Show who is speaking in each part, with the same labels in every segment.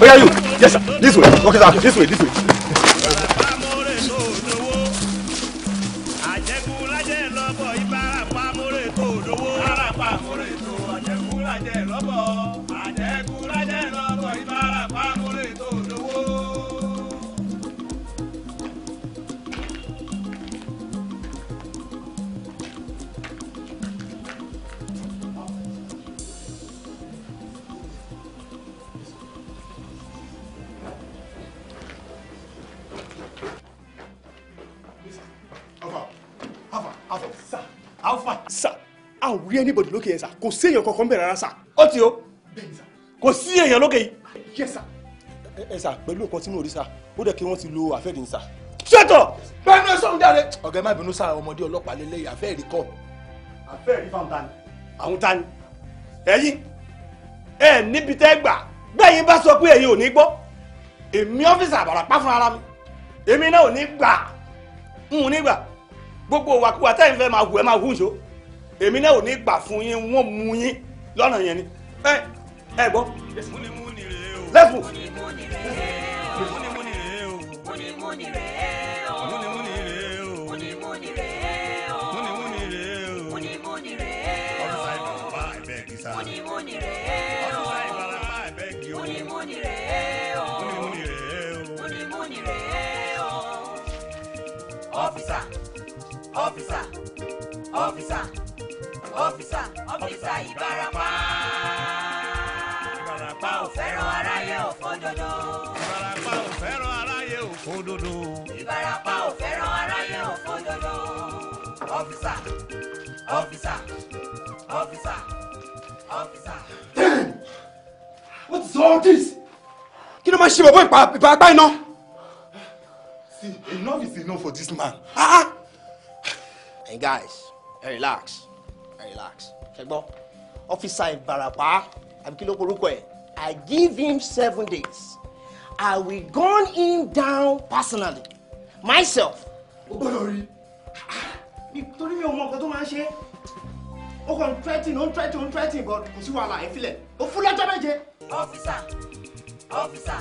Speaker 1: Where are you? Yes, sir. This way. Okay, sir. This way, this way. anybody lókè yẹn sà kò sí èèyàn kankan bẹ̀rẹ̀ rárá sà. ó ti o kò sí èèyàn lókè yìí. yes sà. ẹ sà pẹ̀lú nǹkan tí mo rí sà ó dẹ̀ kí wọ́n ti lo àfẹ́dín sà. ṣètò bẹ́ẹ̀ ni sọ́hún dáre. ọ̀gá má bínú sá ọmọdé ọlọ́pàá lélẹ́yìí àfẹ́ rí kọ́. àfẹ́
Speaker 2: rí fáwọn tani. àwọn tani. ẹ̀yin ẹ níbi tẹ́ gbà gbẹ̀yìn bá sọ pé ẹ̀yin ò ní gbọ́ èmi ọ́fíìsì àbàràpá fún ara mi èmi náà ò ní gbà ń ò ní gbà gbogbo wàkúwà tẹ́yìn fẹ́ máa hù ẹ máa hù ṣó èmi náà ò ní gbà fún yín wọ́n mú yín lọ́nà yẹn ni ẹ ẹ gbọ́. lẹ́fù. Múnimúni rèé o ọ́fíìsà ọ́fíìsà ibarapa. Ibarapa, ò fẹ́ràn aráyé òfòdodo. ìbarapá ò fẹ́ràn aráyé òfòdodo. ìbarapá ò fẹ́ràn aráyé òfòdodo. ọ́fíìsà ọ́fíìsà ọ́fíìsà ọ́fíìsà. Damn! What is all
Speaker 1: this? kí ló máa ṣe bàbá ìpàgbá iná. See, enough is enough for this man. Ah! ah. And guys, relax relax ṣẹgbọ́ ọ́fíìsà ìbarapá àbí kí ló I give
Speaker 3: him seven days I will gun him down personally myself. o gbọ́dọ̀ rí nítorí mi ò mọ nǹkan tó máa ń ṣe
Speaker 1: ó kàn ń threatening ó ń threatening ó ń threatening but kò sí wàhálà ẹ̀fílẹ̀ ó fún lọ́jọ́ méje. ọ́fíìsà ọ́fíìsà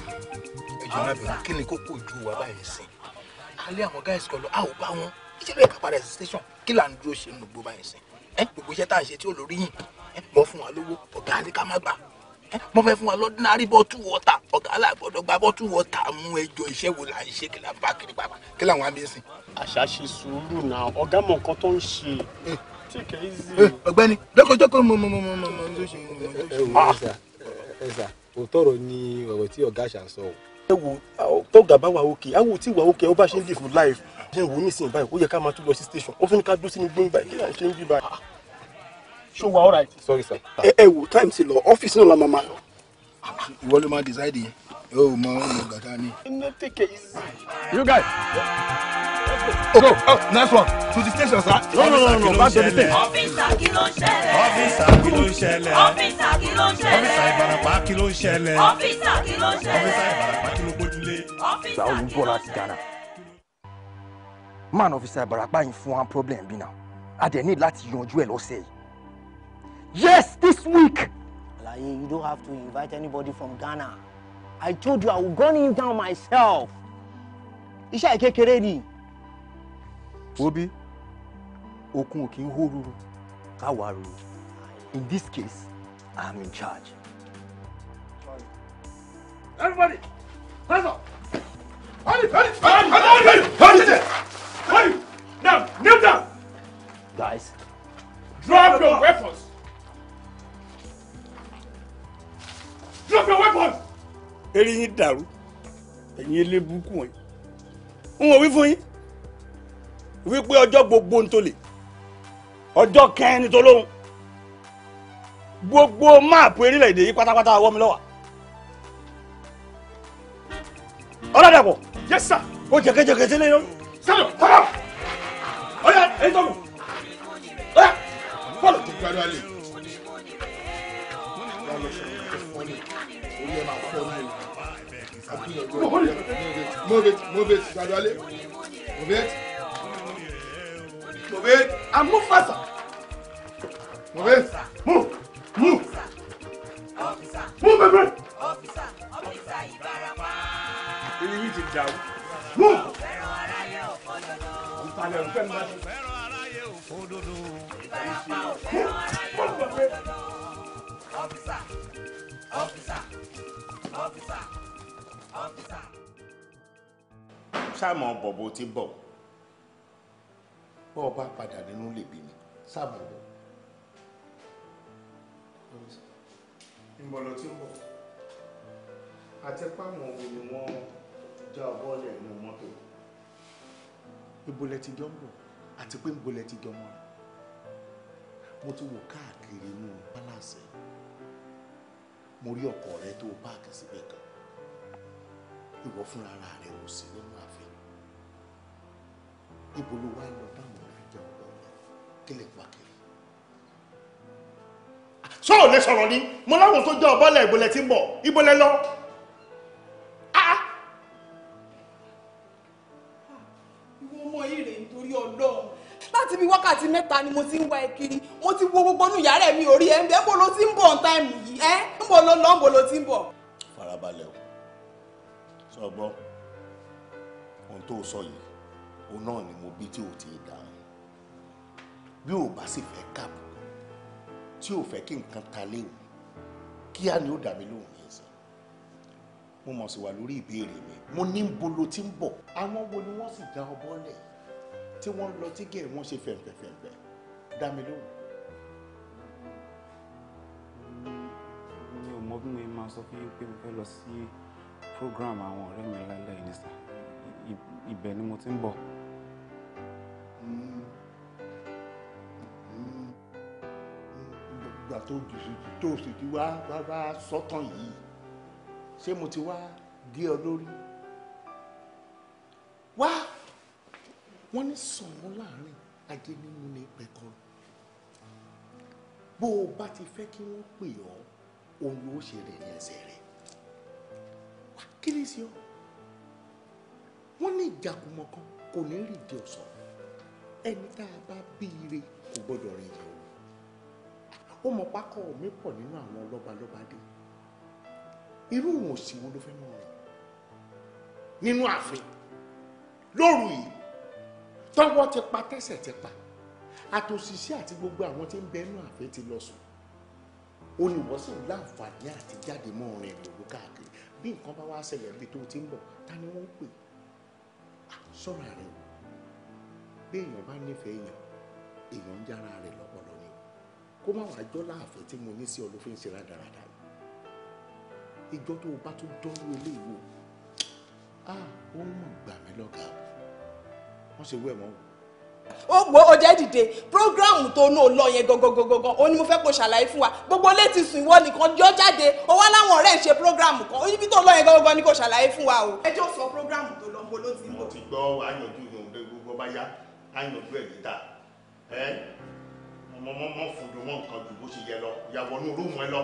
Speaker 1: ọ́fíìsà kí ni kókó ojú wa báyìí sí alẹ́ àwọn guys kọ lọ a ò bá wọn ìṣẹ̀lẹ̀ ìkápadà sí station kí là ń dúró ṣe ń lò gbó báyìí sí gbogbo iṣẹ́ tá à ṣe tí ò yìn wọ́n fún wa lówó ọ̀gá ní ká má gbà wọ́n fẹ́ fún wa lọ́dínárì bọ́tù wọ́tà ọ̀gá aláàgbọ́dọ̀ gba bọ́tù wọ́tà mú ẹjọ́ iṣẹ́ wo là ń ṣe kí là ń bá kiri bàbá kí làwọn á bí sìn. àṣà ṣe sùúrù náà ọ̀gá mọ nǹkan tó ń ṣe tíkẹ ìzì. ọ̀gbẹ́ni lọkọjọkọ mo mo mo mo mo mo tó ṣe mo tó ṣe. ẹsà ẹsà òótọ́rọ̀ ni ọ̀rọ̀ tí ọ̀gá àṣà sọ. ẹ wo tó gàbá wa òkè àwọn ò tí wà òkè ó bá ṣe ń dì fún life ṣé wo ní sìn báyìí ó yẹ ká máa tún lọ sí station ó fún ká dúró sínú gbóyún báyìí kí là ń ṣe ń bí báyìí. ṣó wa all right. sorry sir. ẹ ẹ wo time ti lọ ọ́fíìsì náà la máa máa lọ. ìwọ ló máa decide yẹn yóò mọ ọgbà tá a ní. iná tèké easy. you guys. Oh, go oh, next one to the station sir. no no no no back to the station. ọ́fíìsà
Speaker 2: kí ló ń ṣẹlẹ̀. ọ́fíìsà kí ló ń ṣẹlẹ̀. ọ́fíìsà kí ló ń ṣẹlẹ̀. ọ́fíìsà ìbàràpá kí ló ń ṣẹlẹ̀. ọ́fíìsà kí ló ń ṣẹlẹ̀. ọ́fíìsà ìbàràpá kí ló gbójúlé. ọ́fíìsà kí ló ń ṣẹlẹ̀
Speaker 1: man officer Barapa yìí fún wa problem bí náà a dẹ̀ need láti yanjú ẹ̀ lọ́sẹ̀ yìí yes this week. alaye you don't have to invite anybody from Ghana I told you I will gun him down myself iṣẹ́ ìkékeré ni. obi okun kì í hó ruru ká wàá ruru in this case I am in charge.
Speaker 2: Everybody, hands up! Hurry, hurry, hurry, hurry, hurry, hurry, hurry, hurry, hurry. Hey! Now, kneel down! Guys. Drop your weapons! Drop your weapons!
Speaker 1: Eré yín dàrú, ẹ̀yin elébùkún wọ̀nyí. N ò wí fún yín
Speaker 2: ojo ọjọ́ gbogbo ń tó lè ọjọ́ kẹrin tó lóhùn gbogbo máàpù erílẹ̀-èdè yìí pátápátá ọwọ́ mi ló wà. ọlọ́dàpọ̀. yes sir. ó jẹ́kẹ́jẹ́kẹ́ sílẹ̀ yìí lónìí sẹ́nu kọ́lá ọ̀yà èyí tó mọ̀ ọ̀yà bọ́ọ̀lù
Speaker 1: tó gbẹ́rù alẹ́ move it move it gradually move it move it and move faster move it move. sáàmù ọbọ bó ti bọ bọ ọba padà nínú lè bí mi sáàmù ọbọ. ìbọ̀lọ̀ tí ń bọ̀ àti páwọn òwe ni wọ́n já bọ́ọ̀lù ẹ̀nu mọ́tò. ìbọ̀lẹ̀ ti jọ ń bọ̀ àti pé ìbọ̀lẹ̀ ti jọ mọ́ mo ti wò káàkiri inú pálásì mo rí ọkọ rẹ tó páàkì síbẹ̀ kan ìwọ fúnra rẹ ò sí nínú àbá ibo ló wá lọ báwọn ọ̀rẹ́jà ọ̀dọ́ rẹ̀ kílẹ̀ pàkiri. sọ̀rọ̀ lè sọ̀rọ̀ ni mo láwọn tó jẹ́ ọ̀bọ́lẹ̀ ìbọ̀lẹ̀ tí ń bọ̀ ìbọ̀lẹ̀ lọ. Ah! Ah!
Speaker 3: ìwọ ọmọ yìí rèé nítorí ọlọ́run láti bí wákàtí mẹ́ta ni mo ti ń wá ẹ kiri mo ti wo gbogbo inú yàrá mi ò rí ẹ ń bẹ bó ló ti ń bọ̀ on time yìí ẹ ń bọ̀ ló lọ́ ń bọ̀ ló ti ń bọ̀.
Speaker 1: farabalẹ̀ o sọ gbọ́ ohun tó sọ yìí òun náà ni mo bí tí o ti dáhùn bí ò bá sì fẹ́ kábùkù tí ò fẹ́ kí nǹkan ta léwu kíá ni ó dà mí lóhùn ní ẹsẹ̀ mo mọ̀ sí wa lórí ìbéèrè mi mo ní ń bolo tí ń bọ̀ àwọn wo ni wọ́n sì dá ọbọ̀ lẹ̀ tí wọ́n lọ tí gẹ̀ẹ́ wọ́n ṣe fẹ̀ǹfẹ̀ǹfẹ̀ dá mi lóhùn. mi ò mọ bí mo máa sọ fún yín pé mo fẹ́ lọ sí program àwọn ọ̀rẹ́ mi lálẹ́ ìnísà ibẹ̀ ni mo ti ń bọ̀ ìgbà tó dìsìtì tó sì ti wá bá sọ́tàn yìí ṣé mo ti wá gé ọ lórí wá wọ́n ní sànmú láàrin ajé nínú ní pẹ̀kọ́rọ̀ bó o bá ti fẹ́ kí wọ́n pè ọ́ òun ló ṣe rẹ̀ ní ẹsẹ̀ rẹ̀ wá kí ni sí ọ wọ́n ní ìjàkùmọ̀ kan kò ní rí ìdí ọ̀sán ẹni tá a bá bíire kò gbọ́dọ̀ rìn yẹ̀wò ó mọ pákọ̀ mi pọ̀ nínú àwọn lọ́balọ́ba dé irú òun òsì wo ló fẹ́ mọ̀ rìn nínú ààfin lóru yìí tọ́wọ́ ti pa tẹ́sẹ̀ ti pa àtòṣìṣẹ́ àti gbogbo àwọn tí ń bẹ inú ààfin ti lọ sùn ó ní wọ́n sì ń láǹfààní àti jáde mọ́ ọ̀rìn ìlú káàkiri bí nǹkan bá wá ṣẹlẹ̀ níbi tó ti ń bọ̀ ta ni wọ́n ń pè ah, sọ́ra rẹ̀ bí èèyàn bá nífẹ̀ẹ́ èèyàn èèyàn ń yára rẹ̀ lọ́pọlọ ni kó má wàá jọ́ láàfẹ́ tí mo ní sí ọ ló fi ń ṣe rádaràda ìjọ tó o bá tún dánwó eléyìí o á ó mọ̀ gbà mí lọ́gà wọ́n ṣe wẹ̀ wọ́n.
Speaker 3: ó gbọ́ ó jẹ́ dìde prógráàmù tó ní olọ yẹn gangan ó ní mo fẹ́ kó ṣàlàyé fún wa gbogbo létí sùn ìwọ nìkan jọ jáde ó wá láwọn ọ̀rẹ́ ń ṣe prógráàmù kan ibi tó lọ yẹn gangan ni kò ṣàlàyé fún wa o. ẹjọ́ sọ prógráàmù tó lọ mo ló ti mọ̀.
Speaker 1: mo ti gbọ́ ayọ̀dún yòǹde bá yá á yanjú ẹ̀ níta ọmọ mọ́mọ́ fòdò mọ́ nǹkan ju bó ṣe yẹ lọ ìyàwó inú rúùmù ẹ lọ.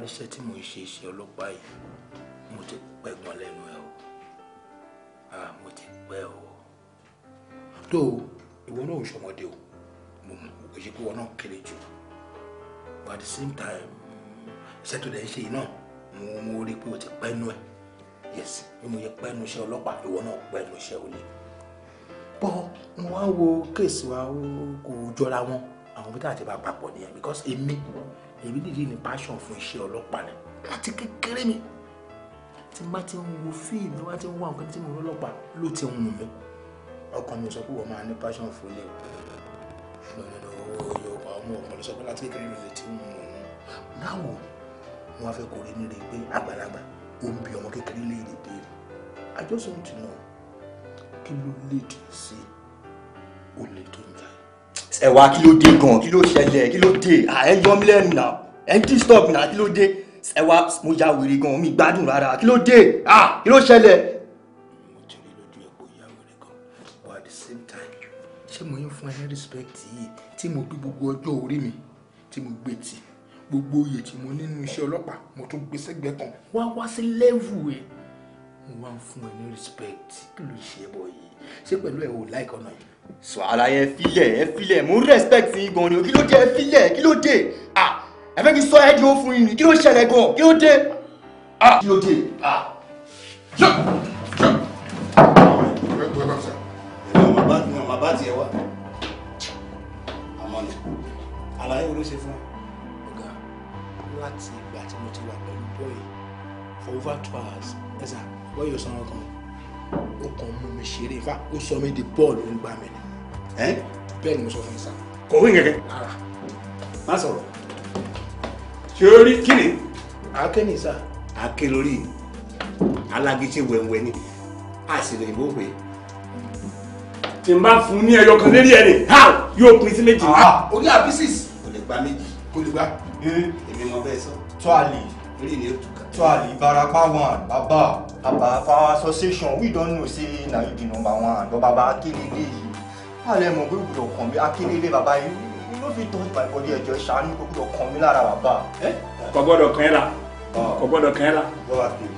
Speaker 1: níṣẹ́ tí mo ń ṣe ọlọ́pàá yìí mo ti pẹ́ gan lẹ́nu ẹ̀ o mo ti pẹ́ o tó o ìwọ náà ò ṣọmọdé o mo mọ òkèjì pé ìwọ náà kéré jù but at the same time iṣẹ́ tó dẹ̀ ń ṣe yìí náà mo mo rí pé o ti pẹ́ nú ẹ̀ yes bí mo yẹ pẹ́ nu iṣẹ́ ọlọ́pàá ìwọ náà pẹ́ nu iṣẹ́ olè bọ́ mo wá wo kéèsì wa kò jọra wọn àwọn bí táà ti bá papọ̀ nìyẹn because èmi. E èmi dìde ní passion fún iṣẹ́ ọlọ́pàá ni láti kékeré mi tí bá ti ń wo fíìmù tí ti ń wá nǹkan tí mo lọ́lọ́pàá ló ti ń wù mí ọkàn mi sọ pé wọ́n máa ní passion fún ilé ṣùgbọ́n nínú owó yorùbá ọmọ ọmọ lọ sọ pé láti kékeré mi lè ti ń wù mí náwó wọn á fẹ́ kó rí nílé pé àgbàlagbà ó ń bi ọmọ kékeré léèrè béèrè I just want to know kí ló lè dì sí olè tó ń jà ẹ̀wà kí ló dé gan kí ló ṣẹlẹ̀ kí ló dé ẹ̀ yọ mí lẹ́nu náà ẹ̀ ń disturb náà kí ló dé ẹ̀wà mo ya wèrè gan mi gbádùn rárá kí ló dé kí ló ṣẹlẹ̀. mo ti rí lójú ẹ̀pọ̀ ìyá wèrè gan but at the same time ṣé mo yín fún ẹ ní respect yìí tí mo gbé gbogbo ọjọ́ orí mi tí mo gbé tì gbogbo oyè tí mo nínú iṣẹ́ ọlọ́pàá mo tún gbé sẹ́gbẹ̀ẹ́ kan wá wá sí lẹ́vù ẹ̀ mo wá ń fún ẹ ní respect kí ló ṣe é bọ̀ yìí ṣé pẹ̀lú ẹ̀ ò láìkọ́ sọ ara yẹn filẹ̀ ẹ filẹ̀ mo respect yín gan ni o kí ló dé ẹ filẹ̀ kí ló dé ah ẹ fẹ́ kí sọ ẹ́ di ó fún yín ni kí ló ṣẹlẹ̀ gan kí ló dé ah kí ló dé ah. ọmọ bá tiẹ̀ wá àmọ́ ni àlàyé wo ló ṣe fún ọ̀gá láti ìgbà tí mo ti wà pẹ̀lú bọ́ọ̀yì for over two hours ẹ̀sà bọ́ọ̀yì ò sanwó kan ó kàn mú mi ṣeré in fact ó sọ mí di bọ́ọ̀lù ń gbà mí ni bẹ́ẹ̀ ni mo sọ fún yín sá. kò wí kẹ̀kẹ́. ara má sọ̀rọ̀ ṣé o rí kí ni. àáké ni sá. àáké lórí alágídí wẹ̀wẹ̀ ni a sì lè bó pé tí n bá fún ní ẹyọ kan lérí ẹni yóò pín sí méjì. Ah, orí abisis kò lè gba méjì kò lè gba èmi mọ bẹ́ẹ̀ sọ. tọ́àlì orí ni ó tù ká. tọ́àlì barapa one baba baba for our association we don know say na you be number one but baba akelele yìí àlẹ́ mọ̀ pé gbọ́dọ̀ kàn mí akélélé bàbá yìí ló fi tọ́ ìgbà ìkọ́lé ẹ̀jọ̀ ìṣàánú kó gbọ́dọ̀ kàn mí lára bàbá.
Speaker 2: kò gbọ́dọ̀ kàn ẹ́ la ah.
Speaker 1: kò gbọ́dọ̀ kàn ẹ́ la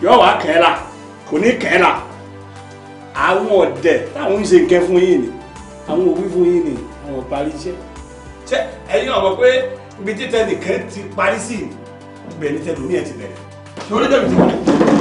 Speaker 1: yóò wá kàn ẹ́ la kò ní kàn ẹ́ la àwọn ọ̀dẹ̀ táwọn ń ṣe nǹkan fún yín ni àwọn òwí fún yín ni àwọn ò
Speaker 2: parí iṣẹ́. ṣé ẹ̀yin ọ̀mọ̀ pé ibi títẹ nìkan ti parí sí ibẹ̀ ní tẹ̀lómi ẹ̀ ti bẹ̀rẹ̀ ṣé orí tẹ̀lómi ti bẹ̀rẹ̀.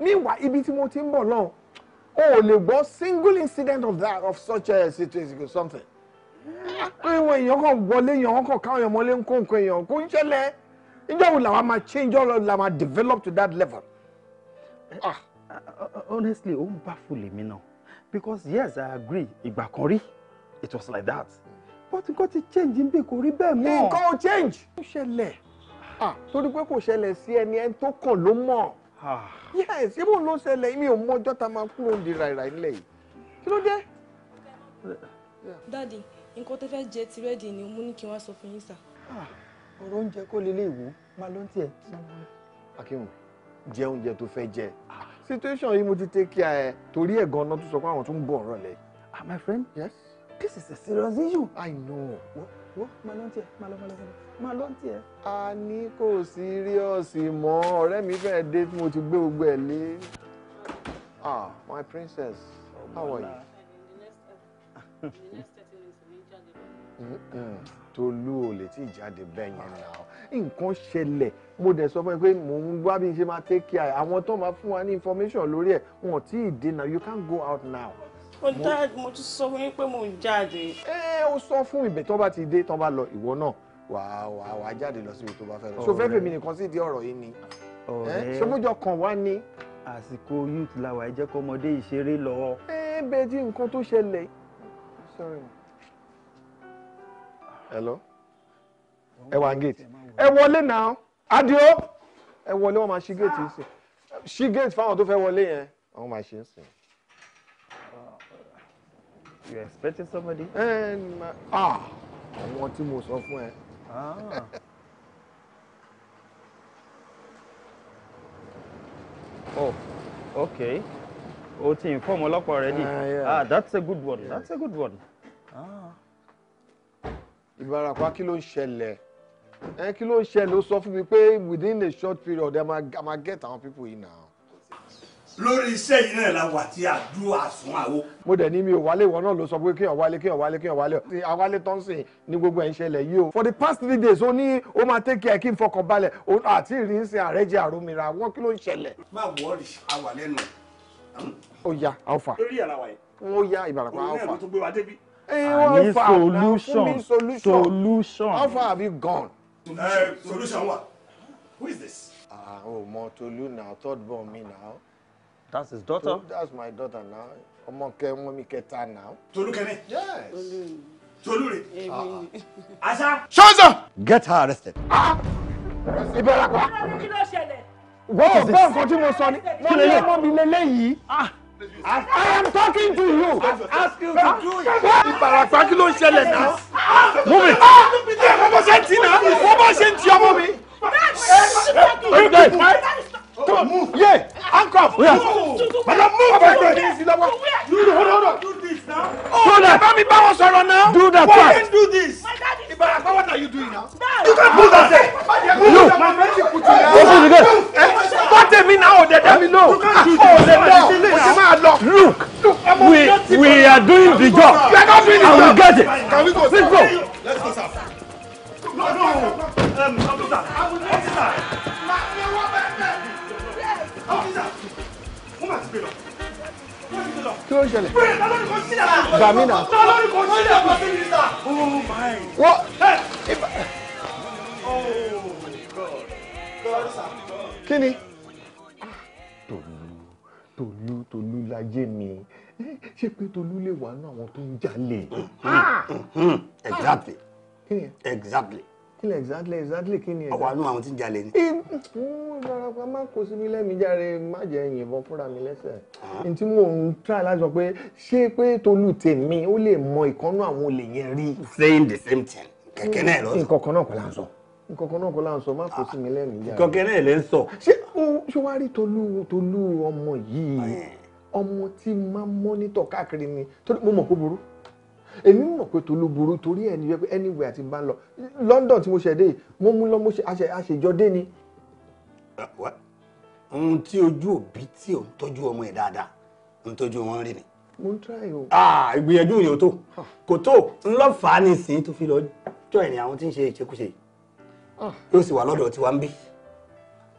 Speaker 1: meanwhile ibi tí mo ti ń bọ̀ náà o ò lè gbọ́ single incident of that of such a situation or something pé wọn èèyàn kan wọlé èèyàn wọn kàn káwọn èèyàn mọ́lé ń kó nǹkan èèyàn kó ń ṣẹlẹ̀ ìjọ wo làwọn máa change ọ̀rọ̀ làwọn máa develop to that level. Ah. honestly ó ń baffle mi náà because yes i agree ìgbà kan rí it was like that but nǹkan ti change n bí kò rí bẹ́ẹ̀ mọ́. nǹkan ò change. ó ṣẹlẹ̀ ah, torí pé kò ṣẹlẹ̀ sí ẹni ẹni tó kàn ló mọ̀. Ah yes ibo ló ṣẹlẹ̀ mi ò mọ ọjọ́ tá a máa kúrò ní ràìràì nílẹ̀ yìí kí ló dé.
Speaker 4: dadi nǹkan tó fẹ́ jẹ ti rẹ́dì ni mo ní kí wọ́n sọ fún yín sà.
Speaker 1: Ah, ọ̀rọ̀ oúnjẹ kó lélẹ̀ ìwò máa ló ń tiẹ̀. akéwọ̀n jẹ oúnjẹ tó fẹ́ jẹ ah, situation yìí mo ti take care ẹ torí ẹ̀ gan-an tó sọ pé àwọn tó ń bọ̀ ọ̀rọ̀ ah my friend yes this is a serious issue. i know. wọ́n máa ló ń
Speaker 4: tiẹ̀ máa lọ́ máa lọ́
Speaker 1: máa lọ tiẹ̀. a ní kò síríọ̀sì mọ́ ọ̀rẹ́ mi fẹ́ẹ́ dé tí mo ti gbé gbogbo ẹ̀ lé. ah my princess how are you. Tolú ò lè tí ì jáde bẹ́ẹ̀ yẹn náà nǹkan ṣẹlẹ̀ mo dẹ̀ sọ fún ẹ pé mò ń wá bí n ṣe máa take care àwọn tó máa fún wa ní information lórí ẹ̀ wọn ò tí ì dènà you can't go out now mo dáàdì mo tún sọ fún yín pé mo ń jáde. ẹ eh, ó sọ fún ibẹ̀ tó bá ti dé tó bá lọ ìwọ náà wàá wàá jáde lọ síbi tó bá fẹ́ lọ so fẹ́ fèmí nìkan sí di ọ̀rọ̀ yìí ni sọmọjọ kan wá ní. àsìkò youth làwà jẹ́ kó ọmọdé ìṣeré lọ. ẹ bẹ́ẹ̀ tí nǹkan tó ṣẹlẹ̀. hello ẹ wà gate ẹ wọlé náà adio ẹ wọlé wọn máa ṣí gate yìí ṣí gate fáwọn tó fẹ́ wọlé yẹn àwọn máa ṣe é sìn. you expecting somebody. ẹ ẹ ah àwọn tí mo sọ fún ẹ. Ah. oh, okay. Oh, team, come inform up already. Ah, yeah. ah, that's a good one. Yeah. That's a good one. Ah. Ìbàràpá kí ló ń ṣẹlẹ̀? Ẹ eh, kí ló ń ṣẹlẹ̀? Ó within a short period, I ma get our people in now
Speaker 2: lórí iṣẹ́ yìí náà la wà tí a dúró àsùn àwo.
Speaker 1: mo dẹ̀ ní mi ò wálé ìwọ náà ló sọ pé kéèyàn wálé kéèyàn wálé kéèyàn wálé àwálé tó ń sìn ní gbogbo ẹ̀ ń ṣẹlẹ̀ yìí o. for the past three days ó ní ó máa take care kí n fọkàn balẹ̀ àti ìrìnsìn àrẹ́jẹ àròmìnira wọ́n kí ló ń ṣẹlẹ̀. má wọrí àwà lẹ́nu. Hmm. ó ya alfa. lórí yàrá wa yẹn. ó ya ìbàràpá alfa. òun náà ló tó
Speaker 2: gbé wa débi. àní solution solution. alfa
Speaker 1: have you gone? Eh, solution wa
Speaker 2: who is this? ah o
Speaker 1: mọ tolu na third born That's his daughter. Tolu, that's my daughter now. Ọmọkẹ́ ọmọ mi kẹta now. Tolukene.
Speaker 2: Yes. Tolure. Ah, ah. Ah. Asa. Ṣọ́ọ̀ṣà. Get her arrested.
Speaker 1: Ibẹ̀rẹ̀ pa. Kí ló What is this? Bọ́ọ̀ I am talking to you.
Speaker 2: ask you to do it. Ìbàràpá kí ló ń ṣẹlẹ̀ náà? Move it. Ọmọ ṣe ń tì náà. Ọmọ ṣe ń tì ọmọ mi. Come on, move. Yeah, handcuff. Oh, yeah. Move. Madam, move. Come on, this You do, hold hold on. Do this now. Oh, do that. Mami, bá wọn sọ̀rọ̀ now. Do that. Why can't do this? My dad is. Ibaraka, what are you doing now? You can't pull that there. You. My friend, you put you down. Move it again. Don't tell me now. They oh, tell me no. You can't do this. Oh, they know. Look. Look. We we are doing the job. We are not doing the job. I will get it. Can we go? Let's go. Let's go, sir. No, no. Um, officer. I will not, sir. kí ló ń ṣẹlẹ̀. gbàmínà.
Speaker 1: wọ́n. kí ni. Tolú Tolú Tolú láyé mi ṣé pé Tolú lè wà ní àwọn tó ń jalè. Ah. Mm, mm, mm. exactly Kini, exactly kílẹ̀ exactly exactly kí ni. ọwọ́ àánú àwọn tí ń jalè ni. ìfarapa má kó sí mi lẹ́mìí járe má jẹ́ yìnbọn fúnra mi lẹ́sẹ̀. Ah. n tí mò ń try láti sọ pé ṣé pé tolú tèmi ó lè mọ ìkọ́nú àwọn olè yẹn rí. saying the same thing kẹ̀kẹ́ náà lọ sọ. nǹkan náà kọ́ la ń sọ nǹkan náà kọ́ la ń sọ má kó sí mi lẹ́mìí járe. nǹkan náà lẹ́ ń sọ. ṣé o ṣé wàá rí tolú tolú ọmọ yìí ọmọ tí máa mọ́nítọ̀ káàkiri ni torí mọ̀ kó burú èmi mọ̀ pé tolú burú torí ẹni wípé anywhere àti bá ń lọ London tí mo ṣe dé wọ́n mú lọ́mú àṣejọ́dé ni. ohun tí ojú òbí tí ò ń tọ́jú ọmọ ẹ̀ dáadáa ń tọ́jú wọn rí ni. mo ń try o. ìgbìyànjú yẹn tó kò tó ńlọ́fàá ní ìsìn tó fi lọ jọ ìrìn àwọn tí ń ṣe ìṣekúṣe yóò sì wà lọ́dọ̀ tiwa ń bí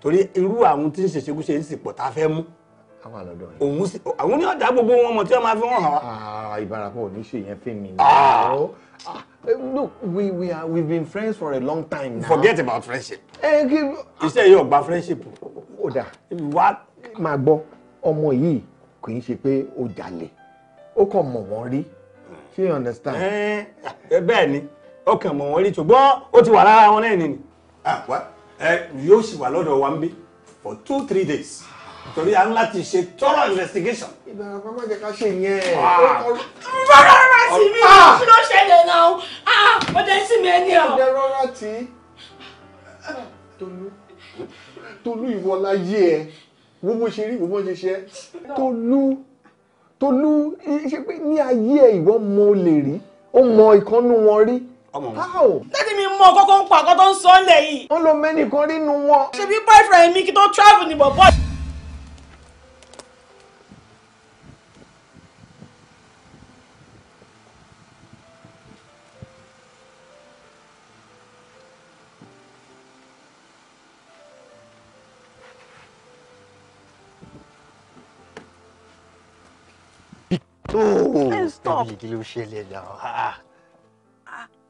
Speaker 1: torí irú àwọn tí ń ṣe ìṣekúṣe yìí sì pọ̀ tá a fẹ́ mú àwọn ní ọ̀dà gbogbo wọn mọ̀ tí wọ́n máa fi wọ́n hàn wá. Ah, ìbárapọ̀ ò ní ṣe yẹn fún mi. Ah. Ah, look we we are we been friends for a long time now. forget about friendship. Eh, iṣẹ́ yóò gba friendship. ó dà wá máa gbọ́ ọmọ yìí kì í ṣe pé ó jalè ó kàn mọ̀ wọ́n rí ṣé you understand. Eh, bẹ́ẹ̀ ni ó kàn mọ̀ wọ́n rí ṣùgbọ́n ó ti wà lára wọn náà nìyí. Eh, yóò sì wà lọ́dọ̀ wa ń bí for two
Speaker 2: three days torí a ń láti ṣe thorough investigation. ìbẹ̀rẹ̀ kan má jẹ́ ká ṣe yẹn. rọra rọra sí mi ah! kí ló ṣẹlẹ̀ náà ó ah, dé sí mi ẹni ọ. ọdẹ
Speaker 3: rọra tí
Speaker 1: Tolú Tolú ìwọlá yé ẹ wo bó ṣe rí wo bó ṣe ṣe Tolú Tolú ṣe pé ní ayé ẹ ìwọ mọ olè rí ó mọ ìkànnù wọn rí
Speaker 3: láti mi mọ kókó ń pa ọkọ tó ń sọ ọ lẹ yìí. wọn lo mẹ́nìkan rí nu wọn. ṣebí boyfriend mi kí tó travel ni bọ̀
Speaker 1: bọ́ọ̀. stop kí ló ṣẹlẹ̀ náà.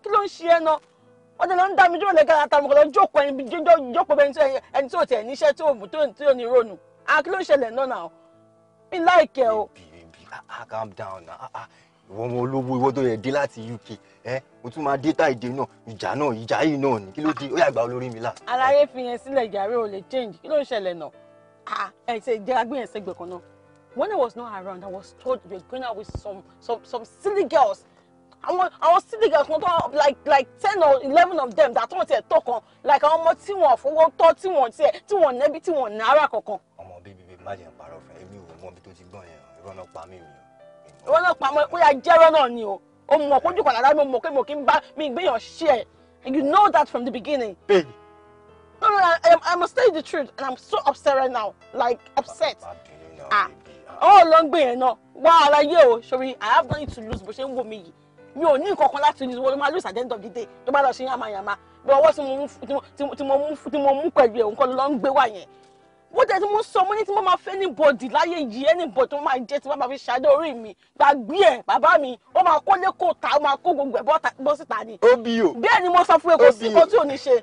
Speaker 3: kí ló ń ṣe ẹ náà wọ́n ti lọ ń dá mi dúró lẹ́gàn àtàwọn ọ̀rọ̀ jókòó ẹni jókòó ẹni tí ò tiẹ̀ níṣẹ́ tí ò mú tí ní ronú kí ló ń ṣẹlẹ̀ náà náà mi láìkẹ́ o.
Speaker 4: calm down na
Speaker 1: ìwọ ọmọ olówó ìwọ tó yẹ dé láti UK ẹ o tún máa dé tá ìdè náà ìjà náà ìjà yìí náà ni kí ló dé ó yá gba olórí mi là.
Speaker 3: aláyé fi yẹn sílẹ̀ ìjà rẹ̀ ò lè change kí ló ń ṣẹlẹ̀ náà ẹ̀ ṣe ìjẹ́ agbẹ́yẹ̀sẹ̀gbẹ̀ kan náà when I was not around, I was told you were going out with some some some silly girls. I was silly girls kan like like ten or eleven of them that wọ́n to talk on. like I'm ọmọ tí wọ́n fowó tọ́ tí wọ́n tiẹ̀ tí wọ́n nẹ́bí tí wọ́n náírà kankan.
Speaker 1: Ọmọ bíbí bíi má a ìparọ́ fún ẹbí wo mọ́ bí tó ti gbọ́n yẹn ìrọ́ náà pa mí mi.
Speaker 3: Ìrọ́ náà pa mọ́ ẹ bóyá jẹ́rọ́ náà ni o. O mọ̀ kójú kan lára mi mọ̀ pé mo kí and you know that from the beginning. Baby, No no I, I must tell you the truth and I'm so upset right now like upset. Ah ó lọ ń gbé yẹn náà wá ara yé o sori i have nothing to lose bó ṣe ń wò mí yìí mi ò ní nǹkan kan láti lose wọ́n ló máa lose at the end of the day tó bá lọ ṣe yàmàyàmà bí ọwọ́ tí mo mú pẹ̀lú ẹ̀ òun kọ́ ló lọ ń gbé wá yẹn mo tẹ̀ tí mo sọ mo ní tí mo máa fẹ́ anybody láyé yìí anybody tó máa jẹ́ tí wọ́n máa fi ṣàdé orí mi gbàgbé ẹ̀ bàbá mi ó máa kó lẹ́kọ̀ọ́ ta ó máa kó gbogbo ẹ̀ bọ́ síta ni. obi o bẹ́ẹ̀ ni mo sọ fún ẹ sí kò tí ò ní ṣe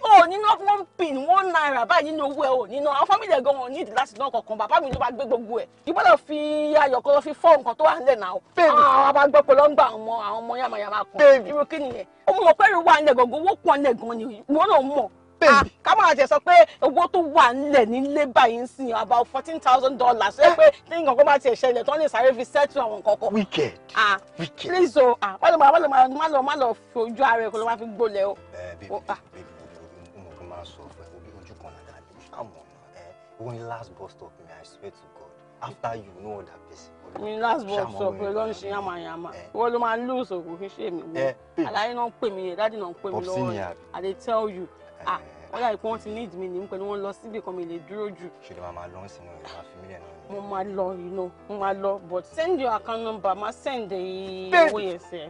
Speaker 3: o ní one pin one naira báyìí nínú owó ẹ o nínú àwọn fámìlì ẹ̀gán wọn ní ìdí láti ná kankan bàbá mi ló bá gbé gbogbo ẹ̀ ìgbọ́dọ̀ fi ayọ̀kọ́ lọ fi fọ́ nǹkan tó wà nílẹ̀ náà àwọn abágbọ́pọ̀ ló ń gba àwọn ọmọ yamayama kan irú kí nìyẹn ó mọ̀ pẹ́ẹ́rù wà nílẹ̀ gangan owó pọ̀ nílẹ̀ gan ni ìwọ náà mọ̀ Ah, ká máa tẹ̀ sọ pé owó tó wà nílẹ̀ nílé báyìí ń sìn about fourteen thousand dollars ṣé eh. pé ní nǹkan kó máa tiẹ̀ ṣẹlẹ̀ tó ń lè sáré fi settle àwọn nǹkan kan. wicked ah, wicked please o ah, má lọ má lọ má lọ má lọ fi ojú ara ẹ kó lọ má fi gbólẹ̀ o. bẹ́ẹ̀ bẹ́ẹ̀
Speaker 1: bẹ́ẹ̀ mo kàn máa sọ fún ẹ omi ojú kan náà dàbí àmọ́ ẹ wọ́n ní last bus stop me I swear to God after you no other person When last ball sọ pé ló
Speaker 3: ń ṣe yamayama eh. ìwọ ló máa lose òkú kí ṣe mi wo eh, àlàyé náà ń pè mí yẹn dáàdì náà ń pè mí lọ́wọ́ I dey tell you ah wọ́n eh, yà pé wọ́n ti need mi ní pẹ̀lú wọn lọ síbi kan mi lè dúró jù. ṣèlè
Speaker 4: màá máa lọ sí inú ìlú àfi mílíọ̀nù náà.
Speaker 3: mo máa lọ inú mo máa lọ but send your account number ma send owó yẹn sí ẹ.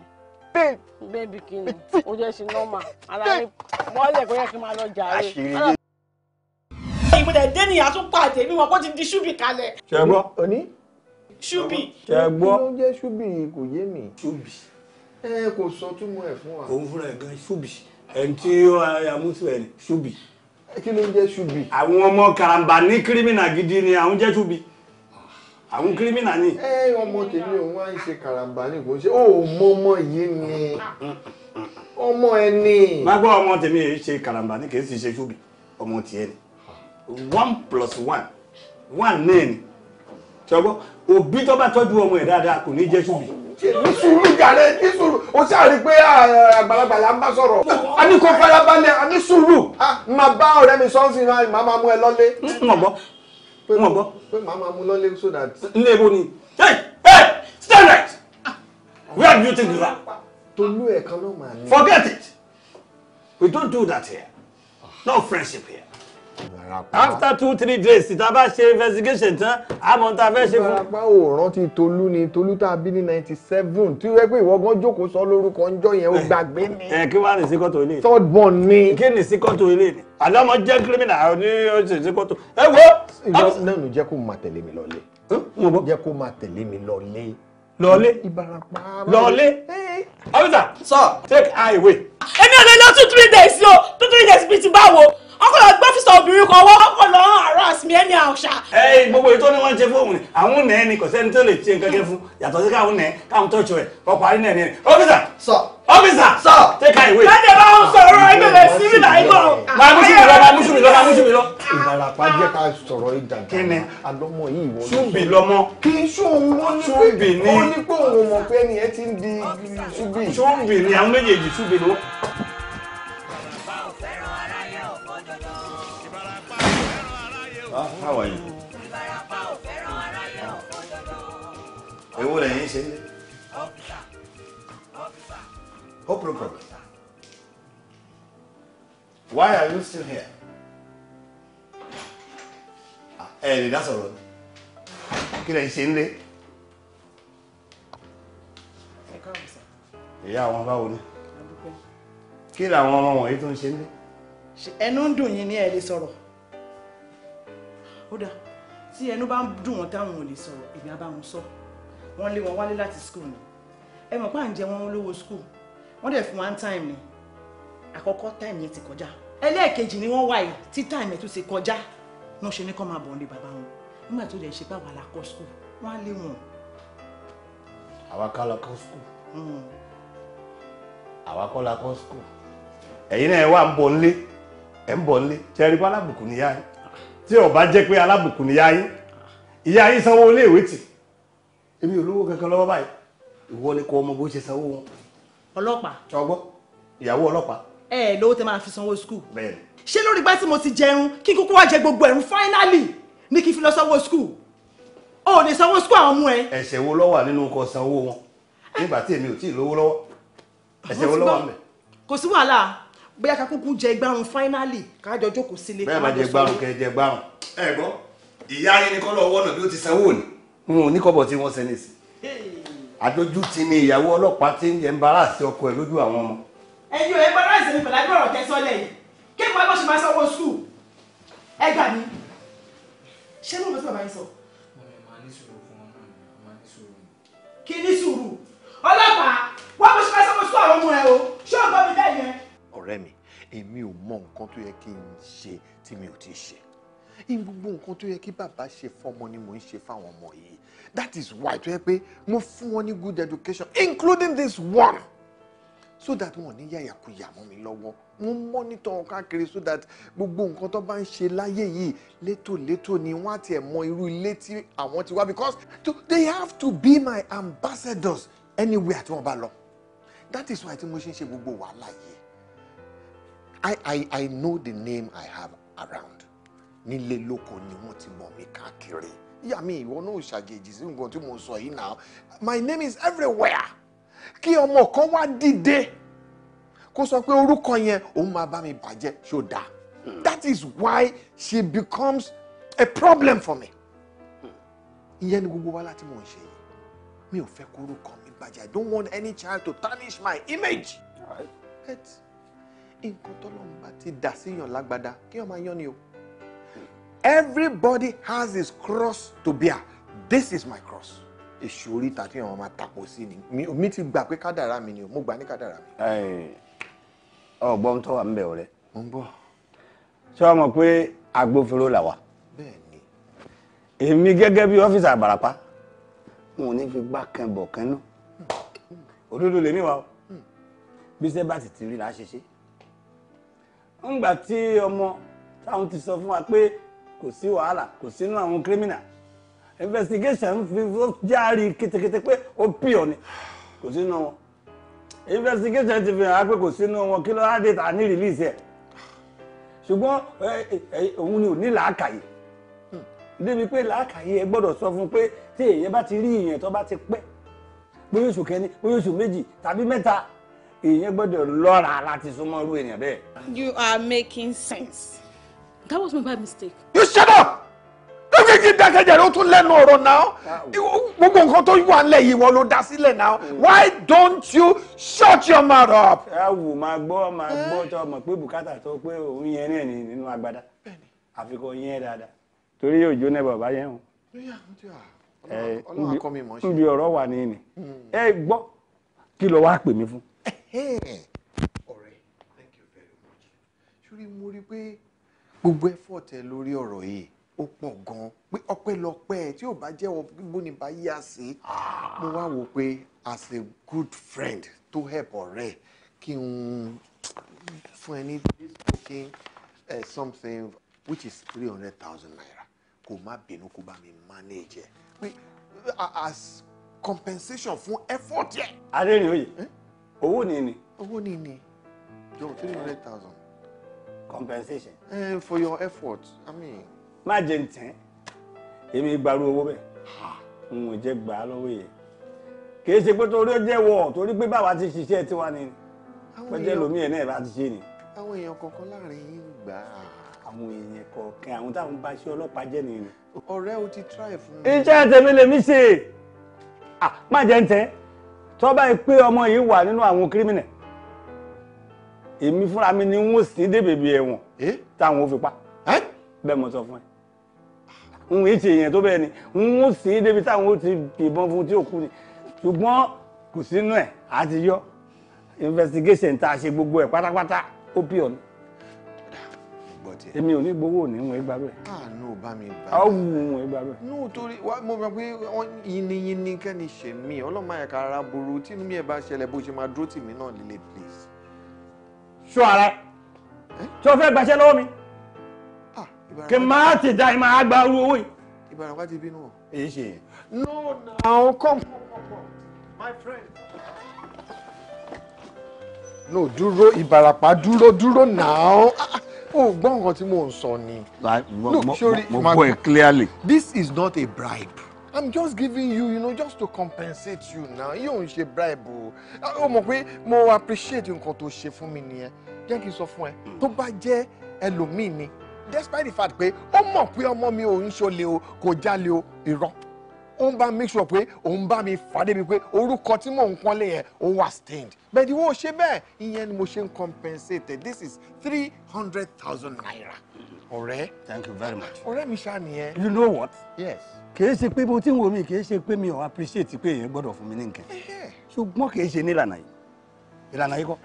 Speaker 3: babe babe kini o jẹ ṣe normal ara rẹ mọ́lẹ̀ kó yẹ kí n máa lọ jàre. àṣírí ah. ìpínlẹ̀ dẹ́ni àtúntò àtẹ̀mí wọn kó ti di ṣúbì kalẹ̀.
Speaker 1: ṣẹ́gbọ́ oní.
Speaker 3: ṣúbì. ṣẹ́gbọ́ kí ló jẹ́ ṣúbì
Speaker 1: kò yé mi. ṣúbì.
Speaker 3: ẹ kò sọ túmọ̀ ẹ̀ fún wa. òun
Speaker 1: fúnra ẹ̀ gan ṣúbì ẹni tí amúṣu ẹ̀ ṣubi. kí ló ń jẹ́ ṣubi. àwọn ọmọ karambà ní kírímìnà gidi ni àwọn jẹ́ ṣubi àwọn kírímìnà ni. ẹ ọmọ tèmi òun wá ń ṣe karambà ní kò ṣe ó mọ ọmọ yìí ni ọmọ ẹ ni. má gbọ́ ọmọ tèmi yìí ṣe karambà ní kìí sì ṣe ṣubi ọmọ tiẹ̀ ni one plus one one náà ni ṣọgbọ́n òbí tó bá tọ́jú ọmọ ẹ̀ dáadáa kò ní jẹ́ ṣubi ní sùúrù jàre ní sùúrù o ṣáà rí i pé àgbàlagbà là ń bá sọ̀rọ̀ a ní kó farabalẹ̀ a ní sùúrù máa bá ọ̀rẹ́ mi sọ́ọ̀sì náà màá máa mú ẹ lọ́lé. n ò gbọ́ n ò gbọ́. pé màá máa mú lọ́lé so that. n lè bo ni. hey hey stand right ah,
Speaker 2: where do you think you are.
Speaker 1: tolú ẹ̀ kan ló máa ní. forget
Speaker 2: it we don't do that here no friendship here after two three days tí tá bá ṣe investigation tán àmọ́ tá a fẹ́ ṣe fún. ìfarapa
Speaker 1: ò rántí Tolú ni Tolú tá a bí ní ninety seven tí wọ́n pé ìwọ gan jókòó sọ lórúkọ ńjọ́ yẹn ó eh, gbàgbé ni. ẹ eh, kí wàá ní sí kọ́tò ilé. third born ni. kí ni sí kọ́tò ilé ni àdámọ́ jẹ́ criminal ní oṣù sí kọ́tò. ẹ wo. ìjọ náà ló jẹ́ kó máa tẹ̀lé mi lọ́lé. jẹ́ kó máa tẹ̀lé mi lọ́lé. lọ́lé
Speaker 2: lọ́lé. Eh.
Speaker 3: officer sir take eye away.
Speaker 2: èmi ò lè lọ two three days o two three days bíi ti báwo ọkọ̀ lọ gbé ọ́fíìsì obìnrin kan wọ́n ọkọ̀ lọ harass mi ẹni àṣà. ẹ gbogbo ètò ni wọ́n ń ṣe fóònù àwọn nẹ́ẹ̀ ni kò sẹ́ni tó lè ṣe nǹkan kẹ́ fún yàtọ̀ sí káwọn nẹ́ẹ̀ káwọn tọ́jú ẹ̀ ọkọ̀ àrí nẹ́ẹ̀ ni ọ́fíìsà sọ ọ́fíìsà sọ tẹ́ka ìwé. lẹ́dẹ̀ bá ń sọ̀rọ̀ ẹgbẹ́ rẹ̀ sí mi láì lọ. máa mú sùmí lọ máa mú sùmí lọ máa mú sùmí lọ. ìbàràpá jẹ́ ká sọ̀rọ̀
Speaker 1: ìdàgbà. kẹ́nẹ àlọ́mọ yìí wọlé. ṣùbì lọmọ. kì í ṣóun ló ní pé ṣùbì ni. ó ní pé òun mọ̀ pé ẹni ẹ ti ń di ṣùbì. ṣùbì ni àwọn méjèèjì ṣùbì ló.
Speaker 2: Ah, how are you? Ìbárapá ò fẹ́ràn aráyé ọ̀pọ̀ dandan. problem. Why are you still here? Ah, ẹ lè dá sọ̀rọ̀ ni. Kí lẹ̀ ń ṣe nílé? Ìyá àwọn báwo ni? Kí làwọn ọmọ wọ̀nyí tó ń ṣe nílé?
Speaker 1: Ẹnu ń dùn yín ní ẹ sọ̀rọ̀ ó dáa
Speaker 5: tí ẹnu bá ń dùn wọn táwọn ò lè sọ̀rọ̀ èmi á bá wọn sọ wọ́n lé wọn wálé láti school ni
Speaker 3: ẹ mọ̀ pá ń jẹ wọn lówó school wọ́n dẹ̀ fún one time ni àkọ́kọ́ time yẹn ti kọjá ẹlẹ́ẹ̀kejì ni wọ́n wà yìí tí time yẹn tún ti kọjá náà ṣe ní kọ́ máa bọ̀ ní
Speaker 5: bàbá wọn nígbà tó dẹ̀ ṣe bá wàhálà kọ́ school wọ́n á lé wọn.
Speaker 1: àwa kọ́ la kọ́ school
Speaker 6: hmm.
Speaker 2: àwa kọ́ la kọ́ school ẹ̀yin náà ẹ wà ń bọ̀ nílé ẹ̀ ń bọ̀ nílé ṣe é rí pálábùkù níyà yìí tí ò bá jẹ́ pé alábùkún ni yáyín ìyá yín sanwó iléèwé tì èmi ò lówó kankan lọ́wọ́ báyìí
Speaker 1: ìwọ ni kò mọ bó ṣe sanwó wọn. ọlọ́pàá. ọgbọ́ ìyàwó ọlọ́pàá.
Speaker 3: ẹ ẹ lówó tẹ máa fi sanwó skul. bẹ́ẹ̀ni. ṣé lórí gbá tí mo ti jẹun kí kúkú wá jẹ gbogbo ẹ̀rù fáínálì
Speaker 1: ní kí n fi lọ sanwó skul o ò lè sanwó skul àwọn ọmọ ẹ.
Speaker 2: ẹ̀ṣẹ̀ wo ló wà nínú kó sanwó wọn
Speaker 1: eh. nígbà tí èmi ò tí ì lówó lọ́wọ́
Speaker 3: ẹ̀ṣẹ̀ wo ló wà ńbẹ̀. kò sí wàhálà bóyá ká kúkú jẹ ìgbárùn finally ká jọ jókòó sílé. bẹ́ẹ̀ bá jẹ ìgbárùn kẹ́ jẹ ìgbárùn. ẹ gbọ́
Speaker 1: ìyá yín ni kọ́ lọ́wọ́ náà bí ó ti sanwó ni n ò ní kọ́bọ̀ tí wọ́n sẹ́ni sí. àdójú ti ni ìyàwó ọlọ́pàá ti ń embarrass ọkọ ẹ̀ lójú àwọn ọmọ.
Speaker 3: ẹyin ò embarrass mi pẹ̀lú àgbọ̀rọ̀ tẹ sọ́lẹ̀ yìí kí n bá bọ́ ṣe máa sanwó school ẹ gbà mí ṣé mo mọ̀
Speaker 1: tó yẹ kí n ṣe tí mi ò ti ṣe in gbogbo nǹkan tó yẹ kí bàbá ṣe fọmọ ni mò ń ṣe fáwọn ọmọ yìí that is why tó yẹ pé mo fún wọn ní good education including this one so that wọn ò ní yàyàkuyà mọ́ mi lọ́wọ́ mo mọ́nítọ̀ wọn káàkiri so that gbogbo nǹkan tó bá ń ṣe láyé yìí létòlétò ni wọ́n á tiẹ̀ mọ irú ilé tí àwọn ti wá because they have to be my ambassadors anywhere tí wọ́n bá lọ that is why tí mo ṣe ń ṣe gbogbo wàhálà yìí I, I, I know the name I have around. Nílé lóko ni wọ́n ti mọ̀ mí káàkiri. Ìyá mi ìwọ náà ṣàjèjì sí nǹkan tí mo sọ yìí náà. My name is everywhere. Kí ọmọ kan wá dìde. Kó sọ pé orúkọ yẹn òun máa bá mi bàjẹ́ ṣó dáa. Hmm. That is why she becomes a problem for me. Ìyẹn ni gbogbo wa láti mọ̀ ń ṣe yìí. Mi ò fẹ́ kórúkọ mi bàjẹ́. I don't want any child to tarnish my image. right. It's nǹkan tọ́lọ́run bá ti dà síyàn lágbada kí ọmọ ayán ni o. everybody has his cross to bear this is my cross. èṣù oríta tí àwọn máa tako sí ni mi ti gbà pé kádàrá mi ni o mo gbà ní kádàrá mi. ọgbọ́n tó wà ń bẹ̀ ọ̀rẹ́. mo ń bọ̀. ṣé wàá mọ̀ pé agbófinró là wà. bẹ́ẹ̀ni. èmi gẹ́gẹ́ bí ọ́fíìsì àbàràpá mo ní fi gbá kan bọ̀ hmm. òdodo lèmi wa o hmm. bí sẹ́ bá sì ti rí la ṣe ṣe ńgbà tí ọmọ táwọn ti sọ fún wa pé kò sí wàhálà kò sínú
Speaker 2: àwọn kírímìnà investigation fi járe kétékété pé ó pìọ̀ ni kò sínú wọn investigation ti fi hàn á pé kò sínú wọn kí ló á dé ta ní release ẹ̀ ṣùgbọ́n òun ni ò ní làákàyè débi pé làákàyè ẹ gbọ́dọ̀ sọ fún pé tí èèyàn bá ti rí ìyẹn tó bá ti pẹ́ bóyá oṣù kẹni bóyá oṣù méjì tàbí mẹ́ta èèyàn gbọ́dọ̀ lọ́ra
Speaker 1: láti súnmọ́ irú èèyàn bẹ́ẹ̀.
Speaker 3: you are making sense. that was my bad mistake. you shut up
Speaker 1: lókè kí dákẹ́jẹ́ ló tún lẹ́nu ọ̀rọ̀ náà gbogbo nǹkan tó wà nílẹ̀ yìí wọ́n ló dá sílẹ̀ náà mm. why don't you shut your mouth up.
Speaker 2: ẹ wò máa gbọ́ máa gbọ́ tó eh. mọ̀ pé bùkátà tó pé òun yẹn náà nínú agbada àfikún yẹn dáadáa
Speaker 1: torí òjò náà bàbá yẹn o ẹ nbi eh, ọ̀rọ̀ wà ní ni mm. ẹ gbọ́ kí ló wá pè mí fún ọrẹ thank you very much ṣúrí mo rí pé gbogbo effort ẹ lórí ọ̀rọ̀ yìí ó pọ̀ gan-an pé ọpẹ́lọpẹ́ tí ò bá jẹ́ wọn bóni bá yá sí mo wá wo pé as a good friend tó help ọrẹ kí n fún ẹ ní this cooking uh, eh, something which is three hundred thousand naira kò má bínú kó bá mi manage ẹ pé as compensation fún effort yẹ. adéyìnbó yìí. Hmm? owó ni ni. owó ni ni your three hundred thousand. compensation. Eh, for your effort i mean. má jẹ ntẹ́ èmi gbaru owó bẹ́ẹ̀ n ò jẹ́ gbà á lọ́wọ́ yẹn kì í ṣe pé torí ó jẹ́ wọ̀ torí pé báwa ti ṣiṣẹ́ tiwa ni pẹ́jẹ́ lomi ẹ̀ náà bá ti ṣe ni. àwọn èèyàn kọ̀ọ̀kan láàrin yín gbà á. àwọn èèyàn kọ̀ọ̀kan àwọn táwọn bá ṣe ọlọ́pàá jẹ́ nìyẹn. ọ̀rẹ́ o ti try fún mi.
Speaker 2: iṣẹ́ tèmi lèmi ṣe ah, má jẹ́ ntẹ́
Speaker 1: tó bá yẹ pé ọmọ yìí wà nínú àwọn kírímìnà èmi fúnra mi ni wọ́n sì dé bèbè ẹ̀wọ̀n táwọn ò fi pa bẹ́ẹ̀ mo sọ fún ẹ n ì ṣe èèyàn tó bẹ́ẹ̀ ni wọ́n sì débi táwọn ò ti fìbọn fún tí ò kú ni ṣùgbọ́n kò sínú ẹ̀ àti yọ investigation tá a ṣe gbogbo ẹ̀ pátápátá ó pì ọ̀nà
Speaker 2: tiẹ̀. èmi ò ní gbowó òní wọn gbà bẹ́ẹ̀. àánú ah, ò bá mi bá
Speaker 1: a. àwọn ohun wọn gbà bẹ́ẹ̀. nú torí mo rò pé yiniyini kẹ́ni ṣe mí ọlọ́mọ ẹ̀ka ara burú tínú mi ẹ̀ bá ṣẹlẹ̀ bó ṣe máa dúró tì mí náà líle please.
Speaker 2: ṣọ ara tí o fẹ́ gbaṣẹ́ lọ́wọ́ mi ah, kí n máa ti da ìmọ̀ àgbà owó yìí.
Speaker 1: ìbára wá ti bínú o. èyí ṣe yẹn.
Speaker 2: no na
Speaker 1: àwọn come come my friend no dúró ìbàràpá dúró dúró náà o gbọ́ nǹkan tí mò ń sọ ni.
Speaker 2: look sori mo gbọ́ ẹ clearly.
Speaker 1: this is not a bribe. I'm just giving you, you know, just to compensate you now. Yóò ń ṣe bribe o. Ó mọ̀ pé mo appreciate nǹkan tó ṣe fún mi nìyẹn. Jẹ́ kí n sọ fún ẹ, tó bá jẹ́ ẹlòmíì ni, despite the fact pé ó mọ̀ pé ọmọ mi ò ń ṣolè o, kò jalè o, irọ́ ó ń bá make sure pé òun bá mi fàdé mi pé orúkọ tí mò ń pọ́nlé yẹn ó wà stained bẹ́ẹ̀ ni wọ́n ṣe bẹ́ẹ̀ ìyẹn ni mo ṣe ń compensate this is three hundred thousand naira
Speaker 2: ọ̀rẹ́. thank you very
Speaker 1: much. ọ̀rẹ́ mi ṣá nìyẹn. you know what. yes. kìí ṣe pé mo ti ń wo mi kìí ṣe pé mi ò appreciate pé èèyàn gbọ́dọ̀ fún mi ní nǹkan ṣùgbọ́n kìí ṣe nílànà yìí ìlànà yìí kọ́.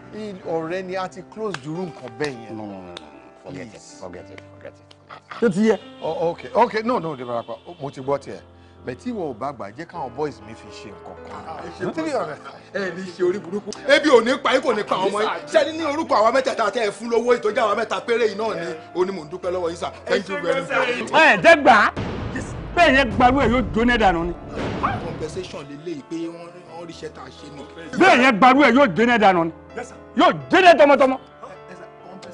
Speaker 1: ọ̀rẹ́ ni a ti close dúró nǹkan bẹ́ẹ̀ yẹn. no no no forget it forget it forget it. tó ti yẹ. Oh, ok ok no no Debarapa mo ti gbọ́ tiẹ̀ bẹ̀tí ìwọ ò bá gbà jẹ́ káwọn boys mi fi ṣe nǹkan kan. Ah, ẹ ní ṣe orí burúkú. ebi ò ní pa yín ní pa ọmọ yín sẹ́ni ní orúkọ àwa mẹ́tẹ̀ẹ̀ta tẹ́ ẹ fún lówó ìtọ́jú àwa mẹ́ta péré yìí náà ni òní lọ́wọ́ yín sà thank you very much. ẹ jẹ́ gbà á bẹ́ẹ̀ yẹn gbarú ẹ̀ yóò jóná dànù ni. Ah, compensation lélẹ́yìí pé wọ́n ríṣẹ́ tá a ṣe ni. bẹ́ẹ̀ yẹn gbarú ẹ̀ yóò jóná dànù ni yóò jóná tọmọtọmọ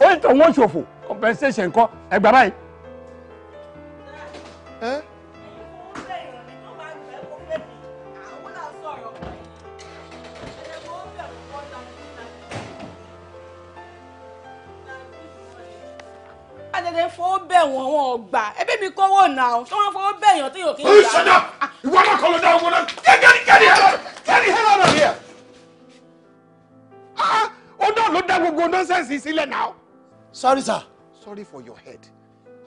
Speaker 1: ah, ó ń tọ̀ wọ́n ṣòfò compensation kọ́ ẹgbàá
Speaker 3: dédé fowó bẹ̀ wọ́n wọn ò gbà ẹbí mi kówó nà ó tí wọ́n fowó bẹ̀ yàn tí yóò kí n gbà. oṣù ṣẹda
Speaker 2: ìwọ náà kọ ló dá owó náà get get get the hell out get the hell out of here.
Speaker 1: ah ó náà ló dá gbogbo nonsense sílẹ̀ náà. sorry sir. sorry for your head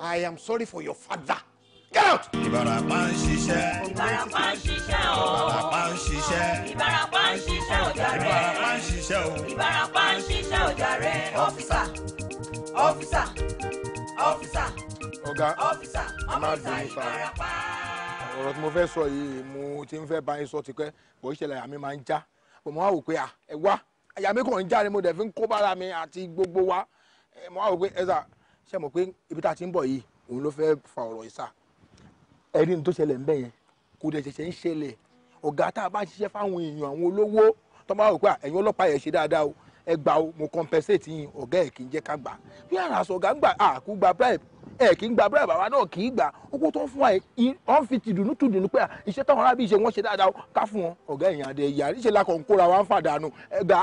Speaker 1: i am sorry for your father. Get out. ń
Speaker 2: ṣiṣẹ́. Ìbàràpá ń ṣiṣẹ́ o. Ìbàràpá ń ṣiṣẹ́. Ìbàràpá ń ṣiṣẹ́ o jàre. Ìbàràpá ń ṣiṣẹ́ o. Ìbàràpá ń ṣiṣẹ́ o jàre. Ọ́físà. Ọ́físà ọ́físà ọ̀gá ọ́físà ọmọọ̀sà ìfarapa.
Speaker 1: ọ̀rọ̀ tí mo fẹ́ sọ yìí mo ti ń fẹ́ bá yín sọ tipẹ́ bó ìṣẹ̀lẹ̀ àmì máa ń já bò mo wá wò pé ẹ wá àyà mi kàn ń já ni mo dẹ̀ fi ń kó bára mi àti gbogbo wa mo wá wò pé ẹ̀sà ṣe mọ̀ pé ibi tá a ti ń bọ̀ yìí òun ló fẹ́ fa ọ̀rọ̀ ìsà ẹ̀rí ni tó ṣẹlẹ̀ ń bẹ̀ yẹn kò dẹ̀ ṣẹ̀ṣẹ̀ ń ṣẹlẹ̀ ọ̀gá tá a bá ṣiṣẹ́ fáwọn èèyàn àwọn olówó tó bá wò pé ẹ̀yin ọlọ́pàá yẹn ṣe dáadáa o ẹ gbà ó mo compensate yín ọ̀gá ẹ̀ kì í jẹ́ ká gbà bí àràsọ ọ̀gá ń gbà àkú gba bribe ẹ kì í gba bribe àwa náà kì í gbà owó tó ń fún wa yìí wọ́n fi tìdùnnú tùdùnnú pé iṣẹ́ táwọn arábí ṣe wọ́n ṣe dáadáa ká fún wọn ọ̀gá ẹ̀yìn adé ẹ̀yà níṣẹ́ la kàn ń kóra wa ń fàdánù ẹ gba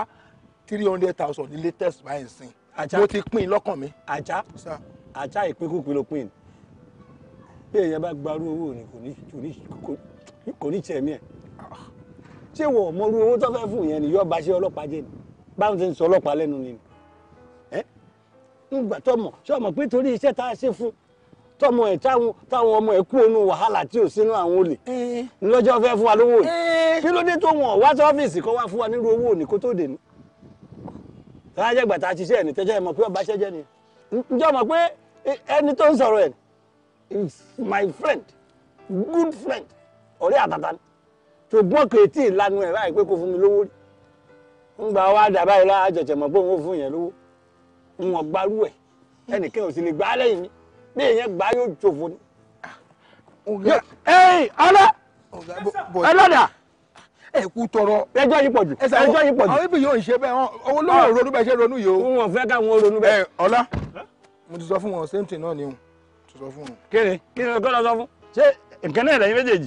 Speaker 1: three hundred thousand ní latest báyìí sìn mo ti pín in lọ́kàn mi. ajá ajá ìpínkùpín ló pín in bí èèyàn bá gbarú owó ni kò ní tiẹ̀ mí ẹ̀ ah. ṣé wọ́n mọ irú owó tó fẹ́ fún yẹn ni yọ́ọ́ bá ṣe ọlọ́pàá jẹ́ ni. báwọn ti ń sọ ọlọ́pàá lẹ́nu ni nígbà tọmọ sọmọ pé torí iṣẹ tá a ṣe fún tọmọ ẹ táwọn ọmọ ẹ kú ònú wàhálà tí ò sínú àwọn olè lọ́jọ́ fẹ́ fún wa lówó yìí kí ló dé tó wọn wá sí wá fún wa owó kó tó gbàtà ẹ̀ ẹ̀ mọ̀ pé ọba ṣẹ́jẹ́ ni pé ẹni tó ń sọ̀rọ̀ ẹ̀ my friend good friend ọ̀rẹ́ àtàtà ṣùgbọ́n kò tí lanu ẹ̀ báyìí fún mi lówó ńgbà wa dà báyìí lára jẹ̀jẹ̀ mọ̀ bóun ó fún yẹn lówó wọn gbárù ẹ̀ ẹnìkan ò sì lè gbá lẹ́yìn mi bí èèyàn gbá yóò jòfó ni. ẹyìn ọlá ẹlọ́dà ẹ kú tọrọ. ẹjọ́ yìí pọ̀ jù ẹjọ́ yìí pọ̀ jù. àwọn ibi yóò ṣe bẹ́ẹ̀ owó lówó ah. ronú bẹ́ẹ̀ ṣe ronú yìí o. wọn fẹ́ káwọn ronú bẹ́ẹ̀. ọlá mo ti sọ fún wọn same thing náà ni o ti sọ fún wọn. kí ni kí ni o gbọ́dọ̀ sọ fún ṣé nǹkan náà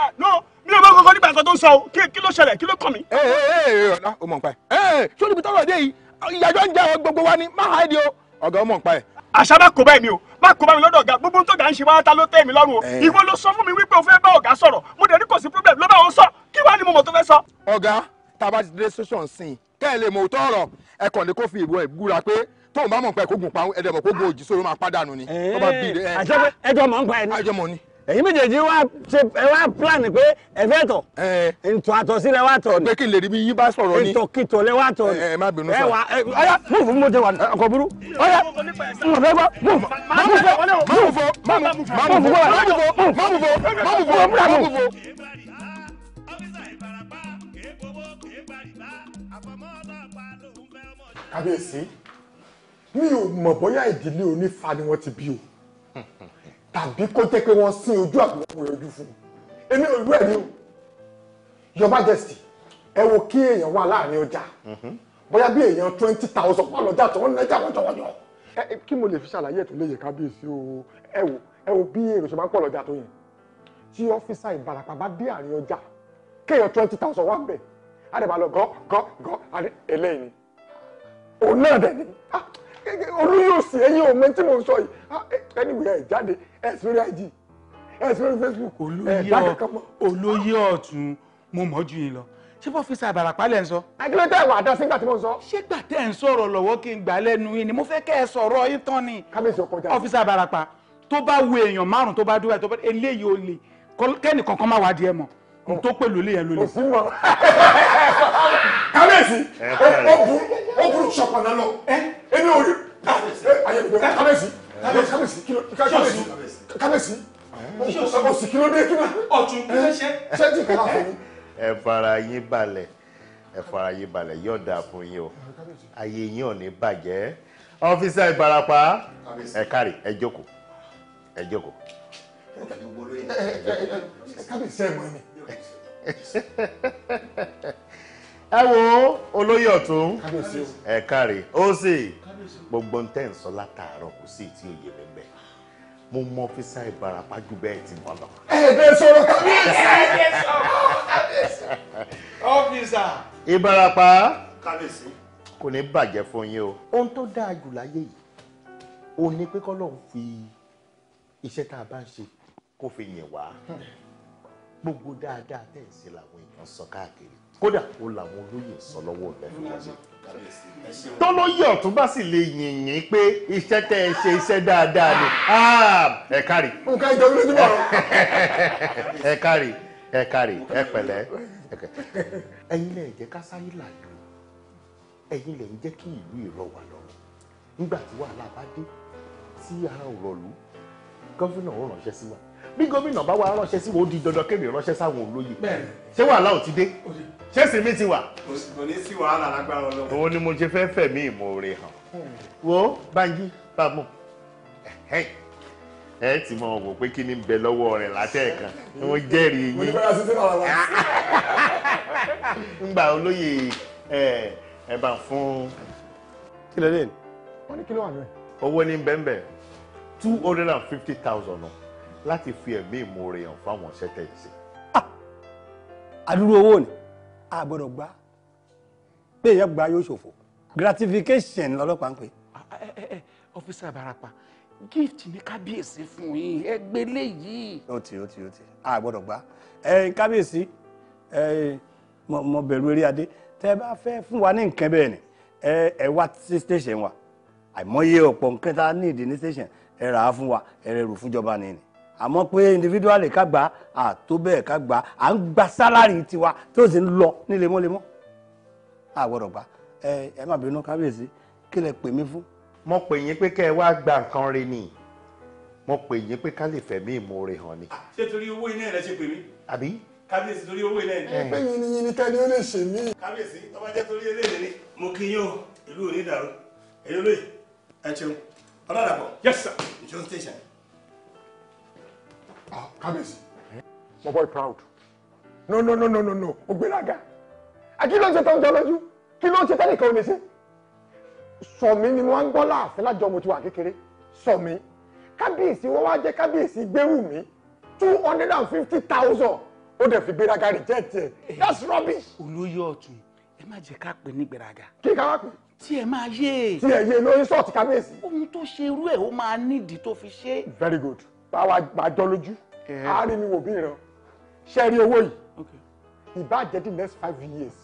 Speaker 1: ah no mi ò bá kọ́kọ́ nígbà kan tó ń sọ o kí ló ṣẹlẹ̀ kí ló kàn mí. ẹ ẹ ẹ ọ̀dà ó mọ̀ n pa ẹ̀ ṣó níbi tọ́rọ̀ dé yìí ìyàjọ́ ń jẹ́ gbogbo wa ni má ha di o ọ̀gá ó mọ̀ n pa ẹ̀. àṣà má kó báyìí mi o má kó báyìí lọ́dọ̀ ọ̀gá gbogbo tó gà ń ṣe wá ta ló tẹ́ mi lọ́rùn o ìwọ ló sọ fún mi wípé o fẹ́ bá ọ̀gá sọ̀rọ̀ mo dẹ̀ ní kò sí problem ló bá wọn sọ kí wàá ní mo mọ̀ tó fẹ́ sọ. ọ̀gá tába ti dé station sin kẹ́ ẹ lè mọ̀ òótọ́ ọ̀rọ̀ ẹ kàn ní kó fi ìbò ẹ̀ búra pé tóun bá mọ̀ pé kó gùn pa ẹ̀dẹ̀ mọ̀ kó gùn òjì sóró máa pàdánù ni. àjẹpẹ́ ẹjọ́ mọ̀ ń pa ẹni. àjẹmọ̀ ni ẹ̀yin méjèèjì wá ṣe ẹ wá plan pé ẹ fẹ́ tọ̀ ntọ́ àtọ̀sí lẹ wá tọ̀ ni pé kí n lè rí bí yín bá sọ̀rọ̀ ni ìtọ̀kìtọ̀ lẹ wá tọ̀ ni ẹ má bínú sọ ẹ wá ọyá múùfù mo jẹ wà ní ọkọ̀ burú
Speaker 6: ọyá múùfù ẹ gbọ́
Speaker 2: múùfù múùfù múùfù múùfù múùfù múùfù múùfù.
Speaker 1: kábíyèsí mi ò mọ̀ bóyá ìdílé onífà ni wọ́n ti bí o tàbí kó jẹ́ pé wọ́n sin ojú àpòwọ́ ojú fún un èmi ò rú ẹ̀mí o your majesty ẹ wo kí èèyàn wà láàrin ọjà mhm. bóyá bí èèyàn twenty thousand wà lọ́jà tó ń nájà wọ́jọ́wọ́jọ́ kí mo lè fi ṣàlàyé ẹ̀tún léyè kábíyèsí o ẹ wo ẹ wo bí èrò ṣe máa ń pọ̀ lọ́jà tó yẹn tí ọ́fíìsà ìbarapá bá dé àárín ọjà kéèyàn twenty thousand wà ń bẹ̀ á dẹ̀ máa lọ gọ́ gọ́ gọ́ ẹlẹ́yìn ni òun náà dẹ̀ ni ah, olú yóò sì ẹ̀yin ò mọ̀ tí mo sọ yìí ah, eh, anyway ẹ jáde ẹ sórí ig ẹ sórí facebook ẹ dákẹ́kọ̀ọ́ mọ́. olóyè ọ̀tún mo mọ̀ ju yín lọ ṣé bọ́fíìsì àbàràpá lẹ̀ ń sọ. akílẹ̀ tẹ́ wà dá sígbà tí mo sọ. ṣé gbà tẹ́ ń sọ̀rọ̀ lọ́wọ́ kí n gbà lẹ́nu yín ni mo fẹ́ kẹ́ ẹ sọ̀rọ̀ yín tán ni. kábíyèsí ọkọ jáde ọ́fíìsì àbàràpá tó bá wo èèyàn márùn tó bá dúró tó bá eléyìí ó le kẹ́nì kankan má wá di ẹ mọ̀ n tó pè lólè yẹn lólè. òsì mọ kábíyèsí ó burú ṣọpọ̀ náà lọ kábẹ́sì kábẹ́sì kí ló kábẹ́sì kábẹ́sì ọ̀sì kí ló dé kí ló. ọ̀tún kí ló ṣe. ṣẹ́jì kan láàfin mi. ẹ fara yín balẹ̀ ẹ fara yín balẹ̀ yọ̀ǹda fún yín o ayé yín ò ní bàjẹ́ ọ́fíìsà Ìbàràpá ẹ kárí ẹ jókòó ẹ jókòó. kábẹ́sì ẹ̀ mọ́ ẹni
Speaker 2: ẹ wo olóyè ọ̀tún ẹ káre ó sì gbogbo
Speaker 1: tẹ́ ń sọ látàárọ̀ kò sí tí òye mi bẹ̀ mo mọ ọ́fíìsà ìbarapá jù bẹ́ẹ̀ ti mọ̀ lọ.
Speaker 2: ẹ ẹ bẹ́ẹ̀ sọ̀rọ̀ kábíyèsí ẹ sọ̀rọ̀ kábíyèsí ọ́fíìsà. ìbarapá kábíyèsí
Speaker 1: kò ní bàjẹ́ fún yín o ohun tó dáa jù láyé yìí òun ni pé kọ́lọ́hún fi iṣẹ́ tá a bá ń ṣe kó fi yìn wá gbogbo dáadáa tẹ̀ ń ṣe làwọn èèyàn sọ káàkiri kódà ó làwọn olóyè sọ lọ́wọ́ ọ̀lẹ́fẹ̀ wọ́n ṣe tọ́lọ́yè ọ̀tún bá sì lè yìnyín pé iṣẹ́ tẹ́ ẹ ṣe iṣẹ́ dáadáa ni ah, ẹ kárí. nǹkan ìjọba ló ti bọ̀. ẹ kárí ẹ kárí ẹ pẹ̀lẹ́ ẹ̀yin lẹ jẹ́ ká sáyé làlú ẹ̀yin lẹ ń jẹ́ kí ìlú ìrọ̀ wà lọ́wọ́ nígbà tí wàhálà bá dé tí ara ò rọ̀lú gọ́fínà ò ránṣẹ́ sí wa bí gómìnà bá wa ránṣẹ́ sí wo ó di dandan kébì ránṣẹ́ sáwọn olóyè ṣé wàhálà ò ti dé ṣé sinmi ti wà.
Speaker 2: kò ní sí wàhálà lágbára Ọlọ́run.
Speaker 1: òun ni mo ṣe fẹ́ fẹ̀mí ìmoore hàn. wo
Speaker 2: Banji bamu
Speaker 1: ẹ ti mọ wò pé kí ni ń bẹ lọ́wọ́ rẹ̀ látẹ̀ẹ̀kan ni wọ́n jẹ́rìí yín. mo ní bẹ́ẹ̀ sísè bàbá wa. ń gba olóyè ẹ bá fún. kí ló dé? wọ́n ní kí ló wà lóyè. owó ní bẹ́ẹ̀ bẹ́ẹ̀ two hundred and fifty thousand láti fi ẹ̀mí ìmoore hàn fáwọn ṣẹ́tẹ̀ yìí sí. àdúró ah! owó ni a gbọ́dọ̀ gbá pé èèyàn gba yóò ṣòfò gratification lọ́lọ́pàá ń pè. ọ́fíìsà ah, eh, eh, eh, Ìbàràpá gift ní kábíyèsí fún yín ẹ gbé léyìí. ó ti ó ti ó ti a gbọ́dọ̀ gbá kábíyèsí mo bẹ̀rù eré adé tẹ́ bá fẹ́ fún wa ní nǹkan bẹ́ẹ̀ ni ẹ wá sí station wa àìmọye ọ̀pọ̀ nǹkan tá a ní ìdí ní station ẹ rà á fún wa ẹ rẹ̀ rù fúnjọba nìyẹn àmọ́ pé individually ká gbà á tó bẹ́ẹ̀ ká gbà á à ń gba sálárì tiwa tó sì ń lọ ní lemọ́lemọ́ àwọ̀rọ̀ gbà ẹ ẹ má bínú kábíyèsí kí lẹ pè mí fún. mo pè yín pé kẹ́ ẹ wá gba nǹkan rẹ ni mo pè yín pé ká lè fẹ̀mí ìmoore hàn ni.
Speaker 2: ṣé torí owó iná ẹ̀ lẹ ṣe pè mí. àbí. kábíyèsí torí owó iná ẹ̀ ní. bẹ́ẹ̀ ni yìnyín ká ni ó lè ṣe mí. kábíyèsí tó jẹ́ torí eléyìí ni mo kí yín o ìlú ò ní dàrú ẹ̀yọ́ lóye ẹ̀ ṣeun ọ̀dọ́ àdàpọ̀ yes sir
Speaker 1: ah kábíyèsí my boy proud no no no no no no o a àti kí ló ń ṣe tọ́jú ọlọ́jú kí ló ń ṣe tẹ́nìkan ò ní ṣe sọ̀mí ni wọ́n ń gbọ́ láàfin lájọ mo ti wà kékeré sọ̀mí kábíyèsí wọ́n wá jẹ́ kábíyèsí gbẹ́rù mi two hundred and fifty thousand ó fi gbéraga reject ẹ̀ that's rubbish. olóyè ọ̀tún ẹ má jẹ́ ká pè ní gbéraga. kí ká wá pè. tí ẹ máa yé e. tí ẹ yé e lórí sọ́ọ̀tì kábíyèsí. ohun tó ṣe irú ẹ̀ ó máa nídìí tó fi ṣe. very good báwa máa jọ lójú àárín mi wò bí ìran ṣe rí owó yìí ìbá jẹ́ the next five years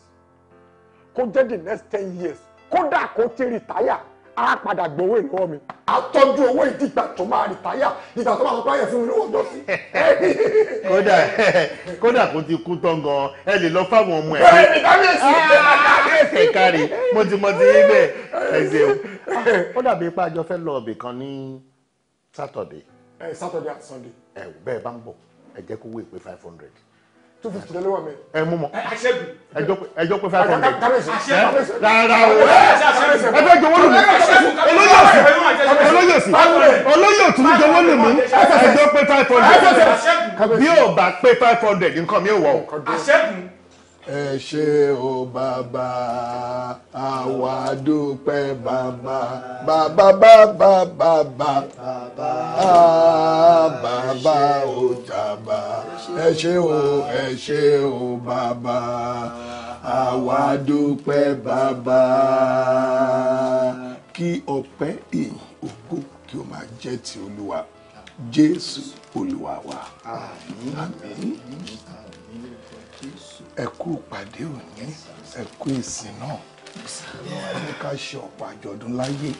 Speaker 1: kó jẹ́ the next ten years kódà kó ti rìtáyà á padà gbowó ìlọ́wọ́ mi á tọ́jú owó ìdìgbà tó máa rìtáyà ìgbà tó máa sọ báyẹn fún mi lówó ọjọ́ sí. kódà kódà kó ti kú tán gan ẹ lè lọ fáwọn ọmọ ẹ. bẹ́ẹ̀ ni kábíyèsí ẹsẹ ah, kárí mo ti mọ ti yín bẹ́ẹ̀ ẹsẹ o. kódà bí ipa àjọ fẹ́ lọ ọbẹ̀ kan ní sátọ̀dẹ̀ ẹ Saturday àti Sunday. ẹ bẹ́ẹ̀ bá ń bọ̀ ẹ jẹ́ kó wé pé five hundred. two fifty lẹ́lẹ́wọ̀ mi. ẹ I mọ ẹjọ́ pé five hundred. I o ẹ I jọ̀wọ́ lù I olóyè sí olóyè tún jọ̀wọ́ I mí ẹjọ́ pé five hundred I ò bá pé five hundred nǹkan mi ò wọ̀ o ẹ ṣé o bàbá àwa dúpẹ́ bàbá bàbá bàbá bàbá bàbá o tàbá ẹ ṣé o ẹ ṣé o bàbá àwa dúpẹ́ bàbá kí ọpẹ́ ìyìn ògo kí o máa jẹ́ ti olúwa jésù olúwa wa. Àmín. Àmín ẹ kú ìpàdé òní ẹ kú ìsìn náà ẹ ní ká ṣe ọ̀pọ̀ àjọ̀dún láyé.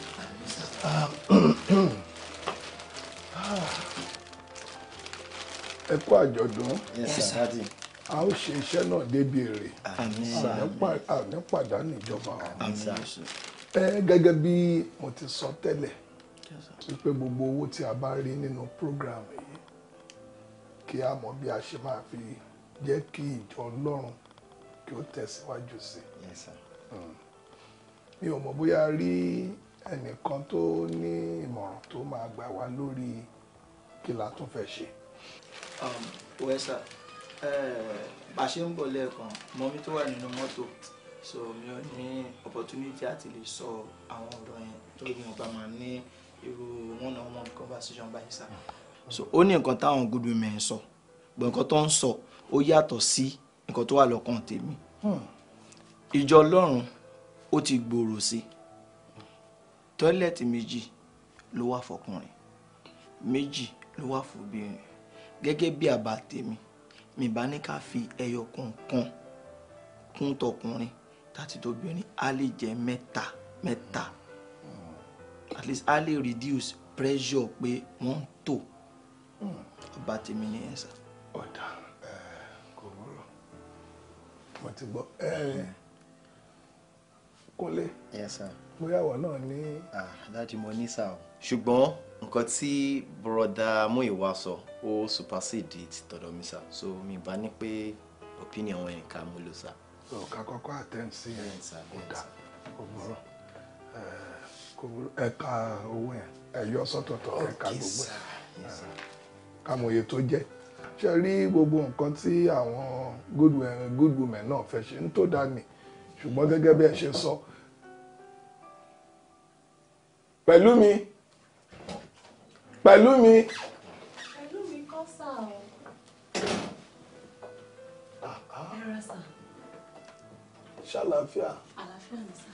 Speaker 1: ẹ kú àjọ̀dún a ó ṣe iṣẹ́ náà débi èrè àní pàdánù ìjọba gẹ́gẹ́ bí mo ti sọ tẹ́lẹ̀ wípé gbogbo owó tí a bá rí nínú program yìí kí a mọ̀ bí a ṣe máa fi yìí jẹ́ kí ìjọ ọlọ́run kí ó tẹ̀síwájú sí i. Yes sir. Hmm. mi ò mọ̀ bóyá rí ẹnìkan tó ní ìmọ̀ràn tó máa gbà wá lórí kí la tún fẹ́ ṣe. Um, wẹ́sà eh, bá a ṣe ń bọ̀ lẹ́ẹ̀kan mọ́mí tó wà nínú mọ́tò so mi ò ní opportunity àti lè sọ àwọn ọ̀rọ̀ yẹn tó ní ọba máa ní irú one on one conversation báyìí sá. Hmm. ó ní nǹkan táwọn good women sọ gbọ̀ǹkan tó ń sọ. So, ó yàtọ̀ sí nǹkan tó wà lọ́kàn tèmi hmm. ìjọ ọlọ́run ó ti gbòòrò sí tọ́ílẹ̀tì méjì ló wà fọkùnrin méjì ló wà fòbìnrin gẹ́gẹ́ bí àbá tèmi mi bá ní ká fi ẹyọ kọ̀ọ̀kan kún tọkùnrin tàti tóbìnrin á lè jẹ́ mẹ́ta mẹ́ta at least á lè reduce pressure pé wọ́n ń tò ọba hmm. tèmi nìyẹn sá. ọ̀dà. Oh, mo ti gbọ́ kúnlé bóyá wà náà ní. Ah, dájú mo ní sáà ṣùgbọ́n nǹkan tí bọ́rọ̀dá Múyìwá sọ ó supersede ti tọ̀dọ̀ mi sá so mi bá ní pé opinion wọn nìkan mú lò sá. ọ̀ka kọ́kọ́ àtẹ̀m sí ẹ̀ ọ̀dà ọ̀gbọ̀rọ̀ ẹ̀ka owó ẹ̀ ẹ̀yọ́ sọ́tọ̀tọ̀ ẹ̀ka gbogbo ẹ̀ ká tó jẹ́ ṣe rí gbogbo nǹkan tí àwọn good women náà fẹ́ ṣe ń tó dání ṣùgbọ́n gẹ́gẹ́ bí ẹ ṣe sọ pẹ̀lú mi pẹ̀lú mi.
Speaker 4: pẹ̀lú mi kọ́ sà ọ́.
Speaker 1: ẹ̀rọ sà. ṣàlàáfíà.
Speaker 4: àlàáfíà ni sà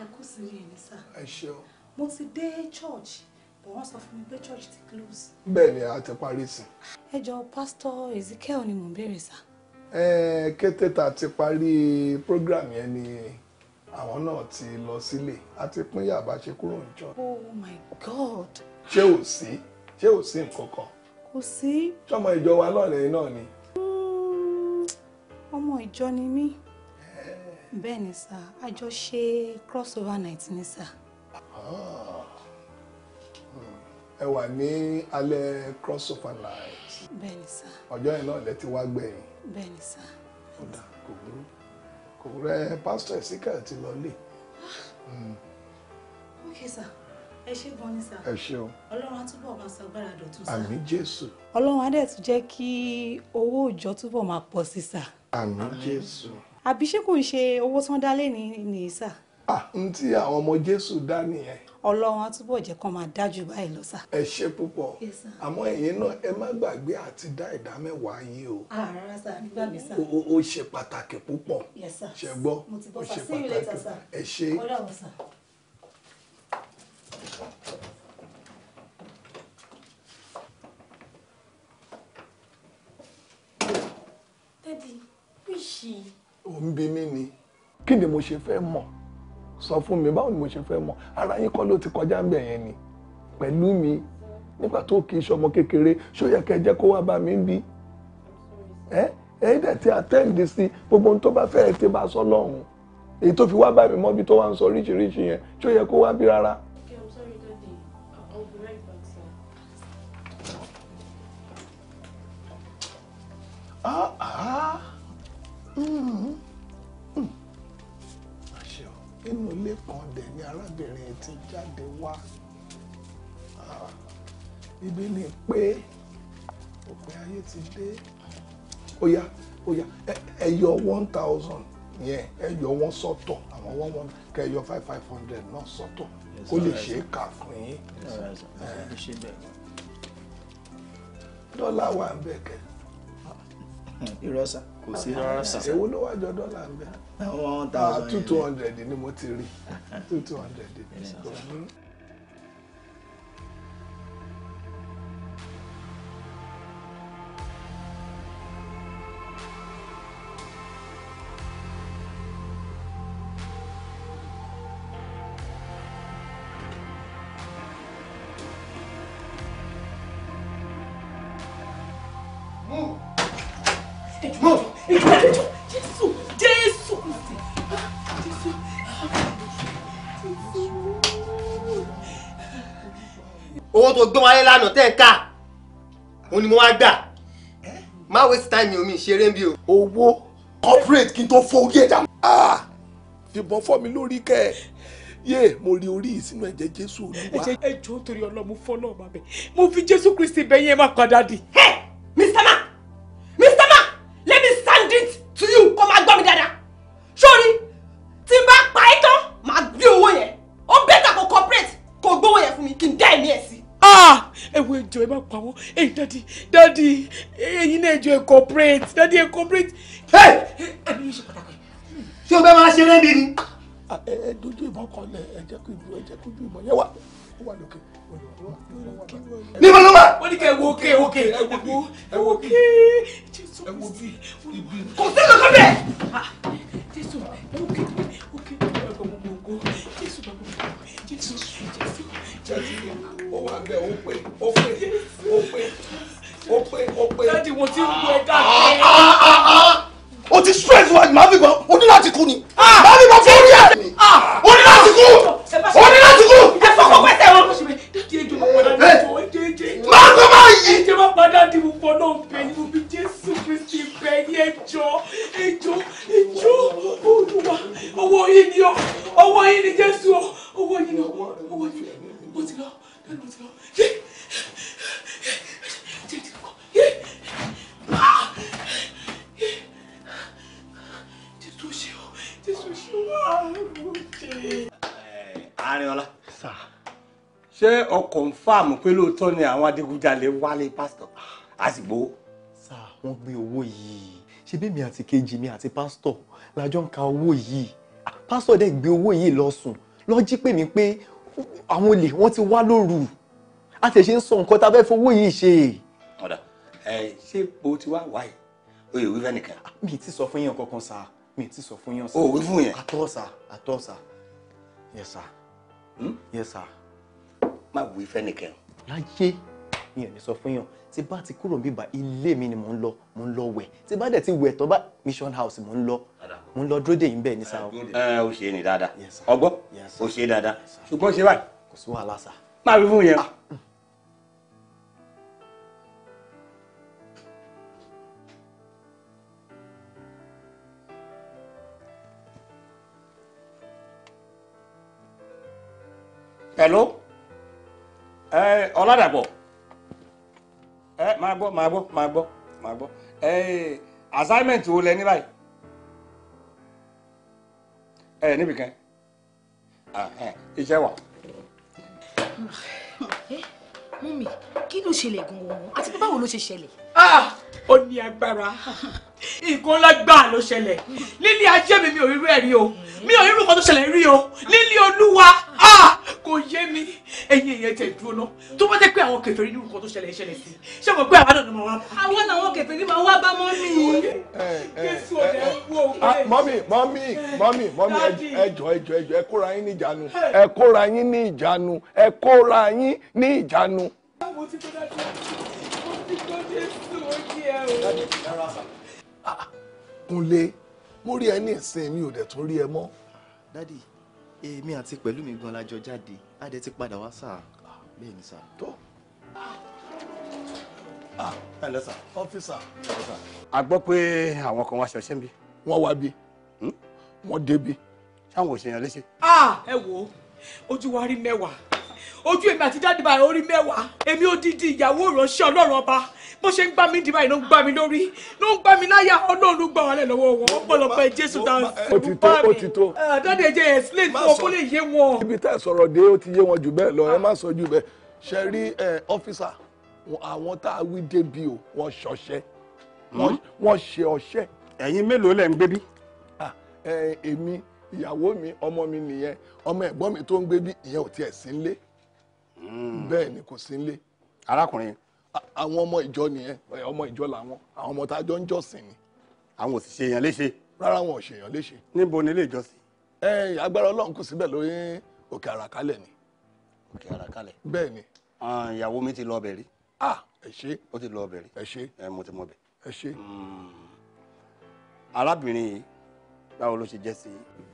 Speaker 4: ẹ kú sí rí ẹni sà. ẹ ṣeun. mo ti dé church but wọ́n sọ fún mi pé church ti close.
Speaker 1: bẹ́ẹ̀ ni a ti parí sí i
Speaker 4: ẹ jọ pásítọ̀ Ezekiel ni mò ń béèrè sá.
Speaker 1: ẹ kété tá ti parí program yẹn ni àwọn náà ti lọ sílé a ti pín yàrá ṣe kúrò níjọ. oh my god. ṣé ò sí ṣé ò sí nǹkan kan. kò sí. sọmọ ìjọ wa lọ́rẹ̀ẹ́ náà ni.
Speaker 4: ọmọ ìjọ ni mí bẹ́ẹ̀ ni sá a jọ ṣe crossover night ni sá. Ah.
Speaker 1: Hmm. ẹ wà ní alẹ́ crossover night bẹ́ẹ̀ni sá. ọjọ́ yẹn náà lẹ ti wá gbẹ̀yìn. bẹ́ẹ̀ni sá. ó dà kò burú kò rẹ pásítọ̀ síkà ti lọ lè.
Speaker 4: ókè sá ẹ ṣe gan ni sá. ẹ ṣeun. ọlọ́run á túbọ̀ máa sọ agbára dọ̀tún sá. àmín jésù. ọlọ́run á dẹ̀ tún jẹ́ kí owó òòjọ́ túbọ̀ máa pọ̀ sí sá.
Speaker 1: àmín jésù.
Speaker 4: àbí ṣé kò ń ṣe owó tán dá lé ní ní ah
Speaker 1: n tí àwọn ọmọ jésù dá nìyẹn
Speaker 4: ọlọ́run á túbọ̀ jẹ́ kán máa dájú báyìí lọ sà. ẹ ṣe púpọ̀ àmọ́ ẹ̀yin náà
Speaker 1: ẹ má gbàgbé àti dá ìdá mẹ́wàá yín o.
Speaker 4: àrà sà nígbà mi sà.
Speaker 1: o ṣe pàtàkì púpọ̀ ṣe gbọ́
Speaker 4: ó ṣe pàtàkì ẹ ṣe.
Speaker 1: Daddy, wíṣì. ò ń bi mí ni kí ni mo ṣe fẹ́ mọ̀ sọ fún mi báwo ni mo ṣe fẹ́ mọ̀ ara yín kọ́ ló ti kọjá ń bẹ̀ yẹn ni pẹ̀lú mi nígbà tó kì í ṣọmọ kékeré ṣó yẹ kẹ́ jẹ́ kó wá bá mi ń bí ẹ ẹ dẹ̀ ti attend sí gbogbo ohun tó bá fẹ́ ẹ ti bá sọ lọ́hùn èyí tó fi wá bá mi mọ́bi tó wá ń sọ oríṣiríṣi yẹn ṣó yẹ kó wá bí rárá.
Speaker 2: Ah, ah. Mm-hmm
Speaker 1: inú ilé kan dẹ̀ ni arábìnrin ti jáde wá ah, ibi ni pé òpin ayé ti dé ó yá ó one thousand yẹn ẹ yọ wọn sọ́tọ̀ àwọn one one kẹ yọ five five hundred náà sọ́tọ̀ kó lè ṣe é kà fún yín eh. dọ́là wà ń bẹ̀ kẹ́. Hmm, irọ́ sà. kò sí rárá sà. èwo ló wà jọ dọ́là ń bẹ. one thousand ah, two two hundred ni mo ti rí two two hundred. owó tó gbé wáyé lánàá tẹ́ ń ká òun ni mo wá gbà má waste time omi ìṣeré bí o. owó corporate kí n tó fọ orí ẹ̀ dànù. Ah! ìbọn fọ́ mi lórí kẹ́ ẹ̀ yé mo rí orí ìsinú ẹ̀jẹ̀ jésù olúwa. ẹ jẹ́ ẹ jọ̀ọ́ torí ọlọ́mú fọ́lọ́ọ̀ bàbẹ̀ mo fi jésù kristi bẹ́yẹn má padà dì.
Speaker 3: jọ ẹ má pa wọ́n ẹ̀yin dadi dadi ẹ̀yin náà jọ ẹ cooperate dadi ẹ cooperate. ẹbí yìí ṣe pàtàkì ṣé o bẹ́ẹ̀ máa
Speaker 1: ṣe rẹ́ẹ̀dì ni. ẹ dojú ìbọn kan lẹ ẹ jẹ́ kó ìbọn ẹ jẹ́ kó ojú ìbọn yẹn wà ó wà lókè níbo ló wà. ó ní kẹ́ ẹ wo òkè òkè ẹ wo bí ẹ wo bí
Speaker 3: ẹ wo bí ibi. kò sí kankan bẹ́ẹ̀. jésù òkè òkè òkè òkè jésù bàbá jésù jésù ṣáàtì
Speaker 1: ó wà bẹ́ẹ̀ ó o ti stress wa màá fi gbọ́ o ní láti kú ni
Speaker 3: màá fi gbọ́ fún orí ẹ̀ o ní láti kú o ní láti kú. ẹ fọkàn pẹ́sẹ̀ wọn. dáàdi ejò máa padà ní ìfọ̀ ẹjẹ. máa kọ́ máa yí. ejò máa padà ní ìfọ̀ náà bẹ́ẹ̀ ni mo fi Jésù Kristi bẹ́ẹ̀ ni ẹjọ́ ẹjọ́ ẹjọ́ olúwa ọwọ́ ni ọ ọwọ́ yìí ni Jésù ọ ọwọ́ yìí ni ọwọ́ yìí ni mo ti lọ dẹ́nu ah!
Speaker 1: ah, eh, pé lóòótọ́ ni àwọn adigunjalè wálé pásítọ̀ a sì gbowó. gbé owó yìí ṣe bí mi àti kejì mi àti pásítọ̀ la ń ka owó yìí ah, pásítọ̀ dẹ̀ gbé owó yìí lọ sùn jí pè pé àwọn olè wọ́n ti wá lóru a ti ṣe ń sọ nǹkan tá a fẹ́ fowó yìí ṣe. ọ̀dà ṣé o ti wá wáyé o yẹ wíwẹ́ nìkan. Ah, mi ti sọ fún yín kankan sá mi ti sọ fún yín sá. o wí fún yẹn. àtọ́ sá àtọ́ sá yes sá hmm? yes sá. má wí fẹ́ nìkan. láyé mi ò ní sọ fún yàn tí bá ti kúrò bíbà ilé mi ni mò ń lọ mò ń lọ wẹ̀ tí bá dẹ̀ ti wẹ̀ tọ́ bá mission house mò ń lọ mò ń lọ dúró dè yín bẹ́ẹ̀ ní sáà. ẹ o ṣe ni dáadáa ọgbọ́ o ṣe dáadáa ṣùgbọ́n ṣe báyìí. kò sí wàhálà sá. máa fi fún yẹn. Ah.
Speaker 2: Hello? Ẹ ẹ eh, máa gbọ́ máa gbọ́ máa gbọ́ máa gbọ́ ẹ eh, assignment wo lẹ ní báyìí
Speaker 1: ẹ eh, níbi kan iṣẹ́ wà.
Speaker 3: mọ́mí kí ló ṣẹlẹ̀ gan-an àti pé báwo ló ṣe ṣẹlẹ̀. Ah, ó ní agbára nǹkan lágbà ló ṣẹlẹ̀ nílé ajé mi mi ò rí rẹ̀ rí o mi ò rí nǹkan tó ṣẹlẹ̀ rí o nílé olúwa. Ah! kò yé mi ẹ̀yin èèyàn tẹ̀ dúró náà tó bá jẹ́ pé àwọn kèfèrí ní nǹkan tó ṣẹlẹ̀ ṣẹlẹ̀ sí ṣé mo pé àwọn náà ni mo wá bá. àwọn náà àwọn kèfèrí máa wá bá mọ́ mi. jésù ọ̀dẹ̀ wò ó pé. mọ́mì mọ́mì mọ́mì
Speaker 1: mọ́mì ẹjọ́ ẹjọ́ ẹjọ́ ẹ kóra yín ní ìjánu ẹ kóra yín ní ìjánu ẹ kóra yín ní ìjánu. mo ti kọ́ dájú mo ti kọ́ jésù ó yẹ o. Ah, ah, kúnlé mo rí ẹ ní ìsìn mi ò dẹ̀ tún rí ẹ mọ́. dádì èmi àti pẹ̀lú mi gan lájọ jáde á dẹ̀ ti padà wá sáà bẹ́ẹ̀ ni sà. tó ah, ẹ lẹ sà ọ́fíìsà. a gbọ́ pé àwọn kan wá ṣọṣẹ́ bí. wọ́n wá bí hmm? wọ́n dé bí
Speaker 4: sáwọn òṣèyàn léṣe.
Speaker 3: Ah, ẹ wo ojú wa rí mẹ́wàá ojú èmi àti dáàdì báyìí rí mẹ́wàá èmi ó dídí ìyàwó ìránṣẹ́ ọlọ́run ọba bó ṣe ń gbá mi dìbà yìí ló ń gbá mi lórí ló ń gbá mi láyà ọlọ́run ló gbà wá lẹ̀ lọ́wọ́ wọn ọ̀pọ̀lọpọ̀ jésù tá a ti bá mi
Speaker 1: dáadé jẹ ẹ̀sìlẹ̀ tí wọn kó lè yé wọn. ibi tá ẹ sọ̀rọ̀ dé ó ti yé wọn jù bẹ́ẹ̀ lọ ẹ má sọ jù bẹ́ẹ̀ ṣe rí ọ́fíìsà àwọn tá a wí débi o wọ́n ṣọṣẹ́ wọ́n hmm? ṣe ọṣẹ́. ẹ̀yin mélòó lẹ ń gbé bí? èmi ìyàwó mi ọmọ mi nìyẹn ọmọ ẹ̀gbọ́n mi tó ń gbé bí ìyẹn ò tiẹ̀ sí ń lé hmm. bẹ́ẹ̀ ni kò sí ń lé. arákùnrin àwọn ọmọ ìjọ nìyẹn ọmọ ìjọ làwọn àwọn ọmọ tá a jọ ń jọ́sìn ni. àwọn òṣìṣẹ́ èèyàn léṣe. rárá àwọn òṣìṣẹ́ èèyàn léṣe. níbo ni ilé ìjọsìn. ẹ agbára Ọlọ́run kù síbẹ̀ lórí òkè àràkálẹ̀ ni. òkè àràkálẹ̀. bẹ́ẹ̀ ni. ìyàwó mi ti lọ ọbẹ̀ rí. ah ẹ ṣe. ó ti lọ ọbẹ̀ rí. ẹ ṣe. ẹ mo ti mọ ọbẹ̀. ẹ ṣe. Hmm. arábìnrin yìí báwo ló ṣe jẹ́ sí i.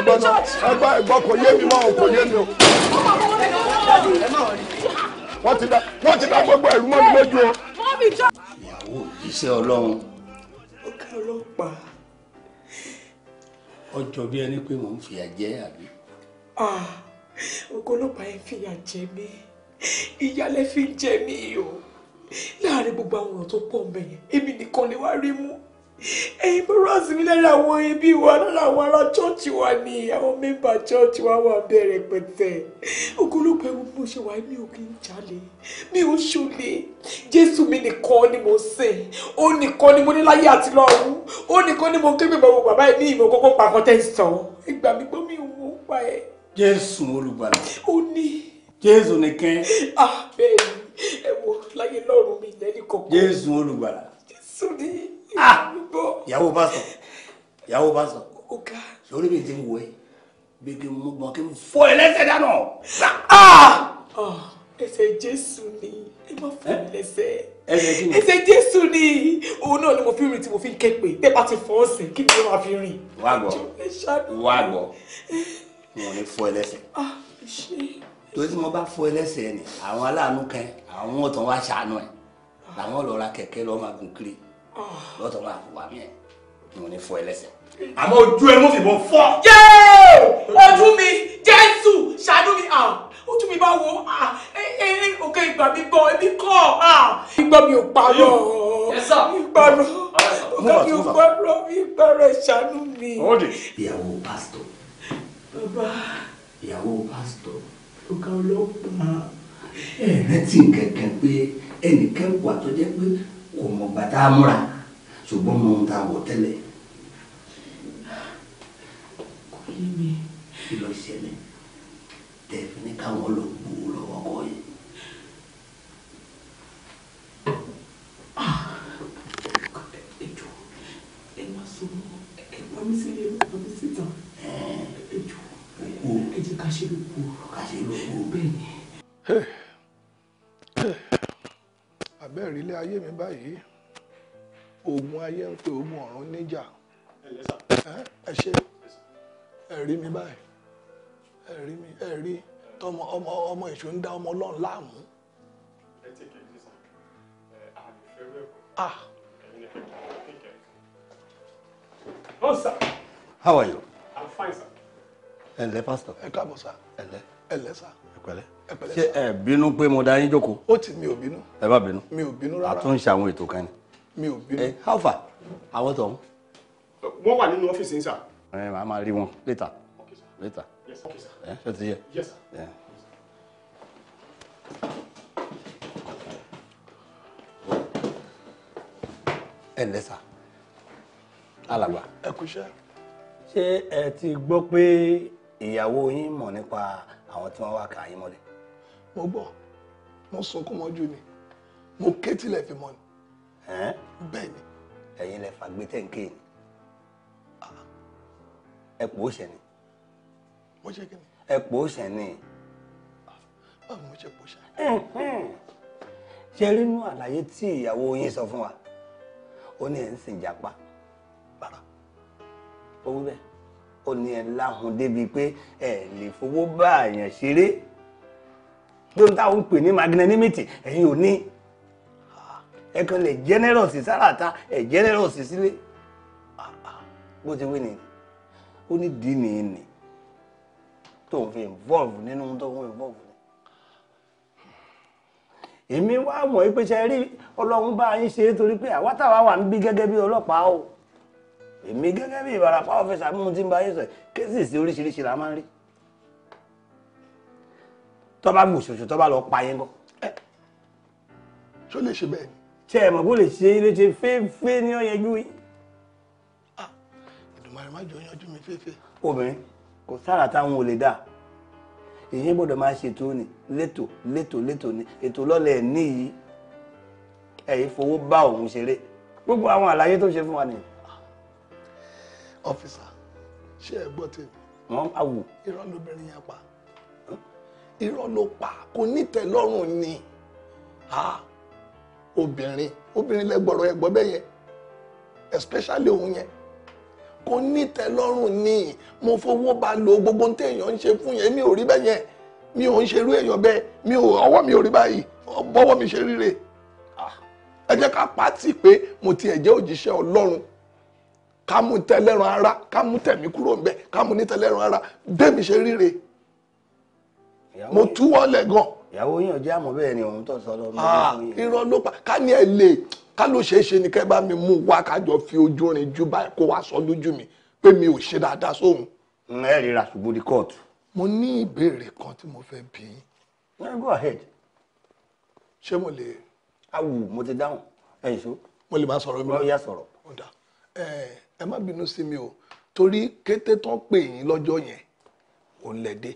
Speaker 1: ẹgbẹ́ náà ẹgbẹ́ ẹgbọ́ kò yé mi mọ́ o kò yé mi o. wọ́n ti da wọ́n ti da gbogbo ẹ̀rú mọ́ mi lójú o. ìyàwó iṣẹ́ ọlọ́run.
Speaker 4: ọ̀gá ọlọ́pàá.
Speaker 1: ọjọ́ bí ẹni pé mò ń fìyà jẹ àbí.
Speaker 4: ọgá ọlọ́pàá yẹn fìyà jẹ mí
Speaker 3: ìyálẹ́ fi jẹ mí o láàárín gbogbo àwọn ọ̀rọ̀ tó pọ̀ mẹ́yẹn èmi nìkan ni wàá rí mú ẹ̀yin bọ́rọ̀ àsìmí lára àwọn ẹbí wa lára àwọn ará chọ́ọ̀chì wa ni
Speaker 1: àwọn mẹ́mbà chọ́ọ̀chì wa wà bẹ̀rẹ̀ pẹ̀tẹ́ ogolóògbé gbogbo ṣe wáyé mi ò kí ń jalè
Speaker 3: mi ò ṣolè jésù mi nìkan ni mo sìn ó nìkan ni mo ní láyé àti lọ́run ó nìkan ni mo kébè bàbá bàbá ẹ̀ ní ìmọ̀ kókó pàkọ́ tẹ́ ń sọ ìgbà mi gbọ́ mi ò mọ̀ pa ẹ̀.
Speaker 1: jésù olùgbàlà. ó ní. jésù nìkan.
Speaker 3: ah bẹ́ẹ̀ ni ẹ wo láyé lọ́run mi ìdẹ́ni kọ̀ọ̀kan.
Speaker 1: jésù olùgbàlà. jésù ni. Ah, ìyàwó pásítọ̀ ìyàwó pásítọ̀ sórí mi ti ń wọ ẹ bí kí n mú gbọn kí n fọ ẹ lẹ́sẹ̀ dáná. Ah! Ah! ẹsẹ̀ jésù ni ẹ má fọ ẹsẹ̀ ẹsẹ̀ jésù ni òun náà ni mo fi rìn tí mo fi ń ké pé ti fọ́ ọ̀sẹ̀ kí ni mo máa fi rìn. wàá gbọ́ wàá gbọ́ wọn ni fọ ẹ lẹ́sẹ̀ torí tí wọn bá fọ ẹ lẹ́sẹ̀ ni àwọn aláàánú kan àwọn tó wá ṣàánú ẹ làwọn lọ ra kẹ̀kẹ́ lọ máa gùn kiri lọ́tọ̀ wà wà mí ẹ̀ ni wọ́n ní fọ́ ẹlẹ́sẹ̀. àmọ́ ojú ẹ mú fìbọn
Speaker 3: fọ́. yéé ojú mi jésù ṣàánú mi àwọn ah! ojú mi bá wo ah!
Speaker 2: òkè ìgbà mi gbọ́ ẹbí kọ́ ah! ìgbà mi ò parọ́ ìgbà mi ò parọ́ ìgbà rẹ̀ ṣàánú mi. ìyàwó
Speaker 1: pásítọ̀
Speaker 4: bàbá ìyàwó pásítọ̀ ló ká ọlọ́pàá
Speaker 1: ẹ̀ẹ́dẹ́tì kankan pé ẹnìkan wà tó jẹ́ pé kò mọ̀ gbà tá a múra ṣùgbọ́n mo ń ta wọ̀ tẹ́lẹ̀. kò yé mi. kí ló ṣẹlẹ̀ tẹ̀fí ní káwọn lọ gbowó lọ́wọ́ kọ́ yìí. Ah! ẹjọ àbẹ́ẹ̀rí ilé ayé mi báyìí ogun ayé ń pe ogun ọ̀run níjà ẹ ṣe ẹ mi báyìí ẹ tọmọ ọmọ èṣù ń dá ọmọ ọlọ́run láàmú. How are you? I'm fine, sir. Ẹ̀lẹ́, pastor. Ẹ pastor, sir. Ẹ̀lẹ́. Ẹ̀lẹ́, sir pẹ̀lẹ́. ṣé ẹ bínú pé mo dá yín jókòó. ó ti mi ò bínú. ẹ má bínú. mi ò bínú rárá. àtúnṣe àwọn ètò kan ni. mi ò bínú. ẹ how far àwọn tó ń. wọ́n wà nínú ọ́fíìsì ń sà. ẹ màá máa rí wọn later later. ẹ ṣe ti yẹ. ẹ ǹlẹ́ sà alàgbà. ẹ kú iṣẹ́. ṣé ẹ ti gbọ́ pé ìyàwó yín mọ̀ nípa àwọn tí wọ́n wá kà yín mọ́lẹ̀. mo gbọ́ mo sunkún mọ́jú ni mo ké tilẹ̀ fi mọ́ ni. bẹ́ẹ̀ ni. ẹ̀yin lẹ fàgbé tẹ̀ǹké ni ẹ pò ó ṣẹ̀ ni. mo ṣe kí ni. ẹ pò ó ṣẹ̀ ni. báwo mo ṣe pò ṣẹ̀. ṣe rí inú àlàyé tí ìyàwó yín sọ fún wa ó ní ẹ̀ ń sìn jàpá. bàbá ó wí bẹ́ẹ̀ ó ní ẹ láhùn débi pé ẹ lè fowó bá àyàn ṣeré lóun táwọn ń pè ní magnanimity ẹ̀yin ò ní ẹ kàn lè generous sáràtà ẹ generous sílé bó ti wí ni ó ní dì nìyí nì tó ń fi involve nínú tó ń involve ní. èmi wá mọ̀ pé ṣe rí ọlọ́run bá yín ṣe é torí pé àwa táwa wà ń bí gẹ́gẹ́ bí ọlọ́pàá o èmi gẹ́gẹ́ bí ìbarapá ọ̀fẹ́sà mú ti ń bá yín sọ kéésì sí oríṣiríṣi la máa ń rí tó bá gbòṣòṣò tó bá lọ pa yín kọ́. ṣó lè ṣe bẹ́ẹ̀ ni. ṣé ẹ mọ̀ bó lè ṣe ilé ṣe fééféé ní ọ̀yẹ́jú yìí. ìdùnmọ̀ ah, rẹ̀ má jọ yanjú mi fééféé. obìnrin kò sára táwọn ò lè dà èyí gbọ́dọ̀ máa ṣètò ni létò létò létò ni ètò lọ́lẹ̀ níyì ẹ̀yìn fowó bá òun ṣeré gbogbo àwọn àlàyé tó ṣe fún wa nìyẹn ọfíìsà ṣé ẹ gbọ́ tèmi. wọn á wò. irọ́ lóbìnrin yẹn pa irọ́ ló pa kò nítẹ̀lọ́rùn ni obìnrin obìnrin lẹ́gbọ̀rọ̀ ẹ̀gbọ́ bẹ́ẹ̀ yẹn especially òun yẹn kò nítẹ̀lọ́rùn ni mo fowó ba lo gbogbo ní téèyàn ń ṣe fún yẹn mi ò rí bẹ́ẹ̀ yẹn mi ò ń ṣerú èèyàn bẹ́ẹ̀ mi ò ọwọ́ mi ò rí báyìí bọ́wọ́ mi ṣe ríre ah! ẹ jẹ́ ká pàtì pé mo tiẹ̀ jẹ́ òjíṣẹ́ Ọlọ́run ká mú tẹlẹ́ran ara ká mú tẹ̀mí kúrò ń bẹ̀ ní ara ṣe ríre mo gan. ìyàwó yín ọjọ́ àmọ́ bẹ́ẹ̀ ni òun tó sọ ah, irọ́ ló pa ká ní ẹ ká ló ṣe ni kẹ́ bá mi mú wá fi ojú ju báyìí kó wá sọ lójú pé mi ò ṣe dáadáa sóhun.
Speaker 2: ẹ
Speaker 1: mo ní ìbéèrè kan tí mo fẹ́ bí. ṣé mo lè. awù ẹ má bínú sí mi o torí kété tán pè yín lọ́jọ́ yẹn òun lẹ dé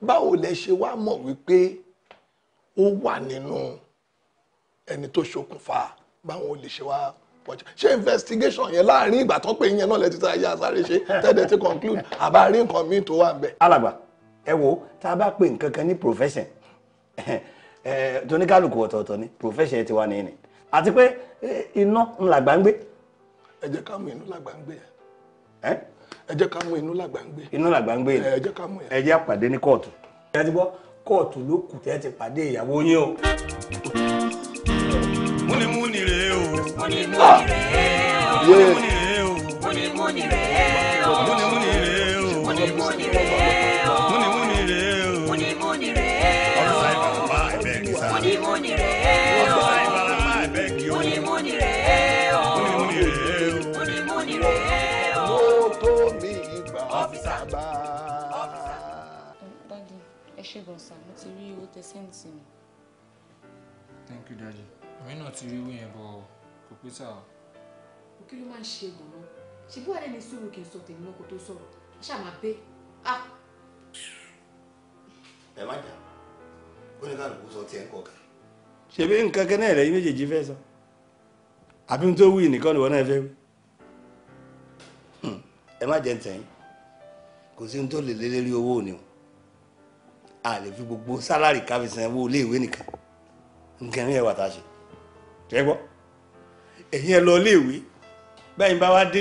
Speaker 1: báwo lẹ ṣe wá mọ̀ wípé ó wà nínú ẹni tó ṣokùnfà báwọn olè ṣe wá pọ̀jù ṣé investigation yẹn láàrin ìgbà tán pè yín náà lẹ ti ta ẹyà sáré ṣe tẹ́lẹ̀ ti conclude àbá rí nǹkan míì tó wà ń bẹ̀. alàgbà ẹ wo tá a bá pè nǹkan kan ní profession tóníkàlùkù ọ̀tọ̀ọ̀tọ̀ ni profession tiwa nìyí ni àti pé iná ńlá gbàǹgbé ẹ jẹ́ ká mú inú làgbà ń gbé ẹ ẹ jẹ́ ká mú inú làgbà ń gbé inú làgbà ń gbé ẹ jẹ́ ká mú ẹ jẹ́ àpàdé ní kóòtù. ẹ ti gbọ́ kóòtù ló kù tẹ́ ti pàdé ìyàwó yín o.
Speaker 2: múnimúni rèé o. múnimúni rèé o. múnimúni rèé o. múnimúni rèé o.
Speaker 4: ṣé gan sà mo ti rí owó tẹsẹ́ǹtì mi. thank you daddy èmi náà ti rí owó yẹn bọ kò pé sà. o
Speaker 5: kí ló máa ń ṣe gan-an ṣe bí wàá lẹ́ni sùúrù kì í sọ tèmi lọ́kọ tó sọ̀rọ̀ ṣáà máa bẹ́ ah.
Speaker 1: ẹ má jà ó ní kálukú sọ tiẹ̀ ń kọ̀ kan. ṣebí nǹkan kan náà lẹ́yìn méjèèjì fẹ́ sọ àbí tó wí nìkan ni wọ́n náà fẹ́ wí hmm. ẹ má jẹ́ ń tẹ̀yìn kò sí ohun tó lè lé lérí owó ni o. a lè fi gbogbo sálárì káfí sanwó iléèwé nìkan nǹkan yẹn wà tá a ṣe tẹ́ gbọ́ ẹ̀yin ẹ lọ iléèwé bẹ́ẹ̀ bá wá dé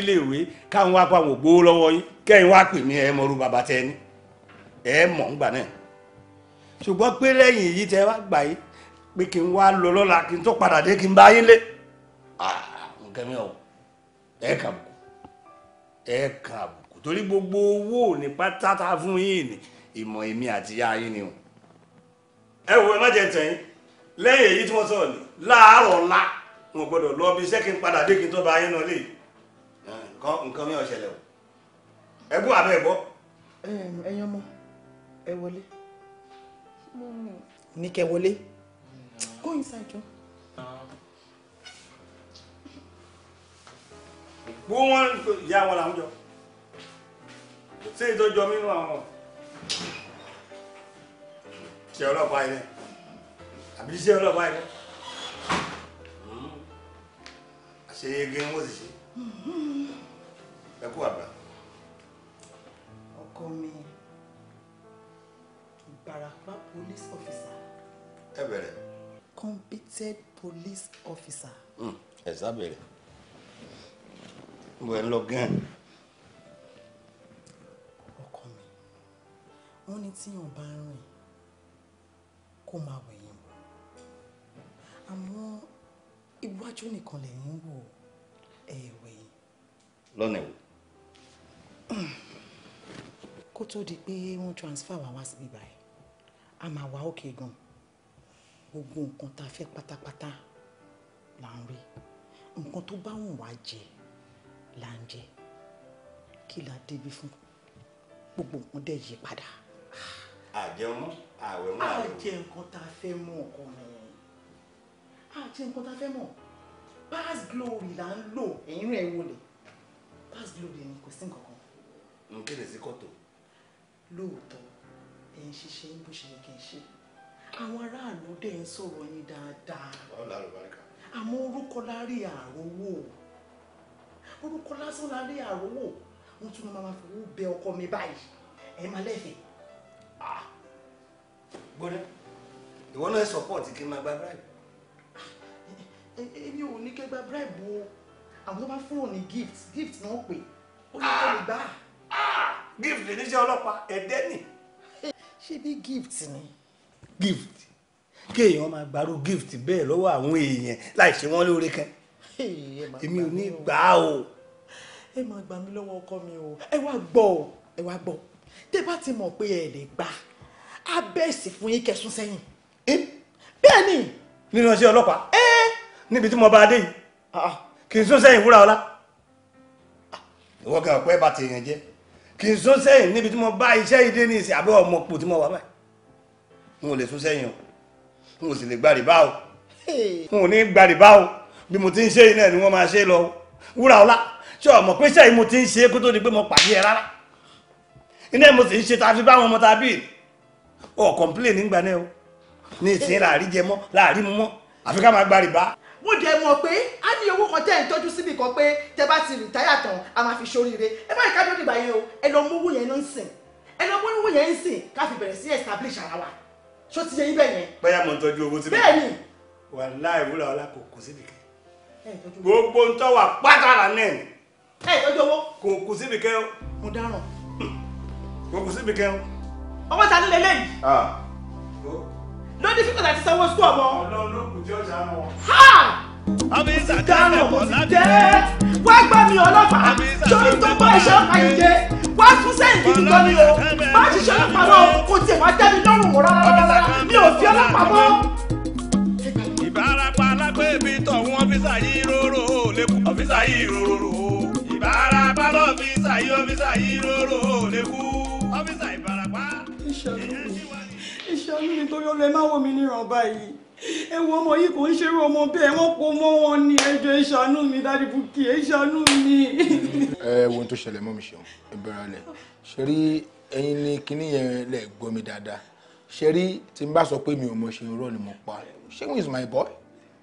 Speaker 1: káwọn wá àwọn ògbó lọ́wọ́ yín kẹ́yìn wá pè mí ẹ mọ̀rú bàbá tẹ ẹ mọ̀ ń gbà náà ṣùgbọ́n pé lẹ́yìn èyí wá gbà
Speaker 2: pé kí n wá lọ lọ́la kí n tó padà dé kí n bá yín lé nǹkan mi ò gbogbo owó ní pátá ìmọ̀ èmi àti ìyá yín ni o. ẹ wo ẹ má jẹ tẹ̀yìn lẹ́yìn èyí tí wọ́n sọ̀rọ̀ ní láàárọ̀ ńlá wọn gbọ́dọ̀ lọ bí iṣẹ́ kí n padà dé kí n tó ba ayé náà lè nǹkan nǹkan mi ò ṣẹlẹ̀ o ẹ gbọ́ àbẹ́ ẹ gbọ́.
Speaker 1: ẹ̀yin ọmọ ẹ wọlé ní kẹ wọlé
Speaker 5: go inside jọ.
Speaker 2: gbogbo wọn ya wọn làwọn jọ ṣé ìtọ́jọ́ mi nù àwọn ṣe ọlọ́pàá ilẹ̀ àbí ṣe ọlọ́pàá ilẹ̀ àṣe ege ń wọ́n sì ṣe ẹkú àgbà. ọkọ
Speaker 5: mi Ìbàràpá police officer. ẹ bẹ̀rẹ̀. competent police officer.
Speaker 1: Hmm, ẹ sábẹ̀rẹ̀
Speaker 2: bó ẹ ń lọ gan-an.
Speaker 5: wọ́n ní tíyàn bá ń rìn kó máa wẹ̀yìn wò àmọ́ iwájú nìkan lẹ́yìn wò ẹ wẹ̀yìn. lọ́nà ẹ̀wò. kó
Speaker 1: tó di pé wọ́n transfer wá wá síbí báyìí a máa wá òkè gan gbogbo nǹkan tá a fẹ́ pátápátá là ń rí nǹkan tó bá wùn wá jẹ là ń jẹ kí la débi fún gbogbo nǹkan dẹ̀ yí padà àjẹmú àwẹ̀ mú àwẹ̀. àjẹ nǹkan tá a fẹ́ mọ̀ ọkọ mi àjẹ nǹkan tá a fẹ́ mọ̀ past glory là ń lò
Speaker 5: ẹ̀yìn rẹ̀ wọlé past glory ni kò sí nǹkan kan.
Speaker 1: n kéde sí kòtò.
Speaker 5: lóòótọ́ ẹ̀ ń ṣiṣẹ́ bó ṣe yẹ kí n ṣe àwọn aráàlú dẹ̀ ń
Speaker 1: sọ̀rọ̀ yín dáadáa.
Speaker 2: báwo la rò báríkà.
Speaker 1: àmọ́ orúkọ lárí àròwò orúkọ lásán lárí àròwò wọ́n tún máa fi owó bẹ ọkọ mi báyìí ẹ̀ máa lẹ́fẹ̀ẹ́ gbọ́dá ìwọ náà support kí n máa gba bribe. èmi ò ní kẹ́ gba bribe o àwọn tó bá fóònù ní gift gift náà pè ó ní kẹ́ lè gbà. gift lè níṣẹ́ ọlọ́pàá ẹ̀dẹ́ nì. ṣé bí gift ni. gift kéèyàn máa gbàrú gift bẹ́ẹ̀ lọ́wọ́ àwọn èèyàn láì ṣe wọ́n lóore kan èmi ò ní gbà á o. ẹ máa gbà mí lọ́wọ́ ọkọ mi o ẹ wá gbọ́ ẹ wá gbọ́ tẹ́ bá ti mọ̀ pé ẹ lè gbà á á bẹ̀sì fún yín kẹsùn sẹ́yìn.
Speaker 2: Eh? bẹ́ẹ̀ ni. nínú ọṣẹ ọlọ́pàá. Eh? níbi tí mo bá a dé yìí ah, ah. kì í sún sẹ́yìn wúrà ọlá. Ah. ìwọ gan ọ̀pẹ́ bá ti yàn jẹ́ kì í sún sẹ́yìn níbi tí mo
Speaker 1: bá iṣẹ́ ìdé ní ìsìn àbẹ́ ọmọ pò tí mo wà báyìí. n ò lè sún sẹ́yìn o n ò sì
Speaker 2: lè gba o n ò ní gba o bí mo ti ń ṣe iná ni wọ́n máa ṣe lọ wúrà ọlá ṣé ọmọ pé sẹ́yìn mo ti ń ṣe kó tó di pé mo pàdé ẹ rárá iná mo sì ń ṣe tàbí báwọn ọmọ tàbí ọ̀ complain nígbà náà o ní ìsìn láàrí jẹ mọ́ láàrí àfi ká máa gba rìbá.
Speaker 3: mo dẹ̀ mọ̀ pé a ní owó kan tẹ́ ẹ̀ ń tọ́jú síbì kan pé tẹ́ bá ti rìtáyà tán a máa fi ṣoríire ẹ má ìkájọ́ dìgbà yẹn o ẹ lọ mú owó yẹn ló ń sìn ẹ lọ mú owó yẹn ń sìn ká fi bẹ̀rẹ̀ sí establish ara wa ṣó ti yẹ yín bẹ́ẹ̀ yẹn.
Speaker 2: bẹ́ẹ̀ mo ń tọ́jú owó síbẹ̀. bẹ́ẹ̀ ni. wàláì wúlò ọlá kò kò síbì
Speaker 3: kẹ́
Speaker 2: gbogbo ń tọ́ wà pátára náà ni. kò kò síbì kẹ́ o. mo dáràn. kò kò síbì kẹ́ o ọmọ ta nílé lẹ́yìn. Ah. lóní fífọ̀ láti sanwó sukú ọmọ. ọlọ́run jẹ́ ọ̀sán mọ́. ọ̀daràn kò sí jẹ́ wá gbà mí ọlọ́pàá torí tó bá iṣẹ́ ọ̀pá yìí jẹ́ wá fún sẹ́yìn gidi gan ni o
Speaker 3: má ṣiṣẹ́ ọlọ́pàá náà kò tiẹ̀ wá tẹ́ mi lọ́rùn
Speaker 2: rárá rárá mi ò fi ọlọ́pàá mọ́. ìbárapa alágbèbí tọ̀hún ọ́fíìsà yìí róró lẹ́kùn ọ́fíìsà yìí róró ìbárapa lọ́fíìsà yìí ọ́fíìsà yìí róró lẹ́kùn ṣàánú mi ẹ ṣàánú mi torí ọlọ́ ẹ má wò mí níran báyìí
Speaker 3: ẹ wo ọmọ yìí kò ń ṣerú ọmọ bẹ́ẹ̀ wọ́n kó mọ́ wọn ni ẹjọ́ ẹ ṣàánú mi dáàdì bùkì ẹ
Speaker 2: ṣàánú mi.
Speaker 1: ẹ wo ohun tó ṣẹlẹ̀ mọ́ mi ṣeun ìbẹ̀rẹ̀ rẹ̀ ṣe rí ẹyin ni kinní yẹn lè gbọ́ mi dáadáa ṣe rí tí n bá sọ pé mi ò mọ̀ ṣe irọ́ ni mo pa ṣéun is my boy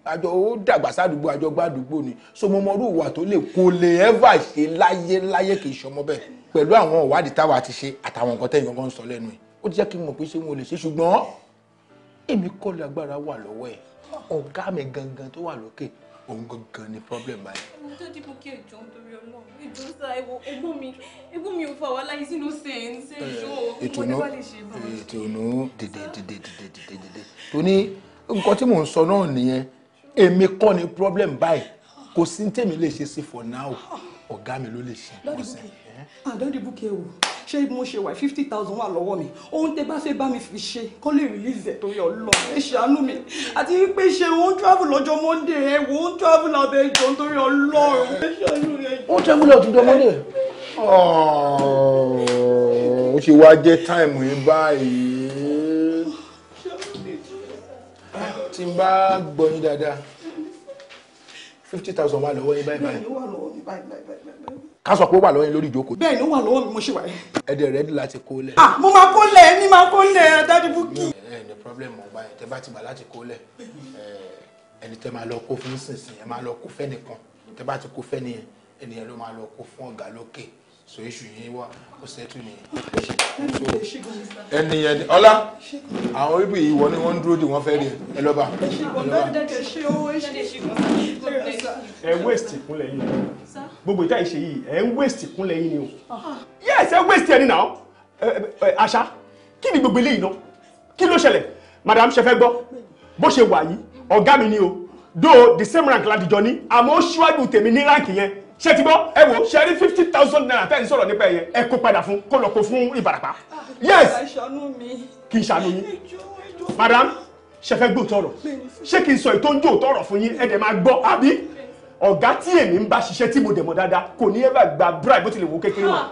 Speaker 1: àjọ ó dàgbà sádùúgbò àjọ gbàdúgbò ni so mo mọ irú ìwà tó lè kó lè ẹ́fà ṣe láyé láyé kì í ṣọmọ bẹ́ẹ̀ pẹ̀lú àwọn ìwádìí táwa ti ṣe àtàwọn nǹkan tẹ̀yìn gangan ń sọ lẹ́nu yìí ó ti jẹ́ kí n mọ̀ pé ṣé wọn ò lè ṣe ṣùgbọ́n èmi kọ́ lágbára wà lọ́wọ́ ẹ̀ ọ̀gá mi gangan tó wà lókè òun gangan ni problem báyìí.
Speaker 3: mo tó dìbò kí ẹjọ́ nítorí ọlọ́run ìjọ sá ẹ̀gbọ́n mi ẹ̀gbọ́n mi ò fà wá láyé sínú sẹ́ǹsì ẹ̀jọ́ ìtùnú
Speaker 1: ìtùnú dìde dìde dìde dìde dìde tó ní nǹkan tí mò ń sọ náà nìyẹn èmi kọ́ ni problem báyìí kò sí tèmi lè ṣe sí for now ọ̀gá mi ló lè ṣe.
Speaker 3: lọ́dún bùkẹ́ àdọ́dún ah, bùkẹ́ wò ṣé mo ṣe wà fifty thousand wà lọ́wọ́ mi ohun tẹ́ bá fẹ́ bá mi fi ṣe kọ́ lè release ẹ̀ torí ọlọ́run ẹ ṣàánú mi àti wípé ṣe òun travel lọ́jọ́ monday ẹ wò ó travel abẹ́ ìjọ nítorí ọlọ́run ẹ ṣàánú mi. ó travel lọ́jọ́
Speaker 1: monday ó oh, ṣe wá jẹ́ táìmù yìí báyìí tí n bá gbọ́ yín dáadáa fifty thousand wà lọ́wọ́ yín báyìí
Speaker 3: báyìí
Speaker 1: ká sọ pé ó wà lọ́yìn lórí ìjókòó. bẹ́ẹ̀
Speaker 3: ni ó wà lọ́wọ́ mi mo ṣe wà.
Speaker 1: ẹdẹ rẹ di láti kó lẹ. ah mo máa kó lẹ ẹni máa kó lẹ dájú búkì. ẹ ẹ ní problem ọba yẹn tẹ bá ti gbà láti kó lẹ ẹni tẹ máa lọ kó fún sísìn ẹ máa lọ kó fẹ́nìkan tẹ bá ti kó fẹ́nìyẹn ẹnìyẹn ló máa lọ kó fún ọ̀gá lókè so iṣu yẹn wá ó ṣẹ́tù nìyẹn ẹni ẹni ọlá àwọn ibi yìí wọ ni wọ́n ń dúró de wọ́n fẹ́ rí ẹ lọ́ba.
Speaker 4: ẹ waste. ìkúnlẹ̀ yìí
Speaker 1: gbogbo ìta ìṣe yìí ẹ ń wéèsì ìkúnlẹ̀ yìí ni o ah. yẹ́sì ẹ wéèsì ẹni náà àṣà kí ni gbogbo eléyìí náà kí ló ṣẹlẹ̀ madam ṣe fẹ́ gbọ́ bó ṣe wà yìí ọ̀gá mi ni o do the same rank ládìjọ ní àmọ́ ó ṣíwájú tèmi ní ránkì yẹn ṣe ti bọ́ ẹ wo ṣe rí fifty thousand naira tẹ́ ń sọ̀rọ̀ nípa ẹ̀yẹ ẹ kó padà fún kó lọ kó fún ìbàràpá. Ah, yes kì í ṣàánú yín madam ṣe fẹ́ gbọ́ tọrọ ṣé kì í sọ èyí tó ń jò tọrọ fún yín ẹ dẹ̀ máa gbọ́ àbí ọ̀gá tí èmi ń bá ṣiṣẹ́ tí mo dẹ̀ mọ̀ dáadáa kò ní ẹ bá gba bribe bó tilẹ̀ wò kékeré mọ́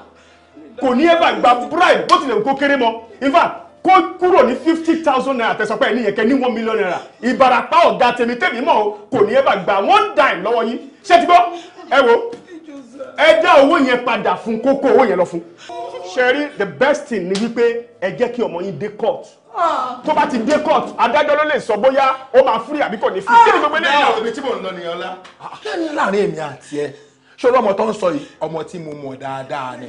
Speaker 1: kò ní ẹ gba bribe bó tilẹ̀ wò kékeré mọ́ in fact kó kúrò ní fifty thousand naira tẹ̀sọ́pẹ́ ẹni yẹn kẹ́ ní one million naira ìbàràpá ọ̀gá tèmi tèmi mọ́ o kò ní ẹ bá gba one dime lọ́wọ́ yín ṣé ti gbọ́ ẹ wo ẹ dá owó yẹn padà fún kókó owó yẹn lọ fún ṣẹ́rí the best thing ni wípé ẹ jẹ́ kí ọmọ yín dé court tó bá ti dé court adájọ́ ló lè sọ bóyá ó máa free àbí kò ní free kí ni gbogbo eléyìí náà. ibi tí mò ń lọ nìyẹn ọlá. kí ni láàrin èmi àti ẹ ṣé ọlọ́mọ tó ń sọ yìí ọmọ tí mo mọ̀ dáadáa ni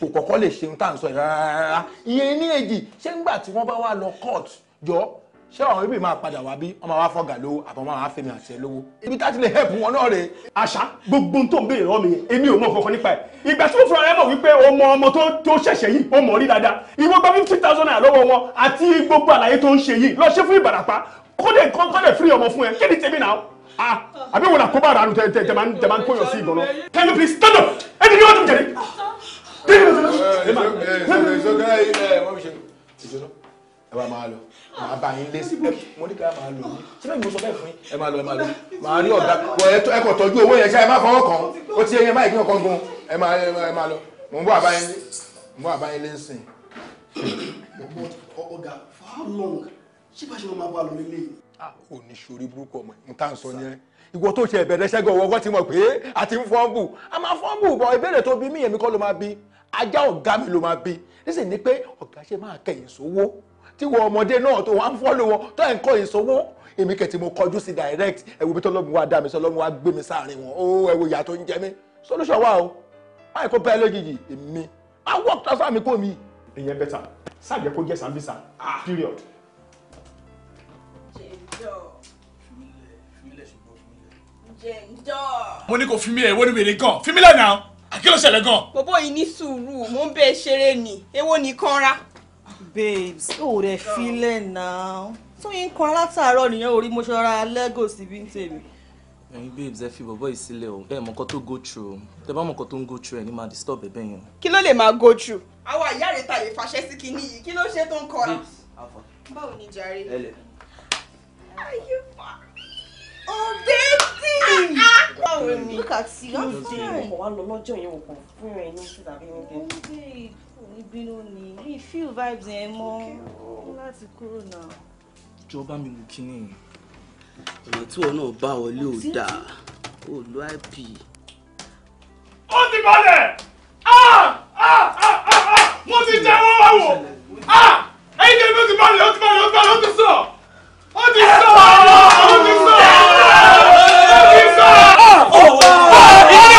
Speaker 1: kò kọ́kọ́ lè ṣe ohun tá à ń sọ yìí rárá ìyẹn ní èjì ṣé ńgbà tí wọ́n bá wà lọ court jọ ṣé àwọn ibi máa padà wá bí wọn máa fọgà lówó àbọ̀ máa wá àti ẹ lówó. ibi tá a ti lè help wọn náà rè. àṣà gbogbo tó ń béèrè ọmọ yẹn èmi ò mọ kankan nípa ẹ ìgbà tí mo fura ẹ mọ̀ wípé ọmọ ọmọ tó ṣẹ̀ṣẹ̀ yìí ó mọ̀ rí dáadáa ìwọ gba fifty thousand naira lọ́wọ́ wọn àti gbogbo àlàyé tó ń ṣe yìí lọ ṣe fún ìbàdàpá kọ́dẹ̀ kọ́dẹ̀ fírí ọmọ fún ẹ kí
Speaker 2: can you please stand up ẹni
Speaker 1: ni ẹ bá máa lọ màá bá yín lé sí ẹ mo ní ká máa lọ yín síbẹ̀ mo sọ bẹ́ẹ̀ fún yín ẹ máa lọ ẹ máa lọ màá rí ọ̀gá ẹ kò tọ́jú owó yẹn ṣá ẹ má fọwọ́ kàn ó ti yẹ má ìpín ọkàn gun ẹ máa ẹ máa lọ mò ń bọ̀ àbá yín mò ń bọ̀ àbá yín lé sìn. ọ̀gá how ṣé bá ṣe máa bá a nílé yìí. a ní sori burúkú ọmọ n tá n sọ yẹn ìwọ tó ṣe ẹ̀bẹ̀rẹ̀ ṣẹ́gun ọwọ́ ti mọ̀ pé a ti ń fọ́nbù a máa fọ́nbù bọ̀ ìbéèrè tó bí mí yẹn mi kọ́ ló máa bí ajá ọ̀gá mi ló máa bí nísìnyí ni pé ọ̀gá ṣe máa kẹ̀yìn sówó tí wọ ọmọdé náà tó wà ń fọ́lò wọn tó ẹ̀ ń kọ́ ìṣòwò èmi kẹ̀ tí mo kọjú sí direct ẹ̀wù bí tọ́lọ́mù wa dá mi sí ọlọ́mù wa gbé mi sáàrin wọn ó ẹ̀wù ìyá tó ń jẹ mí solution wà o báyìí kó bẹ́ẹ̀ lójijì èmi á work transfer mi kó mi. ìyẹn bẹ́tà sáàjẹ́ kó jẹ́ sàmbísà ah. period.
Speaker 2: mo ní kò fi mí ẹ̀ wọ́n ní wèrè gan fi mí lẹ́nu àwọn àkílọ̀ṣẹ̀lẹ̀ gan.
Speaker 3: bọ́bọ́ yìí ní sùúrù mò ń bẹ́ẹ̀ ṣeré ni èwo nìkan ra babes ó rẹ̀ filẹ̀ now? tó yín kan látàárọ̀ nìyẹn orí mo ṣọra lẹ́gò síbi ń tèmi. ẹyin babes ẹ fi bọ̀bọ̀ yìí sílẹ̀ o ẹ mọ̀kọ́ tó go through tẹ bá mọ̀kọ́ tó ń go through ẹ ní máa disturb ẹ bẹ́ẹ̀ yẹn. kí ló lè máa go through. àwa ìyá rẹ̀ tàyè fàṣẹ sí kinní yìí kí ló ṣe tó ń kọra. báwo ni jàre. ẹ lẹ. ayé bá mi. Oh, baby! Look
Speaker 4: at you. You're
Speaker 3: doing. You're doing. You're doing. You're doing.
Speaker 4: You're doing. You're doing ní ni mi feel vibes yẹn mọ́ láti kúrò náà.
Speaker 1: ìjọba mi mú kínní. ọ̀nà tí wọn náà bá wọlé ò dáa ò lo ip.
Speaker 2: ó ti balẹ̀ ah! Ah! Ah! mo ti jẹ́ wọ́n wá wò ẹ̀yin tẹ̀lé mi ó ti balẹ̀ ó ti balẹ̀ ó ti balẹ̀ ó ti sọ ó ti sọ ó ti sọ ó ti sọ.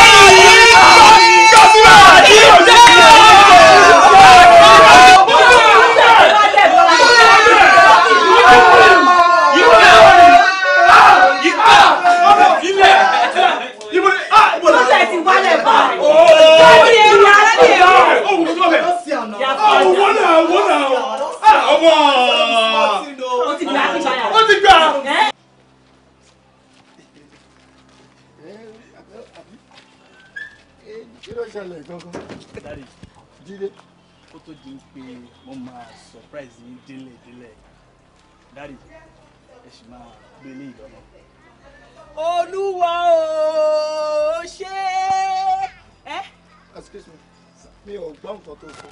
Speaker 1: Daddy, ẹ sì máa gbélé ìlọ́nà.
Speaker 3: Olúwa ooo. mi ò gbọ́
Speaker 1: nǹkan tó sọ.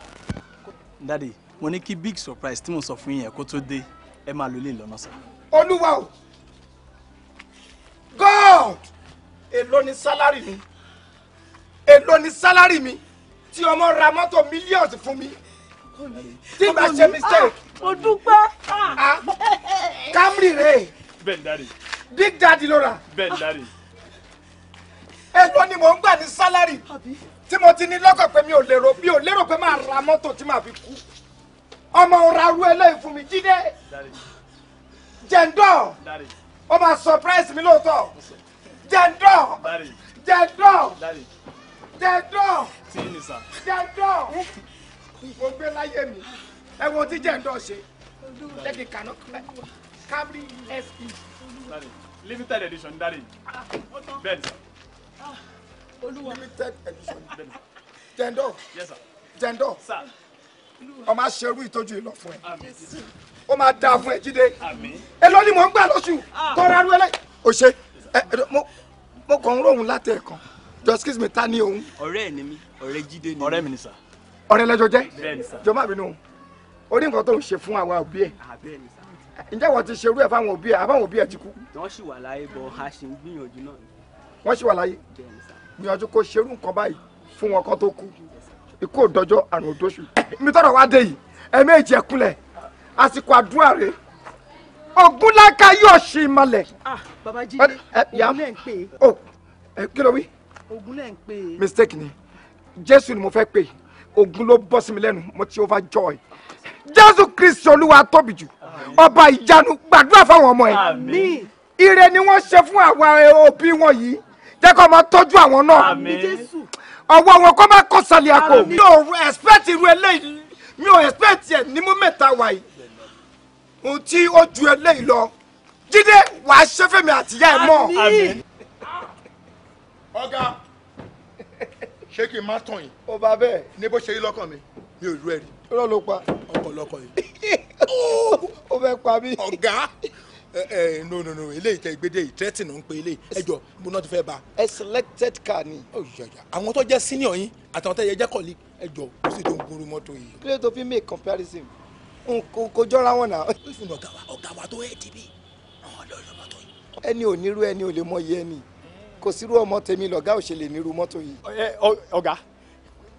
Speaker 1: dadi mo ní kí big surprise tí mo sọ fún yín kó tó dé ẹ máa lo ilé ìlọ́nà sá. olúwa o god èló ni sálárì mi èló ni sálárì mi tí ọmọ ra mọ́tò mílíọ̀nù fún mi tí mo bá ṣe mistake. Ah, mo dúpẹ́. Ah, camry rè é big daddy lora. rà. èló ni mò ń gbà ní sálárì tí mo ti ní lọ́kàn pé mi ò lérò mi ò lérò pé máa ra mọ́tò tí màá fi kú ọmọ òra ru eléyìí fún mi jíde jẹ̀ǹdọ̀ ó máa surprise mi lóòótọ́ jẹ̀ǹdọ̀ jẹ̀ǹdọ̀ jẹ̀ǹdọ̀ jẹ̀ǹdọ̀ mo gbé láyé mi ẹ̀wọ̀n tí jẹ̀ǹdọ̀ ṣe lẹ́kìn kaná Camry SE. limited edition dáre ah, bẹ́ẹ̀ ni limited edition lẹ́nu jẹ́ndọ́ jẹ́ndọ́ ọmọ aṣerú ìtọ́jú ìlọ fún ẹ ó máa dáa fún ẹ jíde èló ni mò ń gbà lóṣù tọ́ra ah. rú ẹlẹ́ o ṣe mo kàn ń ròhun láti ẹ̀kan just kiss me ta ni òun. ọ̀rẹ́ ẹ̀ ni mi ọ̀rẹ́ jíde ni mi ọ̀rẹ́ mi ni sà. ọ̀rẹ́ lẹ́jọ́ jẹ́ jọ má bínú orí nǹkan tó ń ṣe fún àwa òbí ah, ẹ̀ ǹjẹ́ wọ́n ti ṣerú ẹ̀ fáwọn òbí ẹ̀ àbáwọn òbí ẹ̀ ti kú. wọ́n sì wà láyé bọ̀ a sì ń gbìyànjú náà. wọ́n sì wà láyé gbìyànjú kó ṣerú nǹkan báyìí fún wọn kan tó kú ikú òdọjọ àrùn òdóṣù mi tọrọ wá dé yìí ẹ̀ẹ̀mejì ẹ̀kúnlẹ̀ àsìkò àdúrà rẹ̀ ogunlaka yóò ṣe ìmọ̀lẹ̀. Ah, babajide ogun lẹ́ ogun lẹ́ ń pè é. mistake ni jésù ni mo fẹ́ pè é ogun ló bọ́ sí mi lẹ́nu mo ti overjoy jésù kristi olúwa tóbi jù ọba ìjanu gbàdúrà fáwọn ọmọ ẹ ire ni wọ́n ṣe fún àwa òbí wọn yìí jẹ́ kó máa tọ́jú àwọn náà ọwọ́ wọn kó má kó sàlẹ̀ àpò mi ò expect irú eléyìí mi ò expect ẹ̀ ní mú mẹ́ta wáyé ohun tí ó ju eléyìí lọ jíde wàá ṣe fẹ́mi àtìyá ẹ̀ mọ́. ọ̀gá ṣé kí n má tàn yín. ó bá bẹ́ẹ̀. ní bó ṣe rí lọ́kàn mi mi ò rú ẹ̀rí. ó lọ́ọ́ ló pa. ọkọ̀ lọ́kọ̀ yìí. ó fẹ́ pa mí. ọ̀gá ẹ ẹ no no no eléyìí tẹ gbédè yìí tẹ́tì náà ń pe eléyìí ẹ jọ mo náà ti fẹ́ ba. ẹ selected car ni. Oh, àwọn tó jẹ́ senior yín àtàwọn tó yẹ jẹ́ colleague ẹ jọ ó sì tó ń gbúrú mọ́tò yìí. kí ló tó fi make comparison kò jọra wọn náà. ó fún ọ̀gá wa ọ̀gá wa tó ẹ̀ dìbì àwọn ọlọ́ọ̀lọ́ mọ́tò yìí. ẹni ò nírú ẹni ò lè mọ iye ẹni kò sírú ọmọ tèmi lọ̀gá ò ṣe lè nírú mọ́tò yìí. ọ̀gá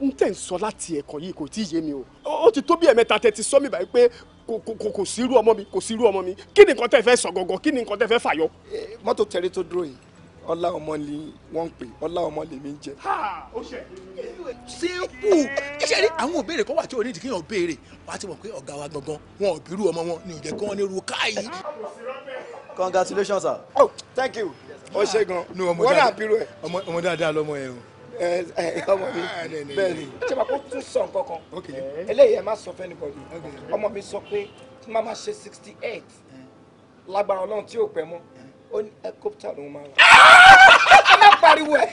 Speaker 1: n tẹ̀ ń sọ láti ẹ̀kọ́ yìí kò tí ì yé mi o ó ti tó bí ẹ̀mẹ́ta tẹ ti sọ mi báyìí pé kò kò sírú ọmọ mi kò sírú ọmọ mi kí ni nǹkan tẹ́ fẹ́ sọ gọ̀gọ̀ kí ni nǹkan tẹ́ fẹ́ fàyọ. mọ́tò tẹ̀lé tó dúró yìí ọlá ọmọ ni wọ́n ń pè ọlá ọmọ lèmi ń jẹ.
Speaker 2: sípù iṣẹ́ rí
Speaker 1: àwọn òbéèrè kan wà tí onídìí kéèyàn béèrè wàá ti mọ̀ pé ọ̀gá wa gangan wọn ò bírú ọmọ wọn ni ò jẹ́ kí wọ́n ní irú káyìí. congratulations sir. oh thank you ó ṣe gan wọ́n náà bírú ẹ̀. ọmọ dáadáa lọmọ yẹn o ọmọ mi bẹ́ẹ̀ ah, ni ṣé máa kó tún sọ nǹkan kan eléyìí ẹ má sọ fẹ́ anybody ọmọ mi sọ pé tí máa máa ṣe sixty eight lágbára ọlọ́run tí ò pẹ́ mọ́ ó ní ẹkọ́pítà ló máa wà ẹ má pariwo ẹ.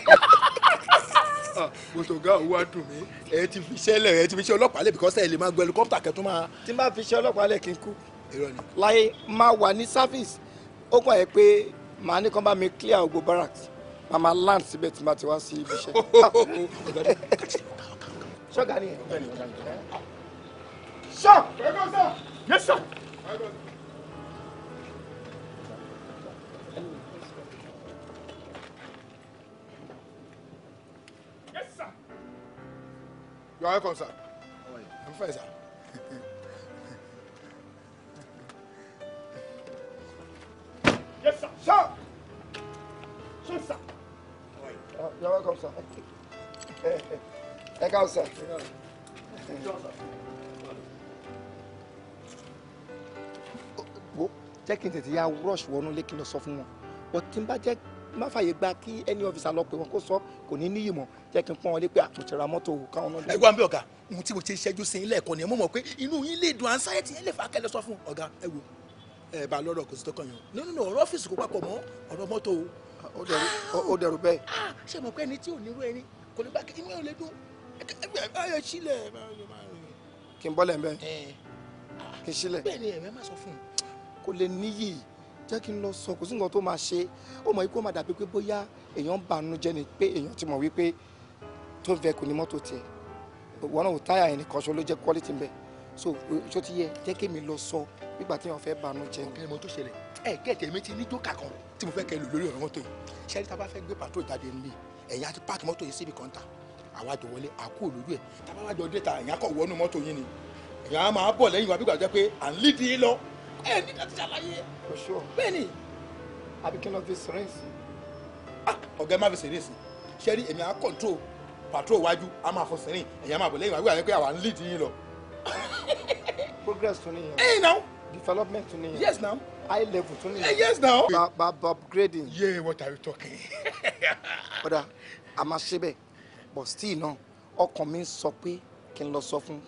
Speaker 1: Ah, mọ̀tò ọ̀gá òwú adùn mi ẹ ti fi iṣẹ́ lẹ̀ ẹ ti fi iṣẹ́ ọlọ́pàá lẹ̀ bìkọ́sẹ̀ ẹ lè máa gbọ́ ẹlikọ́pítà kẹ́tún máa. tí n bá fi iṣẹ́ ọlọ́pàá lẹ̀ kí n kú láyé máa wà ní service ó kàn yẹ pé màá ní kàn bá mi clear ògbó barracks màmá land síbẹ̀ tí màá ti wá sí ibi iṣẹ́. ṣọ́ọ̀gà ni ẹ̀.
Speaker 2: ṣọ́ọ̀ yẹ ṣọ́ọ̀.
Speaker 1: You are welcome, sir. How are you? I'm fine, sir. yes, sir. Sir! Sir, sir. You're welcome, sir. Ẹ káàbọ̀ sir. Wo jẹ́ kí n tètè ya rush wọnú ilé kí n lọ sọ fún wọn. But tí n bá jẹ́ má fàyè gba kí ẹni ọ́fíìsà lọ pé wọn kó sọ kò ní níyì mọ́ jẹ́ kí n pọ́n wọn lé pé àtúntì ra mọ́tò káwọn náà. Ẹ wá ń bẹ ọ̀gá ohun tí mo ti ṣẹ́jú sí ilé ẹ̀kọ́ ni mo mọ̀ pé inú yín lè dùn ansáyẹ́tì ẹ lè fà á kẹ́lẹ́ sọ fún ọ̀gá ẹ wo ẹ bá lọ́rọ̀ kò sí tó kàn yín o. nínú ọ̀rọ̀ ọ́fíìsì o ó dẹrù bẹ́ẹ̀. Ah, ṣé mo pẹ́ ni tí ò ní rú ẹni kò ní bá kí inú ẹ̀ lè dún ẹgbẹ́ ayọ̀ sílẹ̀ kí n bọ́lẹ̀ mbẹ́ kí n sílẹ̀. bẹ́ẹ̀ ni ẹ̀rẹ́ máa sọ fún un. kò lè níyì jẹ́ kí n lọ sọ kò sí nǹkan tó máa ṣe ó mọ̀ ikú ó máa dàbí pé bóyá èèyàn ń banú jẹ́ ni pé èèyàn ti mọ̀ wípé tó fẹ́ kò ní mọ́tò tiẹ̀ wọn náà táyà ẹnì kan ṣo ló jẹ́ quality mbẹ́ so ṣó ti yẹ jẹ́ kí mi lọ sọ nígbà tí wọ́n fẹ́ banú jẹ́ ni. ọ̀gá ẹ̀ tó ṣẹlẹ̀ ẹ̀ kẹ́ẹ̀tẹ̀ mi ti ní jókà kan tí mo fẹ́ kẹ́ lò lórí ọ̀rọ̀ mọ́tò yìí ṣẹ́rí tá a bá fẹ́ gbé pàtó jáde nílé ẹ̀yin àti páàkì mọ́tò yìí síbi kan ta àwa jọ wọlé àkó lójú ẹ̀ tá a bá wá jọ dé ta akọ̀ wọnú mọ́tò yìí ni ẹ̀yin á máa bọ̀ lẹ́yìn wa bí gbàgbọ́ pé à ń lídìí lọ ẹ̀ ní láti ṣàlàyé bẹ́ẹ̀ ni àbí kí n fi sọ̀rọ̀ ìsìn. Ah, ọ̀gá ẹ má fi sèré sí progress tún development tún yes now high level tún nìyẹn. yes now. ba ba ba upgrading. yeah what are you talking. kódà a máa ṣe bẹ́ẹ̀ but still náà ọkàn mi ń sọ pé kí n lọ sọ fún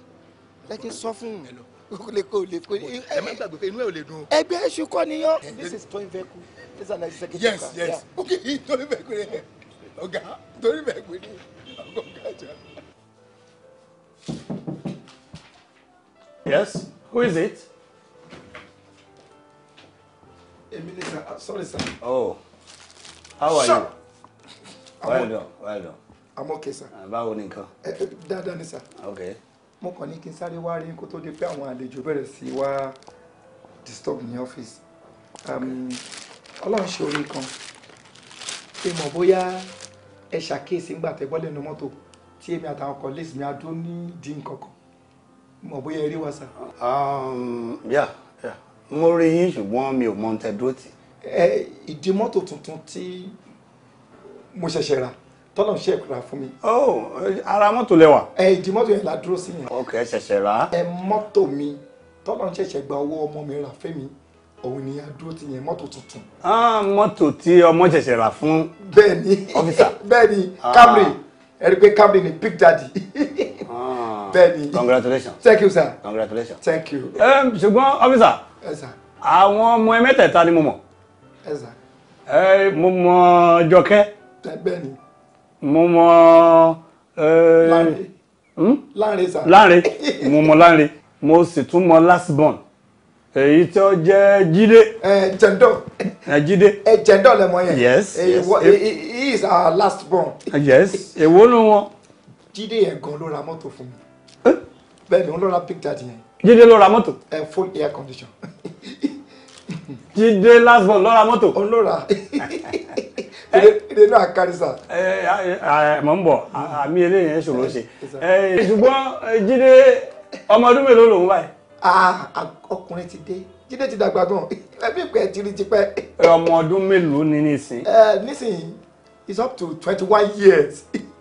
Speaker 1: ẹ kí n sọ fún un leko leko. ẹ má gbàgbé pé inú ẹ ò lè dùn. ẹgbẹ́ ẹṣu kọ́ niyàn this is towing vehicle this is an executive yes, car. yes yes yeah. okay towing vehicle rẹ ọ̀gá towing vehicle ni ọ̀gá ọ̀gá jà. yes who is it èmi ah, sorry sir. oh how are you. well done well done. i'm okay sir. Ah, báwo ni nǹkan. Eh, eh, dáadáa ni sir. okay. mo kàn ní kí n sáré wá rí kó tó di pé àwọn àlejò bẹ̀rẹ̀ sí wá disturb ní ọ́fíìsì. Um, ọlọ́run ṣe orí kan ṣe mọ̀ bóyá ẹ ṣàkíyèsí ńgbà tẹ́ bọ́lẹ̀ nu mọ́tò tí èmi àtàwọn colleagues mi adó ní dín kankan mọ̀ bóyá ẹ rí wa sir. Um, yeah mo rí yín ṣùgbọ́n mi ò mọ ohun tẹ dúró tì. ẹ ìdí mọ́tò tuntun tí mo ṣẹ̀ṣẹ̀ rà tọ́lọ̀ ń ṣe ìkura fún mi. ó ara mọ́tò lẹwà. ẹ ìdí mọ́tò yẹn la dúró sí yẹn. ok ṣẹ̀ṣẹ̀ rà. ẹ mọ́tò mi tọ́lọ̀ ń ṣẹ̀ṣẹ̀ gba owó ọmọ mi rà fẹ́mi òun ni a dúró ti yẹn mọ́tò tuntun. mọ́tò tí ọmọ ṣẹ̀ṣẹ̀ rà fún. bẹ́ẹ̀ni ọfíìsà bẹ́ẹ̀ni ah. Camry ẹni pé Camry ni big daddy. Ah. bẹ́ẹ̀ni congratulations. thank you sir. congratulations. thank you. ṣùgbọ́n ọfíìsà àwọn ọmọ ẹ mẹ́tẹ̀ẹ̀ta ni mo mọ̀
Speaker 2: ẹ mo mọ Jọkẹ́ mo mọ Lánre hmm? mo mọ Lánre mo
Speaker 1: sì tún mọ lastborn èyí tí ó jẹ́ Jídé. ẹ jẹndọ. ẹ Jídé. ẹ jẹndọ lẹmọ yẹn. yes yes e e- e- he is our last born. yes èwo ló wọn. Jídé yẹn gan ló ra mọ́tò fún mi bẹ́ẹ̀ ni wọ́n lọ ra picture yẹn. Jídé ló ra moto? ẹ full air condition. Jídé last born ló ra mọ́tò. òun ló ra èdè náà kárí sá. mọ̀ ń bọ̀ àmì eléyìí ṣòro ṣe. ṣùgbọ́n Jídé ọmọ ọdún mélòó lòun báyìí. ọkùnrin ti dé Jídé ti dàgbà gan ẹbí ìpẹ́ tiri ti pẹ́. ọmọ ọdún mélòó ni nísìnyí. nísìnyí it's up to twenty one years.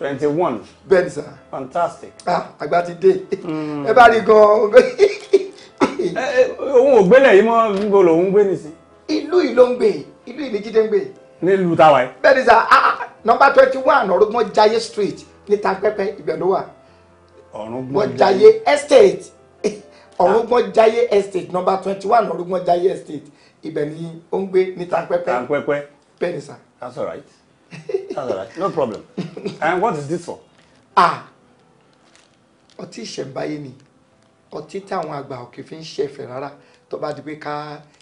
Speaker 1: twenty one. bẹ́ẹ̀ni sá. fantastic. ah àgbà ti dé. Hmm. ẹ bá rí gan-an. òun eh, eh, ò gbélé yìí mọ́ níbo lòun gbé nìsín. ìlú yìí ló ń gbé ìlú yìí ni Jídé ń gbé. nílùú táwa yìí. bẹ́ẹ̀ni sá ah number twenty one ọ̀rọ̀gbọ́n jayé street níta pẹ́pẹ́ ibẹ̀ ló wà. ọ̀rọ̀gbọ́n jayé estate ọ̀rọ̀gbọ́n jayé estate number twenty one ọ̀rọ̀gbọ́n jayé estate ibẹ̀ ni ó ń gbé níta pẹ́pẹ́. tàǹpẹ́pẹ́. bẹ́ẹ̀ni sir. that's all right all right. No problem. And what is this for? Ah, ọtí ìṣẹ̀ǹbáyé ni ọtí táwọn àgbà òkè fi ń ṣẹ̀fẹ̀ rárá tó bá di pé ká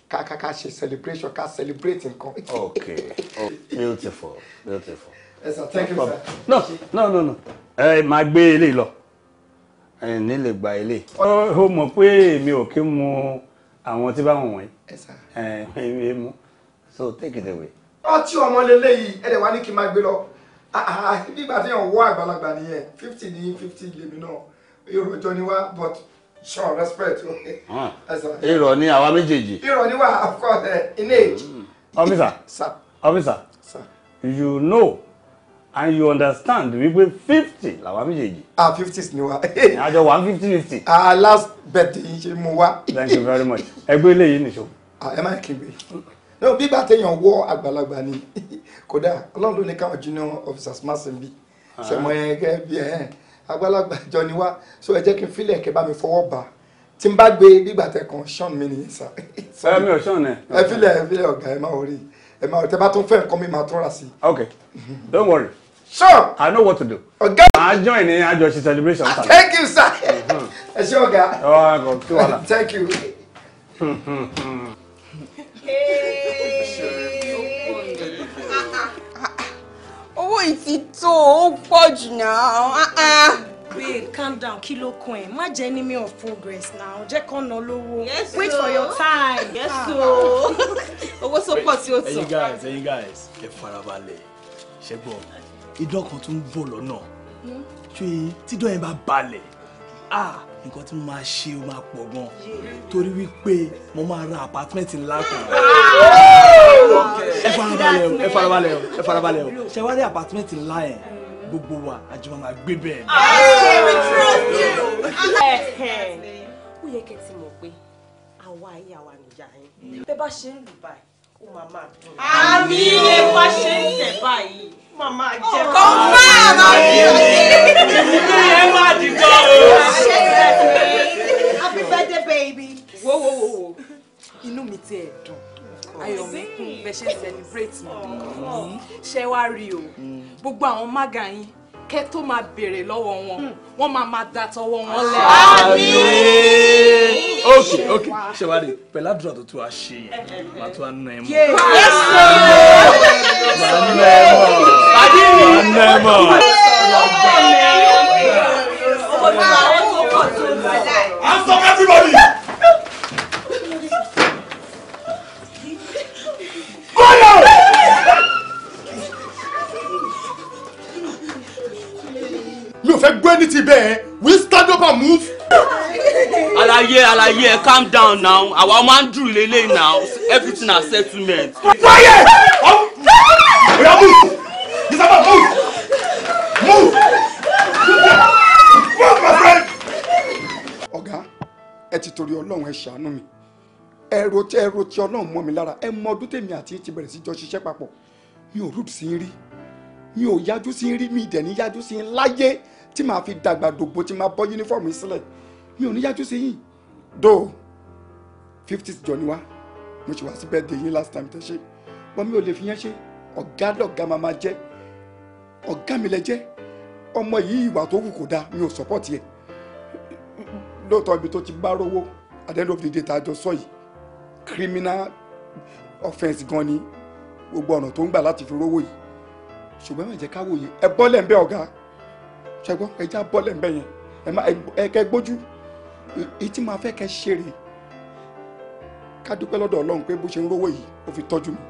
Speaker 1: ká ká ká ṣe celebration ká celebrate nǹkan. okay oh, beautiful beautiful. ẹ sọ thank you sir. no
Speaker 2: no no no ẹ máa gbé ilé lọ ẹ ní lè gba ilé. ó mọ̀ pé èmi ò kí mu àwọn tí bá wọ̀nyí. ẹ ẹ ẹ mú
Speaker 1: so take it away ọtí ọmọ lélẹ̀ yìí ẹ̀rẹ̀ wá ní kí n máa gbé lọ nígbà ah, ah, ah, tí yàn wọ́ àgbàlagbà nìyẹn fifty ní fifty lèmi náà èrò ọjọ́ ni wá but sure respect o. èrò ni àwa méjèèjì. èrò ni wá of course eh, in age. Mm. officer sir. officer sir. you know and you understand wípé fifty làwa méjèèjì. ah fifties ni wa. àjọ one fifty fifty. ah last birthday yìí ṣe mo wá. thank you very much ẹgbẹ́ eléyìí nìṣó. ah ẹ má kí n gbé náà bí bá tẹ̀yàn wọ àgbàlagbà ni kódà ọlọ́run ló ní káwọn junior officers má sí bí sẹ̀mọ́ ah. ẹ gẹ́gẹ́ bí ẹ̀ àgbàlagbà jọ ni wá so ẹ jẹ́ kí n fílẹ̀ kẹ́ bá mi fọwọ́ bá tí n bá gbé gbígbà tẹ̀ kan sean mi nìyẹn sá.
Speaker 2: ẹ mi ò sean ẹ.
Speaker 1: ẹ fílẹ̀ ẹ fílẹ̀ ọ̀gá ẹ má wọrí ẹ má wọrí tẹ bá tún fẹ́ nǹkan mi máa tún rà sí. ok don't worry. Sure. I know what to do. Ọ̀gá. Màá join ní àjọṣe celebration. Ah, thank you sir. Mm-hmm. Ẹ ṣé ọ̀gá. Ọ̀gá oh, kí wàhálà. Thank you. Hmm, hmm, hmm
Speaker 3: owó yìí ti tó ó pọ̀ jù náà. Ah, ah. babe calm down Kilo coin, kún má jẹ́ enemy of progress now jẹ́ kàn ná lówó wait for your time. yes o
Speaker 4: ah.
Speaker 3: owó tó pọ̀ tí
Speaker 1: ó tàn. ẹ̀yin guys ẹ̀yin guys ẹ farabalẹ̀ ṣẹ́gbọ́n idán kan tún ń bọ̀ lọ́nà hmm? tí idán yẹn bá balẹ̀ ah nǹkan tí mo máa ṣe ó máa pọ̀ gan torí wípé mo máa ra apartment ńlá kan ẹ farabalẹ̀ o ẹ farabalẹ̀ o ẹ farabalẹ̀ o ṣe wá rí apartment ńlá yẹn gbogbo wa àjọ máa gbé bẹ́ẹ̀ ó
Speaker 4: yẹ kẹ́ ti mọ̀ pé àwa ayé àwa nìyá yín bẹ́ẹ̀ bá ṣe ń lù báyìí ó máa máa dùn. àmì ẹ̀ bá ṣe ń tẹ̀ báyìí màmá jẹ́ kó má lọ
Speaker 2: sí ọ̀sẹ̀. ìlú happy birthday
Speaker 5: baby. Whoa, whoa, whoa! wo inú mi ti ẹ̀ dùn ayọ̀ mi kún bẹ́ẹ̀ She celebrate mi ṣe wá rí o mm. gbogbo àwọn mága yín
Speaker 3: kẹ́ tó máa béèrè lọ́wọ́ wọn wọ́n máa máa da tọwọ́ wọn lẹ̀.
Speaker 1: àmín. ok ok ṣe wá rí pẹ̀lú àdúrà tó tó a ṣe yẹn màá
Speaker 3: tó a nà ẹ mọ́. màá nà ẹ
Speaker 1: mọ́ màá nà
Speaker 6: ẹ mọ́. hands up everybody.
Speaker 1: fẹ́ gbé ní ti bẹ́ẹ̀ we stand up and move. alaye alaye calm down now àwa ọmọ andrew lele now everything na settlement. fire
Speaker 2: oya move disaba move move move my
Speaker 1: friend. ọ̀gá ẹ ti torí ọlọ́run ẹ ṣàánú mi ẹ̀rọ tí ẹ̀rọ tí ọlọ́run mọ́ mi lára ẹ mọ ọdún tèmi àti ti bẹ̀rẹ̀ sí jọ ṣiṣẹ́ papọ̀ mi ò rúùtù sí rí mi ò yájú sí rí mi ìdẹ̀ ní yájú sí láyé tí màá fi dàgbà dògbò tí màá bọ́ uniform yìí sílẹ̀ mi ò ní yájú sí yìí do fifty jọ ni wá mo ṣe wá sí birthday yín last time tẹ́ ṣe wọ́n mi ò lè fi yẹn ṣe ọ̀gá lọ̀gá máa ma jẹ́ ọ̀gá mi lẹ jẹ́ ọmọ yìí ìwà tó wù kò dáa mi ò support yẹ lóòótọ́ ibi tó ti bá rówó at the end of the day tá a jọ sọ yìí criminal offence gan ni gbogbo ọ̀nà tó ń gbà láti fi rówó yìí ṣùgbọ́n ẹ má jẹ́ ká wòye ẹ bọ́lẹ̀ ń ọ̀gá ṣẹgbọ́n ẹ já bọ́lẹ̀ ń bẹ̀ yẹn ẹ má ẹ kẹ gbójú ìtí máa fẹ́ kẹ ṣe rè ká dúpẹ́ lọ́dọ̀ ọlọ́run pé bó ṣe ń rówó yìí ó fi tọ́jú mi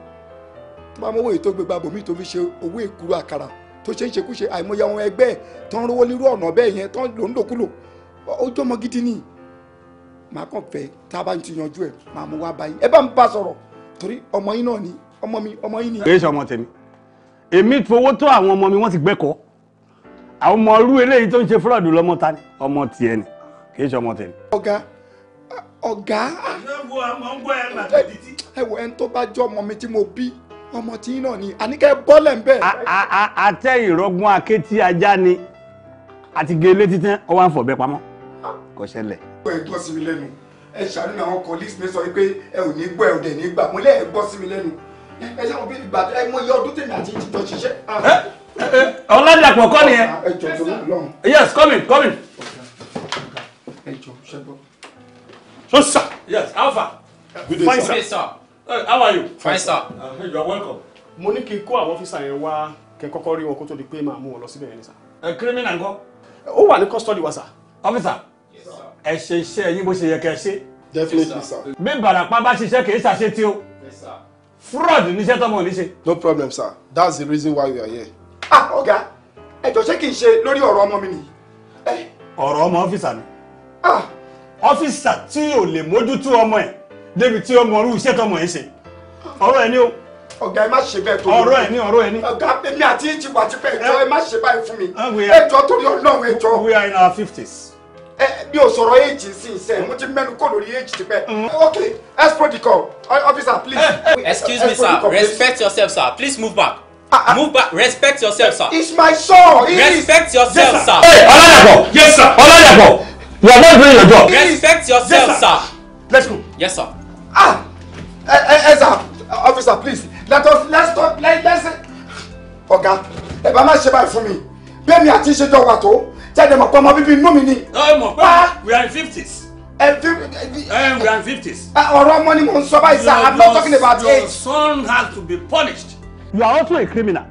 Speaker 1: tó bá mọ́wọ́ yìí tó gbégbá bòmí tó fi ṣe owó èkúrú àkàrà tó ṣe ń ṣe kúṣe àìmọye àwọn ẹgbẹ́ ẹ̀ tó ń rówó lírú ọ̀nà bẹ́ẹ̀ yẹn tó ń lò ń lòkulò ojú ọmọ gidi ni màá kàn fẹ́ tá a bá ti yanjú ẹ̀ màá mú wá báyìí ẹ bá ń bá sọ̀rọ̀ torí ọmọ yín náà ni ọmọ mi ọmọ yín ni. kì í ṣe ọmọ tèmi èmi fowó tó àwọn ọmọ mi wọ́n ti gbẹ́kọ̀ọ́ àwọn ọmọ irú eléyìí tó ń ṣe fúlọ́ọ̀dù lọ́mọ ta ni ọmọ tiẹ̀ ni kì í ṣe ọmọ tèmi. ọ̀gá ọ̀gá ẹ wo ẹni tó bá jọ ọmọ mi tí mo bí ọmọ tí náà ni àníkẹ́ bọ́lẹ̀ ń bẹ̀. àtẹ ìrọ̀gbọ́n akétí ajá ni àti gèlè títẹ́ ọ wá ń fọ̀bẹ pamọ́ kò ṣẹlẹ̀. ẹ gbọ́ sí mi lẹ́nu ẹ ṣàánú àwọn colleagues mi sọ pé ẹ ò ní gbọ́ ẹ ò dẹ̀ ní gbà mọ́lẹ̀ ẹ gbọ́ sí mi lẹ́nu ẹ ṣàwọn bí ìgbà ẹ mọ iye ọdún tèmi àti ìtìjọ ṣiṣẹ́ ọládàpọ̀ kọ́ nìyẹn. ẹ yes coming, coming.
Speaker 2: so sir yes how far. good day sir. how are you. fine sir.
Speaker 1: Uh, you are welcome. mo ní kí n kó àwọn ọ́fíìsà yẹn wá kẹ́ kọ́kọ́ rí wọn kó tó di pé màá mú wọn lọ síbẹ̀ yẹn ni sà. ẹ kírímìnà ńkọ́. ó wà ní custody wa sà. ọ́fíìsà ẹ ṣe iṣẹ́ yín bó ṣe yẹ kẹ́ ẹ ṣe. definitely sir. bí bàràpá bá ṣiṣẹ́ kì í ṣàṣetí o. fraud níṣẹ́ tọ́mọ ò ní ṣe. no problem sir that's the reason why we are here ah ọ̀gá ẹ̀jọ̀ ṣé kìí ṣe lórí ọ̀rọ̀ ọmọ mi nìyí. ọ̀rọ̀ ọmọ ọ́fíìsà ni ah. ọ́fíìsà tí ò lè mójútó ọmọ ẹ̀ débi tí ọmọ orú iṣẹ́ tọmọ ẹ̀ ṣe ọ̀rọ̀ ẹ̀ ni o. ọ̀gá ẹ má ṣe bẹ́ẹ̀ tó ọ̀rọ̀ ẹ̀ ni ọ̀rọ̀ ẹ̀ ni. ọ̀gá èmi àti ìjìwà ti fẹ́ ẹjọ́ ẹ má ṣe báyìí fún mi ah, ẹjọ́ torí ọlọ́run ẹjọ́. we are in our fifties. ẹ bí o sọ̀rọ̀ éèjì sí iṣẹ́ mo ti mẹ́nu kò lórí éèjì ti mm. ok export the call officer please. Eh, eh, excuse me sir respect yourself sir please move back. Uh, Move back. Respect yourself, sir. It's my son. It Respect is. yourself, yes, sir. Hey, Olayapo. Yes, sir. Olayapo. You are not doing your job. Respect yourself, yes, sir. sir. Let's go. Yes, sir. Ah, eh, eh, eh, sir. Officer, please. Let us. Let's talk. Let, let's. Ọ̀gá, ẹ bá má ṣe báyìí fún mi. Bẹ́ẹ̀ni àti ṣe jọ wà tó. Jáde mọ̀ pé ọmọ bíbí inú no ni.
Speaker 2: Ẹ mọ̀ pé we are in fifties. Ẹ fi. Ẹ eh, we are in fifties. Ah, ọ̀rọ̀ ọmọ ni mò ń sọ sir. I'm not talking about age. Your son has to be punished
Speaker 1: you are also a criminal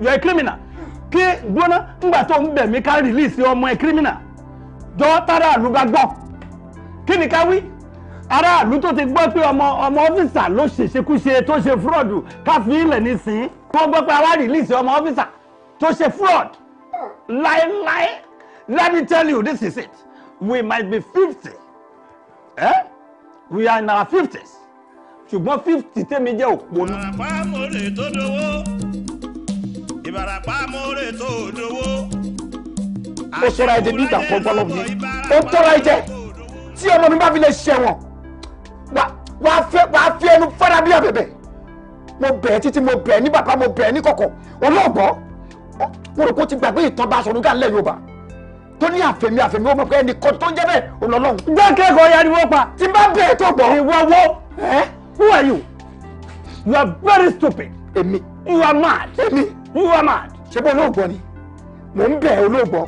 Speaker 1: you are a criminal kí gbóná ńgbà tó ń bẹ̀ mí ká release ọmọ ẹ criminal jọ tára àlù bá gbọ́ kí ni ká wí aráàlú tó ti gbọ́ pé ọmọ ọmọ ọ́fíìsà ló ṣèṣekúṣe tó ṣe fúrọ̀dù káfí ilẹ̀ nísìn wọ́n gbọ́ pé ará release ọmọ ọ́fíìsà tó ṣe fraud láéláé let me tell you this is it we might be fifty eh? we are in our fifties ṣùgbọ́n fifty tèmi jẹ́ òpónú.
Speaker 2: ìbàràpá mo lè tó dowó ìbàràpá mo lè tó dowó.
Speaker 1: ó sọra ẹ̀jẹ̀ bí ìgbà kan gbọ́ lọ́wọ́ mi ó tọ́ra ẹ̀jẹ̀ tí ọmọ mi bá fi lè ṣẹ̀wọ̀n wàá fi ẹnu fọ́nà bí abẹ̀bẹ̀ mo bẹ̀ ẹ́ títí mo bẹ̀ ẹ́ ní bàbá mo bẹ̀ ẹ́ ní kọ̀kọ̀ ọlọ́gbọ́n mo rò kó ti gbàgbé ìtàn bá aṣọ nígbà ńlẹ̀ Yorùbá tó ní àfẹ̀mí àfẹ̀mí ó mọ̀ pé ẹnì kan tó ń jẹ́ bẹ́ẹ̀ òun lọ́lọ́run. gbẹ́kẹ̀kọ̀ yariwo pa. ti bá bẹ̀ẹ́ tó gbọ́. ìwọ wo. ẹ́ Who are you? You are very stupid. Èmi. You are mad. Èmi. You are mad. Ṣé bọ́ olóògbọ́ ni? Mò ń bẹ̀ olóògbọ́.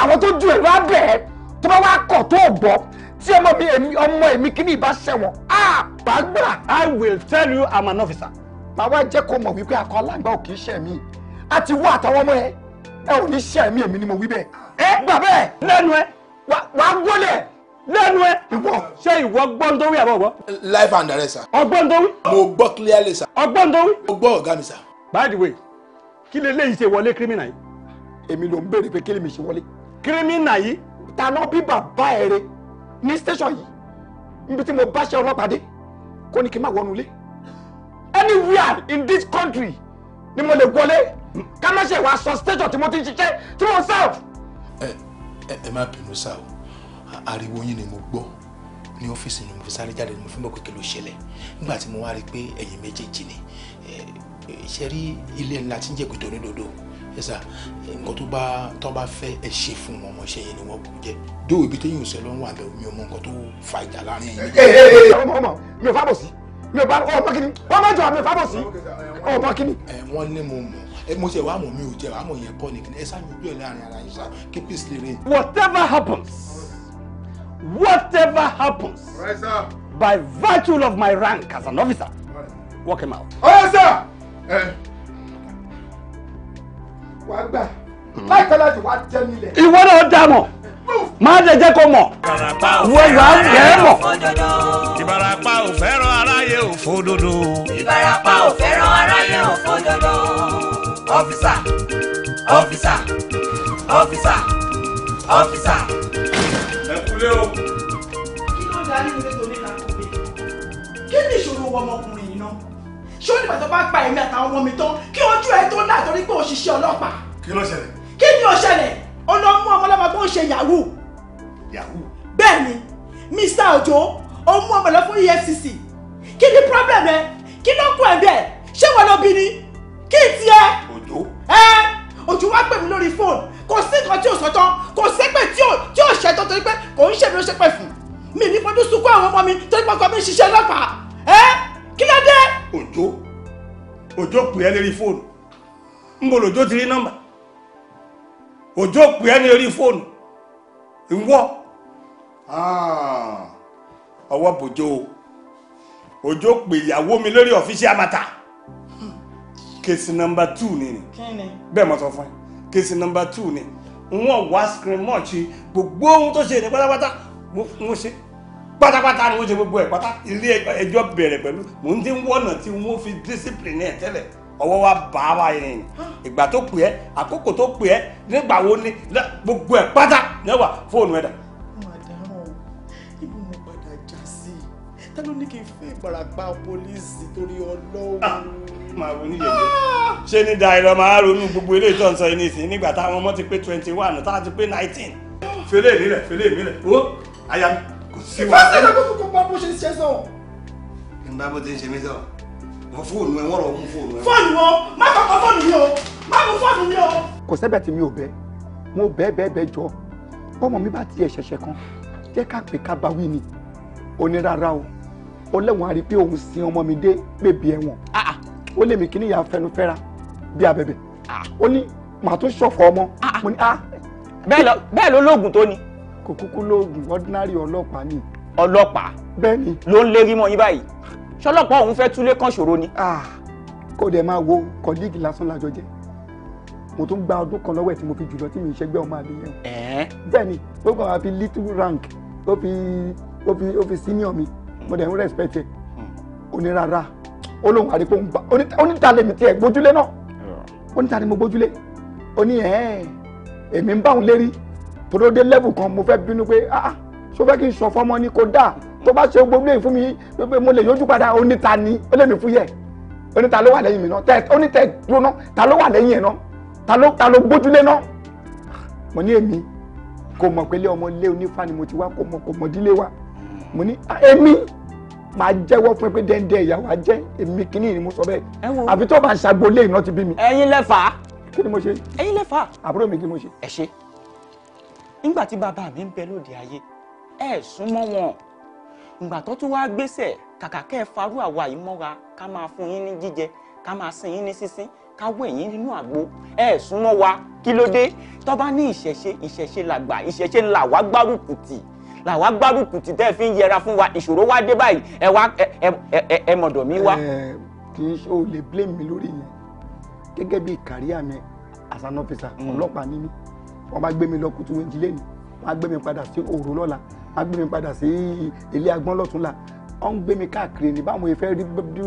Speaker 1: Àwọn tó ju ẹ̀ wá bẹ̀ ẹ́ tó bá wá kọ̀ tó bọ̀ tí ọmọ mi èmi ọmọ èmi kí ni ìbá ṣẹ̀wọ̀n. À bá gbà. I will tell you I'm an officer. Màá wá jẹ́ kó mọ̀ wípé akọ aláǹgbá ò kì í ṣẹ̀ mí. A ti wá àtàwọn ọmọ yẹn. Ẹ ò ní ṣẹ̀ mí èmi ni mo wí bẹ́ẹ̀. Ẹ gbà bẹ́ẹ̀. Lẹ́nu ẹ. Wàá wọlé lẹ́nu ẹ. ìwọ. ṣé ìwọ gbọ́n tó wí àbọ̀ wọ. life and direct sir. ọgbọ́n tó wí. mo gbọ́ clearly sir. ọgbọ́n tó wí. mo gbọ́ ọ̀gá mi sir. by the way kí lè léyìí ṣe wọlé kírímìnà yìí. èmi ló ń béèrè pé kí lè mi ṣe wọlé. kírímìnà yìí taná bí bàbá ẹ rẹ ní station yìí níbi tí mo bá ṣe ọlọ́pàá dé kó ní kí n má wọnú ilé. anywhere in this country ni mo lè wọlé ká má ṣe wàá sọ station tí mo ti ń ṣiṣẹ́ tí mo ń serve. ẹ ẹ má bínú sáà o ariwo yín ni mo gbọ́ ní ọ́fíìsì ni mo fi sáré jáde ni mo fi mọ̀ pé ṣẹlẹ̀ nígbà tí mo wá rí i pé ẹ̀yin méjèèjì ni ṣe rí ilé ńlá tí ń jẹ́ pẹ̀tọ́ onídodo ẹ nǹkan tó bá tó bá fẹ́ ẹ ṣe fún wọn ọmọ ṣe yẹn ni wọ́n kú jẹ́ dó ibi téyìn òsè ló ń wà bẹ́ẹ̀ nǹkan tó fa ìjà láàrin ẹ̀yin. ẹ ẹ ẹ ọmọ ọmọ mi ò fábọ̀ sí mi ò bá ọmọ kìíní wọ́n mọ̀ jọ àmì fábọ̀ sí ọmọ kìíní. ẹ wọ́n ní mo mọ̀ mo ṣe wàá mọ̀ mi ò jẹ́ wàá mọ̀ yẹn kọ́ nìkan ẹ sá ojú ẹ̀ láàrin ara yín sá kí peace lè rè. whatever happens whatever happens right, sir. by virtue of my rank as an officer right. walk him out. ọ̀rẹ́ sà wàá gbà hmm. láìpẹ́ láti wá jẹ́ nílẹ̀. ìwọ náà dá mọ̀ máa dẹ̀ jẹ́ kó mọ̀ wọ́n yà á jẹ́ mọ̀.
Speaker 2: ìbarapá ò fẹ́ràn aráyé ò fòdodo. ìbarapá ò fẹ́ràn aráyé ò fòdodo. ọ́físà ọ́físà ọ́físà ọ́físà kulé o.
Speaker 3: kí ló ń da nínú ilé tó ní ìlànà òwe kí
Speaker 1: ni ìṣòro ọmọkùnrin yìí náà
Speaker 2: ṣé
Speaker 3: ó nígbà tó bá gba èmi àtàwọn ọmọ mi tán kí ojú ẹ tó náà torí pé òṣìṣẹ́ ọlọ́pàá. kí ló ṣẹlẹ̀. kí ni ó ṣẹlẹ̀ ọlọ́mú ọmọlọ́mọ tó ń ṣe yahoo. yahoo. bẹ́ẹ̀ Mr. Ojo ó mú ọmọ lọ fún EFCC kí ni problem ẹ kí ló kú ẹ bẹ́ẹ̀ ṣé wọn ló bí ni kí n tiẹ̀. Ojo. ẹ òjò wá pè mí lórí fóònù kò sí nǹkan tí ò sọ tán kò sépè tí ò ṣẹtọ torí pé kò ń ṣèmi ló ṣépè fún mi ní fojú sunkún àwọn ọmọ mi torí pé ọkọ mi ń ṣiṣẹ́ ọlọ́pàá ẹ kí ló dé. òjò
Speaker 1: òjò pè é lórí fóònù ń bọ̀ lòjó ti rí nọ́mbà òjò pè é lórí fóònù ìwọ
Speaker 2: ah,
Speaker 1: ọwọ́ bòjó òjò pè ìyàwó mi lórí ọ̀fíṣẹ́ amata
Speaker 2: kèsì nọmba two ni ni bẹ́ẹ̀ mo sọ fún ẹ kèsì nọmba two ni wọn wá screen much gbogbo ohun tó ṣe ní pátápátá wọn ṣe pátápátá ni wọn ṣe gbogbo ẹ pátá ilé ẹjọ́ bẹ̀rẹ̀ pẹ̀lú mò ń dín wọnà tí wọn fi
Speaker 1: discipline ẹ tẹ́lẹ̀ ọwọ́ wa bá wa yẹn ìgbà tó pè ẹ́ àkókò tó pè ẹ́ nígbà wo ni gbogbo ẹ̀ pátá lẹ́wà fóònù ẹ̀dá. màdàmú ibi mo padà já sí ta ló ní kí n fẹ́ ìbarapá pólíìsì torí ọlọ́run. Ah!
Speaker 2: máa ronú yẹ̀yẹ́ ṣé ní da ìlọ máa ronú gbogbo ilé ìtọ́ nsọ yìí nìsín nígbà táwọn ọmọ ti pé twenty one táwọn ti pé nineteen. fèlè nílẹ̀ fèlè nílẹ̀ ó àyà mi kò sí wa. ìfásitì ẹ̀ka
Speaker 1: kókó pa bó ṣe ṣe sọ.
Speaker 2: nígbà bó ti ń ṣe mí sọ wọn fóònù ẹ wọn rọ mú fóònù ẹ.
Speaker 1: fóònù o má tọkọ fóònù mi o má mú fóònù mi o. kò sẹ́bẹ̀ tí mi ò bẹ́ mo bẹ́ẹ̀ bẹ́ẹ̀ bẹ́ẹ̀ jọ bọ́mọ mi bá tiẹ̀ ṣẹ̀ṣẹ̀ kan jẹ́ ká pè ká bá wí ni onírárá o ọlẹ́wọ̀n á rí i pé òun sin ọmọ mi dé bèbí ẹ̀wọ̀n. Ah, ó lè mi kí níyà fẹnu fẹ́ra bí abẹ́bẹ́ ah. ó ní màá tún ṣọ̀fọ̀ ọmọ ah. mo ní ah. bẹ́ẹ̀ ló lóògùn tó ni. kò kúkú lóògùn ordinary ọlọ́pàá ni. ọlọ́pàá bẹ́ẹ̀ ni. ló ń lérí mọ́ yín báyìí ṣọlọ́pàá òun fẹ́ túlé kan ṣòro ni. Ah. kó dẹ̀ máa wo kọ́líìgì lásán lájọ jẹ́ mo tún gba ọdún kan lọ́wọ́ ẹ̀ tí mo fi jùlọ tí mi ṣẹgbẹ́ ọmọ àdéhùn. bẹ́ẹ̀ ni ó kàn wá little rank ó fi ó fi ó fi senior mi mo dẹ̀ ń respect ẹ̀ onírara hmm ó lóun àríkó ń gbà oníta lèmi tiẹ̀ gbójúlé náà oníta ni mo gbójúlé ó ní ẹ̀ẹ́n èmi ń bá òun lérí tòró dé level kan mo fẹ́ bínú pé ah, ah ṣó fẹ́ kí n sọ fọmọ ni kò dáa tó bá ṣe gbogbo èyí fún mi mo lè yọjú padà oníta ni ó lè mi fúyẹ́ oníta ló wà lẹ́yìn mi náà tẹ oníta dúró náà ta ló wà lẹ́yìn ẹ̀ náà ta ló ta ló gbójúlé náà mo ní èmi kò mọ̀ pé lé ọmọ lé onífà ni mo ti wá kò mọ̀ kò mọ̀ dílé wa mo ní ah, èmi. Ma jẹ́wọ́ fún ẹ pé dẹ́ndẹ́ ìyàwó ajẹ́ èmi kìíní ni mo sọ
Speaker 2: bẹ́ẹ̀ àfi
Speaker 1: tó bá ń ṣàgbọ́lé ìmọ̀ ti bí mi. ẹ̀yin lẹfà. kí ni mo ṣe. ẹ̀yin lẹfà. àbúrò mi kí ni mo ṣe. ẹ ṣe nígbà tí bàbá mi ń bẹ lóde ayé ẹ súnmọ́ wọn
Speaker 3: ìgbà tó tún wá gbéṣẹ̀ kàkà kẹ́ ẹ farú àwa yìí mọ́ra ká máa fún yín ní jíjẹ ká máa sin yín ní sísín ká wẹ̀ yín nínú àgbo ẹ súnmọ́ wa kí ló dé
Speaker 1: tó bá ní ìṣẹ̀ṣe ìṣẹ̀ṣe làgbà ìṣẹ̀ṣe làwa gbárùkù làwa gbárùkù tìtẹ́ fi ń yẹra fún wa ìṣòro wá dé báyìí ẹ wá ẹ mọ̀dọ̀ mi wá. kì í ṣe o lè blame mi lórí yẹn gẹ́gẹ́ bí kàríà mi as an officer mm. ọlọ́pàá ní mi wọ́n bá gbé mi lọ kùtù wẹ́ńjì lẹ́nu wọ́n á gbé mi padà sí òru lọ́la wọ́n á gbé mi padà sí ilé agbọ́n lọ́túnla wọ́n ń gbé mi káàkiri ní báwọn ìfẹ́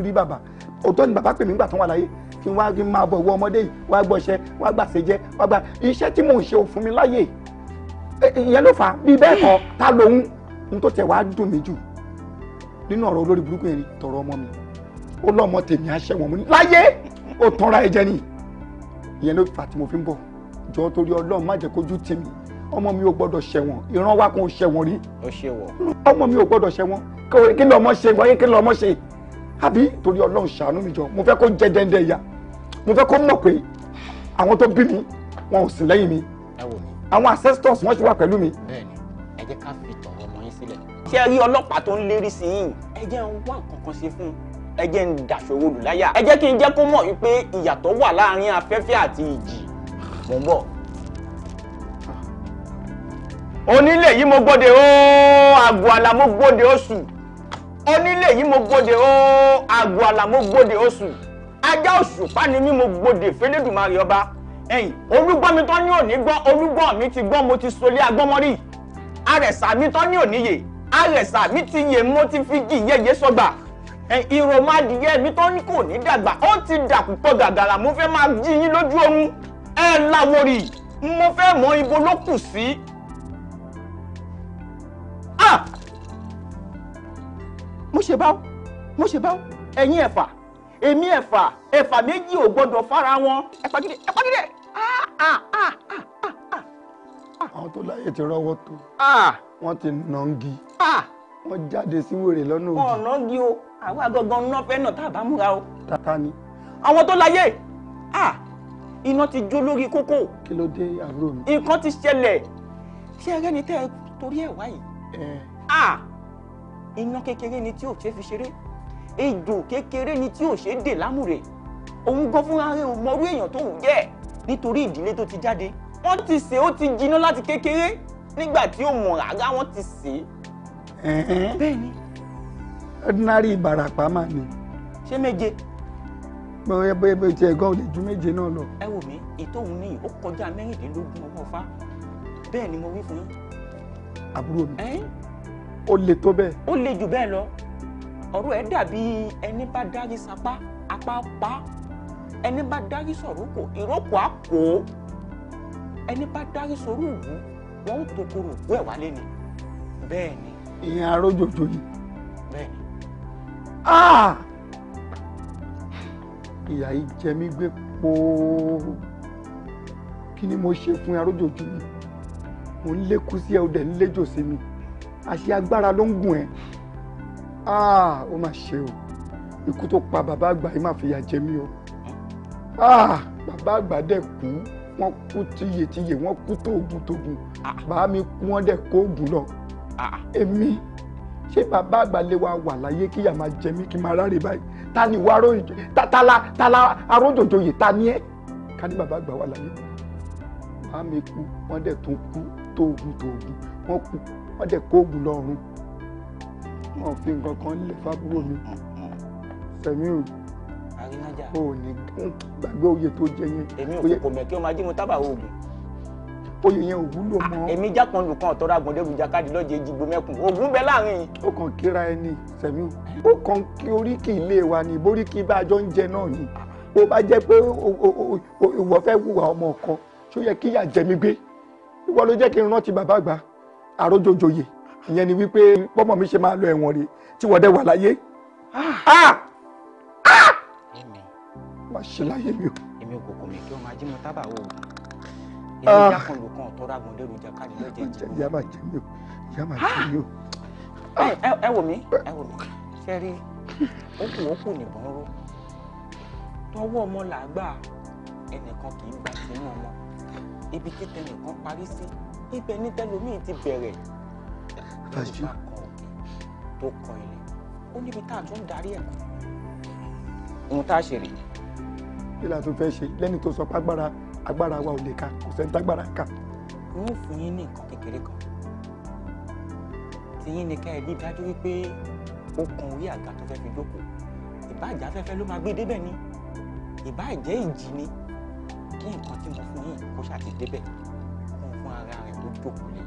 Speaker 1: rí bàbá òótọ́ ni bàbá pè mí nígbà tó wà láyé kí n wá máa bọ̀ ìwọ ọmọdé yìí wá gbọ́ṣẹ́ wá gbàṣẹ́ jẹ́ wá gbà iṣẹ́ tí mò ń ṣe ò mi láyè ìyẹn ló fà á bí bẹ́ẹ̀ kọ́ ta lòun n tó tẹ̀ wàá dùn mí jù nínú ọ̀rọ̀ olórí burúkú yẹn tọrọ ọmọ mi ó lọ́mọ tèmi àṣẹ wọn mo ní láyé ó tanra ẹ jẹ ni ìyẹn ló fà á tí mo fi ń bọ̀ jọ torí ọlọ́run má jẹ́ kójú tì mí ọmọ mi ò gbọ́dọ̀ ṣẹ̀wọ̀n ìran wa kan ò ṣẹ̀wọ̀n rí ọmọ mi ò gbọ́dọ̀ ṣẹ̀wọ̀n kí ni ọmọ ṣe wọ́n kí ni ọmọ ṣe àbí torí ọlọ́run ṣàánú mi jọ mo fẹ́ kó jẹ́ dẹ́ndẹ́ ìyá mo fẹ́ kó mọ̀ pé àwọn tó bí mi wọn ò sí lẹ́yìn mi. ẹ wò mí àwọn ancestors wọn ṣì wà pẹ̀lú mi. bẹ́ẹ̀ni ẹ jẹ́ ká fi tọrọ ọmọ yín sílẹ̀. ṣé ẹ rí ọlọ́pàá tó ń lérí sí yìí ẹ jẹ́ ń wá nǹkan kan ṣe fún un ẹ jẹ́ ń dàṣọ olù láyà ẹ jẹ́ kí n jẹ́ kó mọ̀ wípé ìyàtọ̀ wà láàárín afẹ́fẹ́ àti ìjì mò ń bọ̀. onílé yìí mo gbọ́dẹ ó àgọ́ àlà mo gbọ́dẹ oṣù onílé yìí mo gbọ́dẹ ó àgọ́ àlà mo gbọ́dẹ oṣù ajá òṣùpá ni mí mo gbọ́dẹ fẹ́lẹ́dùmarè ẹ̀yìn olúgbọ́ mi tán ní òní gbọ́ olúgbọ́ mi ti gbọ́ mo ti solé agbọ́mọ́rí àrẹ̀sà mi tán ní òní yè àrẹ̀sà
Speaker 3: mi ti yè mo ti fi jì yẹyẹ sọgbà ìròmọdìyẹ mi tán ní kò ní dàgbà ó ti dàkú pọ̀ gàgàrà mo fẹ́ máa jí yín lójú oorun ẹ láwórì
Speaker 1: mo fẹ́ mọ ibo ló kù sí. mo ṣe báwo mo ṣe báwo ẹ̀yin ẹ̀fà èmi ẹ̀fà ẹ̀fà méjì ò gbọ́dọ̀ fara wọn ẹ̀fà gidi ẹ̀fà gidi àwọn tó láyè ti rọ́wọ́ tó wọ́n ti nàngi wọ́n jáde sí wèrè lọ́nà òdì. ọ̀nà di o àwa gangan náà fẹ́ náà tá a bá múra o. tata ni. àwọn tó láyè iná ti jó lórí kókó. kí ló dé àbúrò mi. nǹkan ti ṣẹlẹ̀ ṣé ẹ rẹ́ni tẹ́ ẹ torí ẹ̀ wáyìí. iná kékeré ni tí ò ṣe fi ṣeré ejò kékeré ni tí ò ṣe dè lámùrè òun gan fúnra rẹ̀ ò èèyàn tó ń jẹ́ ẹ̀ nítorí ìdílé tó ti jáde wọ́n ti sè ó ti jiná láti kékeré nígbà tí ó mọ̀ rárá wọ́n ti sè é. bẹ́ẹ̀ni. ordinary ìbàràpá mà ni. ṣé méje. bóyá bóyá bóyá tiẹ̀ gan-an lè ju méje náà lọ. ẹ wò mí ìtòhun ní ó kọjá mẹ́rìndínlógún ọwọ́ ọ̀fà bẹ́ẹ̀ ni mo wí fún yín. àbúrò mi ó le tó bẹ́ẹ̀. ó le jù bẹ́ẹ̀ lọ ọ̀rọ̀ ẹ̀ dàbí ẹni bá dárí sapá apá pa ẹni bá dárí sọ̀rọ̀kọ̀ ìrókò á pò ó ẹni bá dárí sọ̀rọ̀ òwú wọn ó tokoro òwú ẹ̀ wálé ni bẹ́ẹ̀ ni. ìyẹn arójòjò ni. bẹ́ẹ̀ ni. Ah! ìyá yìí jẹ mí gbé pòó kí ni mo ṣe fún arójòjò yìí mo ń lékú sí ẹ o dẹ̀ ń léjò sí mi àṣé agbára ló ń gùn ẹ ah! ó mà ṣe o ikú tó pa bàbá àgbà yìí má fìyà jẹ mí o. Ah, bàbá àgbà dẹ̀ kú wọ́n kú tiyetiye wọ́n kú tóògùntòògùn ah. bàbá mi kú wọ́n dẹ̀ kóògùn lọ ah. èmi ṣé bàbá àgbà lè wa wà láyé kíyà máa jẹ mí kí n máa ráre báyìí ta ni wàá ròyìnjọ ta ta la ta la arójòjòyè ta ni ẹ ká ní bàbá àgbà wà láyé bàbá mi kú wọ́n dẹ̀ tún kú tóògùn tóògùn wọ́n kú wọ́n dẹ̀ kóògùn lọ́rùn wọn fi nǹkan kan lè fábúrò mi mm-hmm. sẹ́mi ò àrínájà. o ò ní gbàgbé oyè tó jẹ yẹn. èmi ò kò mẹ́ kí ọmọ ajímọ̀ tábà oògùn. oyè yẹn ò wúlò ah, mọ́. èmi jákan lùkàn ọ̀tọ́ra gbọ̀ndẹ́rù jákàdé lọ́jọ́ ejigbo mẹ́kùn oògùn bẹ láàrin yìí. ó kàn kíra ẹni sẹ́mi ó kàn kí oríkì ilé wa ní boríkì bá a jọ ń jẹ náà ni bó bá jẹ́ pé ìwọ fẹ́ wùwà ọmọ ọkọ ṣó yẹ kí ìyà jẹ mí gbé ìwọ ló jẹ́ kí n rántí bàbá àgbà àrójòjòyè ìyẹn ni wípé bọ́mọ mi ṣe máa lọ ẹ̀wọ̀n rè tí wọ́n dẹ̀ wà láyé. Ah! má ṣe láyé mi o. èmi kò kò mí kí ọmọ ajé mo tábà wò ó èmi jákàn ló kàn tọ́ra gùn lérò jàkadì lọ́jọ́ ìjì. ìyá máa jẹ mí o ìyá máa jẹ ah! mí o. ẹ wò mí ẹ wò mí ṣe rí okùn okùn nìbọn ró tọwọ́ ọmọ làgbà ẹnìkan kì í gbà sínú ọmọ ibi tí tẹnìkan parí sí ibẹ̀ ní tẹlómi ti bẹ̀rẹ̀ tó bá kọ òkè tó kọ ilẹ̀ ó níbi tá a tún darí ẹ̀ ohun tá a ṣe rèé kí la tún fẹ́ ṣe lẹ́ni tó sọ pé agbára agbára wa ò lè ka kò sẹ́ni tágbára kà.
Speaker 3: n ó fún yín ní nǹkan kékeré kan tìyín ni ká ẹ rí
Speaker 1: dájú wípé ó kan orí àga tó fẹ́ fi jókòó ìbá ìjà afẹ́fẹ́ ló máa gbé débẹ̀ ni ìbá ìjẹ́ ìjì ni kí nǹkan tí mo fún yín kó ṣáà ti débẹ̀ kó fún ara rẹ̀ kó jókòó lé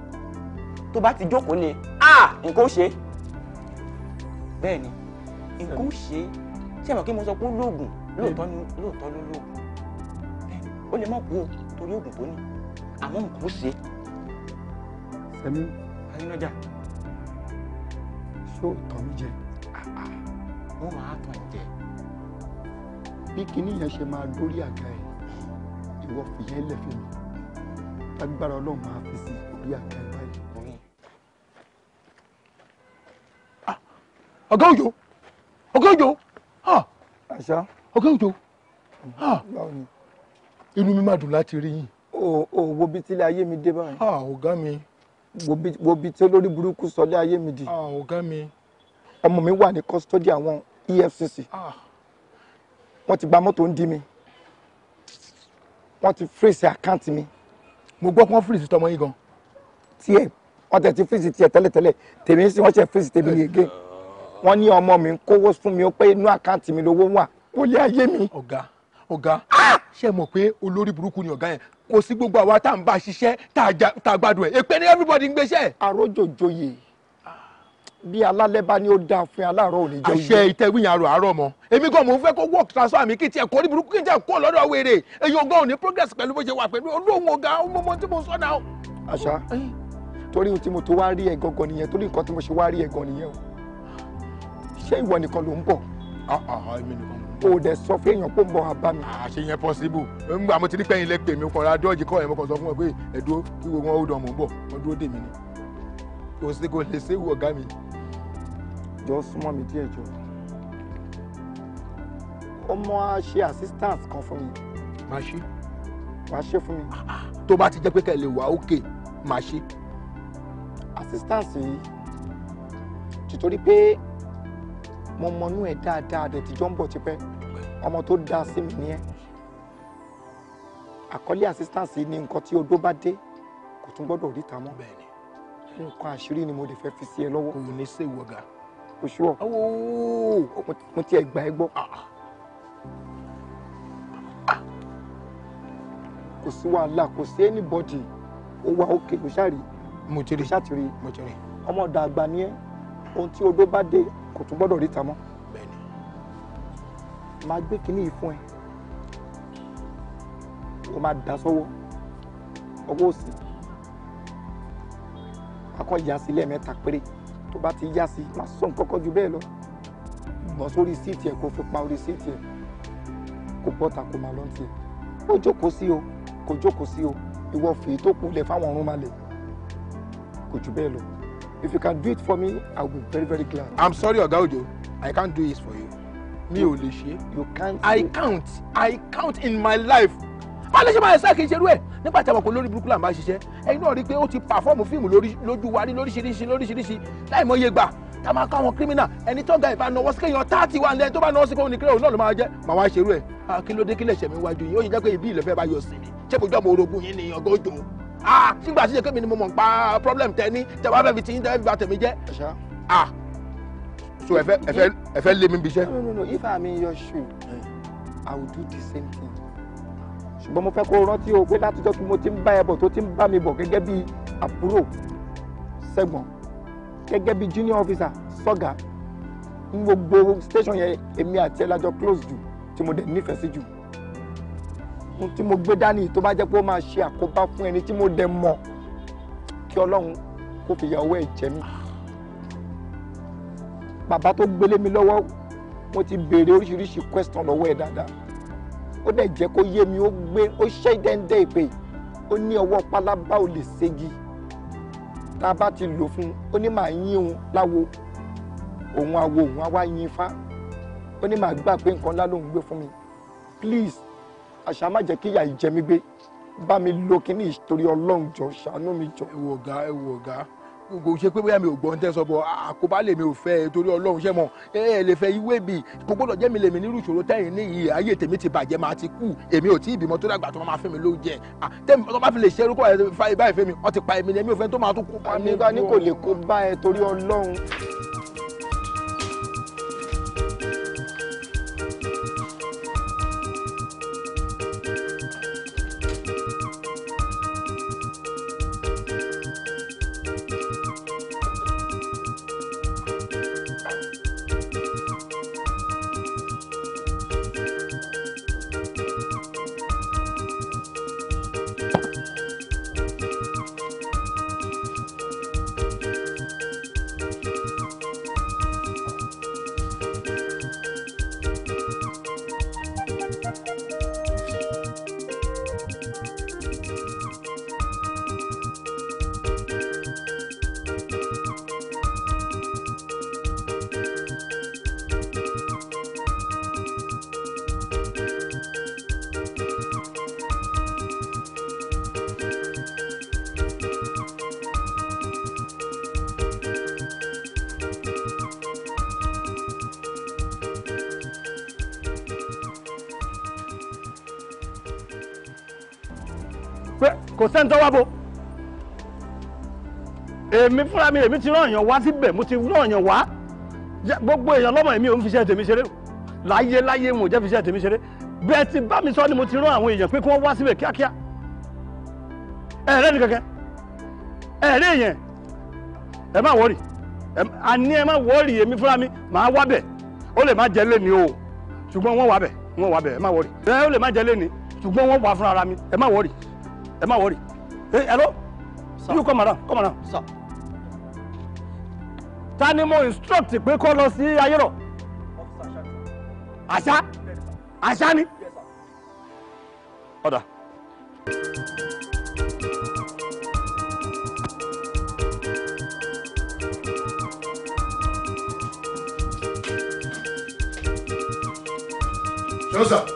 Speaker 1: tó bá ti jókòó lé nǹkan ó ṣe bẹ́ẹ̀ ni nǹkan ó ṣe ṣé ẹ mọ̀ kí mo sọ pé ó lóògùn lóòótọ́ ni lóòótọ́ ló lóògùn ó lè má kú o torí oògùn tó ní àmọ́ nǹkan ó ṣe. sẹ́mi. arínájà. ṣó tọ́ mi jẹ. wọ́n máa tàn jẹ. bí kinní yẹn ṣe máa dórí àga ẹ̀ ìwọ fìyẹn lẹ́fẹ̀ mi tágbára ọlọ́run máa fi sí orí àga ẹ̀ báyìí. Ah, ọ̀gá òjò ọ̀gá òjò. Ah. àṣà ọ̀gá òjò ah. inú mi máa dùn láti rí yín. o wo bí tílé ayé mi dé báyìí. Ah, ọ̀gá mi. wo bí tí olórí burúkú sọlé ayé mi di. Ah, ọ̀gá mi. ọmọ mi wà ní kọ́sítọ́dì àwọn EFCC. wọ́n ti gba mọ́tò ń di mi. wọ́n ti fírèsì àkáǹtì mi. mo gbọ́ pé wọ́n fírèsì tọmọ yín gan. tiẹ̀ wọ́n tẹ̀ ti fírèsì tiẹ̀ tẹ́lẹ̀tẹ́lẹ̀ tèmi sí wọ́n ṣe fírèsì tèmi yege. wọ́n ní ọmọ mi ń kówó fún mi ó pé inú àkáǹtì mi lówó wà wọlé ayé mi. ọ̀gá ọ̀gá ṣe mọ̀ pé olórí burúkú ni ọ̀gá yẹn kò sí gbogbo àwa tá à ń bá a ṣiṣẹ́ tá a gbádùn ẹ̀ èpè ni everybody ń gbéṣẹ́. àròjòjòyè bí alálẹ́ bá ní ó da fún aláàárọ̀ ò ní jẹ́ oúnjẹ. àṣẹ ìtẹ̀wéyàn àrò àárọ̀ mọ́ èmi gan mo fẹ́ kó work transfer mi kí tiẹ̀ kó ní burúkú kí tiẹ̀ kó lọ́dọ̀ wèrè èyí ogan ò progress pẹ̀lú bó ṣe wà pẹ̀lú olóhùn ọ̀gá ọmọọmọ tí mo sọ náà. àṣà torí ohun tí mo tó wá rí ẹ gangan nìyẹn torí nǹkan tí mo ṣe wá rí ẹ gangan nìyẹn o ṣé ìwọ nìkan ló ń bọ̀. àà ah, ah, ah, èmi nìkan tó o dẹ̀ sọ fún èèyàn pé ń bọ̀ wá bá mi. àṣe ah, yẹn possible ngbà mo ti ní pẹ́yìn lẹ́pẹ̀ mi kọ̀ọ̀rọ̀ adọ́ọ̀jì kọ́ ẹ̀ mo kàn sọ fún wọn pé ẹ̀dúró wíwo wọn ó dàn mò ń bọ̀ wọn dúró dè mí ni kò sí kò lè séwu ọ̀gá mi. jọ súnmọ́ mi díẹ̀ jọ ọmọ á ṣe assistant kan fún mi. má ṣe. wàá ṣe fún mi. Ah, ah, tó bá ti jẹ́ pé kẹ́ ẹ lè wá òkè má ṣe. assistant yìí tìtorí pé mo mọnú ẹ dáadáa dẹ̀ ń bọ̀ tipẹ́ ọmọ tó dáa sí mi ni ẹ́ àkọlé assistance ni nǹkan tí odó bá dé kò tún gbọ́dọ̀ ríta mọ́ bẹ́ẹ̀ni nǹkan àṣírí ni mo lè fẹ́ fi sí ẹ lọ́wọ́ òun ní sèwọ ga oṣù ọ mo tiẹ̀ gbà ẹ́ gbọ́ ah, ah. kò sí wàhálà kò sí anybody ó wà òkè kò ṣáà rí mo ti rí ọmọ ọ̀dà àgbà ni ẹ́ ohun tí odó bá dé kò tún gbọ́dọ̀ ríta mọ́ máa gbé kinní yìí fún ẹ o máa dà sọ́wọ́ ọwọ́ òsì akọ́ yà sí lẹ́ẹ̀mẹ́ta péré tó bá ti yá sí máa sọ nǹkan ju bẹ́ẹ̀ lọ gbọ́n sórí síìtì ẹ̀ kó fi pa orí síìtì ẹ̀ kó bọ́ta kó máa lọ́ntì ẹ̀ kó jókòó sí o kó jókòó sí o ìwọ fèé tó kù lẹ̀ fáwọn ọ̀run máa lẹ̀ kò jù bẹ́ẹ̀ lọ if you can do it for me i will be very very glad. i'm sorry ọ̀gá òjò i can't do this for you mi ò lè ṣe i count i count in my life bá a lè ṣe máa ṣe kìí ṣe irú ẹ̀ nígbà tí àwọn kò lórí burúkú là ń bá ṣiṣẹ́ ẹ̀yin náà rí i pé ó ti pàfọ́ọ̀mù fíìmù lójú wa rí lóríṣiríṣi lóríṣiríṣi láì mọ iye gbà tá a máa kọ́ àwọn kírímìnà ẹni tó ga ìbá nọwọ́ sí kéèyàn táàtì wa lẹ́yìn tó bá nọwọ́ sí kéèyàn nìkírẹ́ òun náà ló máa jẹ́ màá wá ṣerú ẹ̀ kí ló dé kí lẹ̀ṣẹ̀ mi wájú yìí ó yẹ jẹ́ pé ibi ìlẹ̀fẹ́ bá yọ sí mi ṣé kò jọ́ mo orogún yín ni ọgọ́ òjò ah sígbà tí ṣe kémi mo mọ̀ ń pa problem tẹ ní tẹ wá fẹ́ fi ti ń tẹ́ fi ba jẹ́ ah so ẹ fẹ́ ẹ fẹ́ ẹ fẹ́ lé no no no if i'm in your shoe i would do the same thing. ṣùgbọ́n mo fẹ́ kó rántí o pé látijọ́ tí mo ti ń bá ẹ bọ̀ tó ti ń bá mi bọ̀ gẹ́gẹ́ bí àbúrò sẹ́gbọ̀n gẹ́gẹ́ bí junior officer sọ́gà ní gbogbo station yẹn èmi àti ẹ lájọ close jù tí mo dẹ̀ nífẹ̀ẹ́ sí jù tí mo gbé dání tó bá jẹ́ pé ó máa ṣe àkóbá fún ẹni tí mo dẹ̀ mọ̀ kí ọlọ́run kó fi ìyàwó ẹ̀ jẹ mí bàbá tó gbélé mi lọ́wọ́ mo ti béèrè oríṣiríṣi question lọ́wọ́ ẹ̀ dáadáa ó dẹ̀ jẹ́ kó yé mi ó gbé ó ṣe dẹ́ndẹ́ ìpè ó ní ọwọ́ pálábá ò lè ségi tá a bá ti lò fún un ó ní màá yín òun láwo òun àwo òun àwa yín fá ó ní màá gbà pé nǹkan ńlá lòun gbé fún mi please àṣà má jẹ́ kí ìyà ìjẹ mi gbé bá mi lo kíní ìtorí ọlọ́run jọ ṣàánú mi jọ. ẹ wo ọ̀gá ẹ wo ọ̀gá kò ṣe pé bóyá mi ò gbọ́ ń tẹ́sọ̀ bọ̀ àkóbá lèmi ò fẹ́ ẹ torí ọlọ́run ṣẹ́ mọ̀ ẹ ẹ lè fẹ́ ìwé bì kò gbọ́dọ̀ jẹ́ mi nírú ìṣòro tẹ́yìn níyì ayé tèmi ti bàjẹ́ máa ti kú èmi ò tí ì bímọ tó dàgbà tó máa fẹ́ mi ló jẹ tẹ́mi tó bá fi lè ṣe irú kọ́ ẹ báyìí fẹ́ mi ọ pa èmi ni èmi ò fẹ́ tó máa tó kó pa mi. àníkà kò lè kó bá ẹ torí ọlọ́run. kò sẹ́ni tó wá bo èmi fúnra mi èmi ti rán èèyàn wá síbẹ̀ mo ti rán èèyàn wá gbogbo èèyàn lọ́mọ èmi ò ń fi iṣẹ́ tèmi ṣeré láyé láyé wọn ò jẹ́ fi iṣẹ́ tèmi ṣeré
Speaker 2: bẹ́ẹ̀ ti bá mi sọ ni mo ti rán àwọn èèyàn pé kí wọ́n wá síbẹ̀ kíákíá ẹ̀rẹ́ ni kankan ẹ̀rẹ́ èèyàn ẹ má wọ́ọ̀rì àní ẹ má wọ́ọ̀rì èmi fúnra mi màá wá bẹ̀ ó lè má jẹ́ lé o ṣùgbọ́n wọ́n wà bẹ̀ wọ́n wà bẹ̀ ẹ
Speaker 1: má wọ́ọ̀rì ẹ ó lè má jẹ́ lé ṣùgbọ́n wọ́n wà fúnra mi ẹ má wọ́ọ̀rì ẹ má wọrí ẹ hello you come around come around. sir ta ni mo instruct pé kó lọ sí ayérò àṣà àṣà ni ọ̀dà. Sir.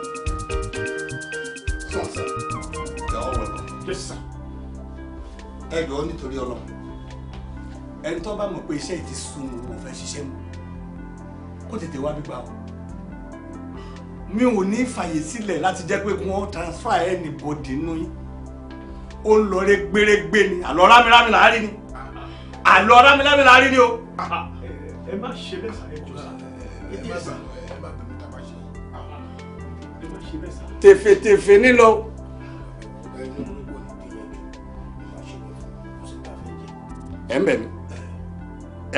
Speaker 1: bá mọ̀ pé iṣẹ́ ìdí sun òun fẹ́ ṣiṣẹ́ mọ́ kó tètè wá gbígbà o mi ò ní fàyè sílẹ̀ láti jẹ́ pé wọ́n transfer anybody nínú yín ó ń lọ
Speaker 2: gbérégbé ni àlọ́ rámirámi là á rí ni àlọ́ rámirámi là á rí ni o. ẹ má ṣe bẹ́ẹ̀ sá ẹ jù sá ẹ má bẹ̀rù tá a bá
Speaker 1: ṣe. tèfètèfè nílọ.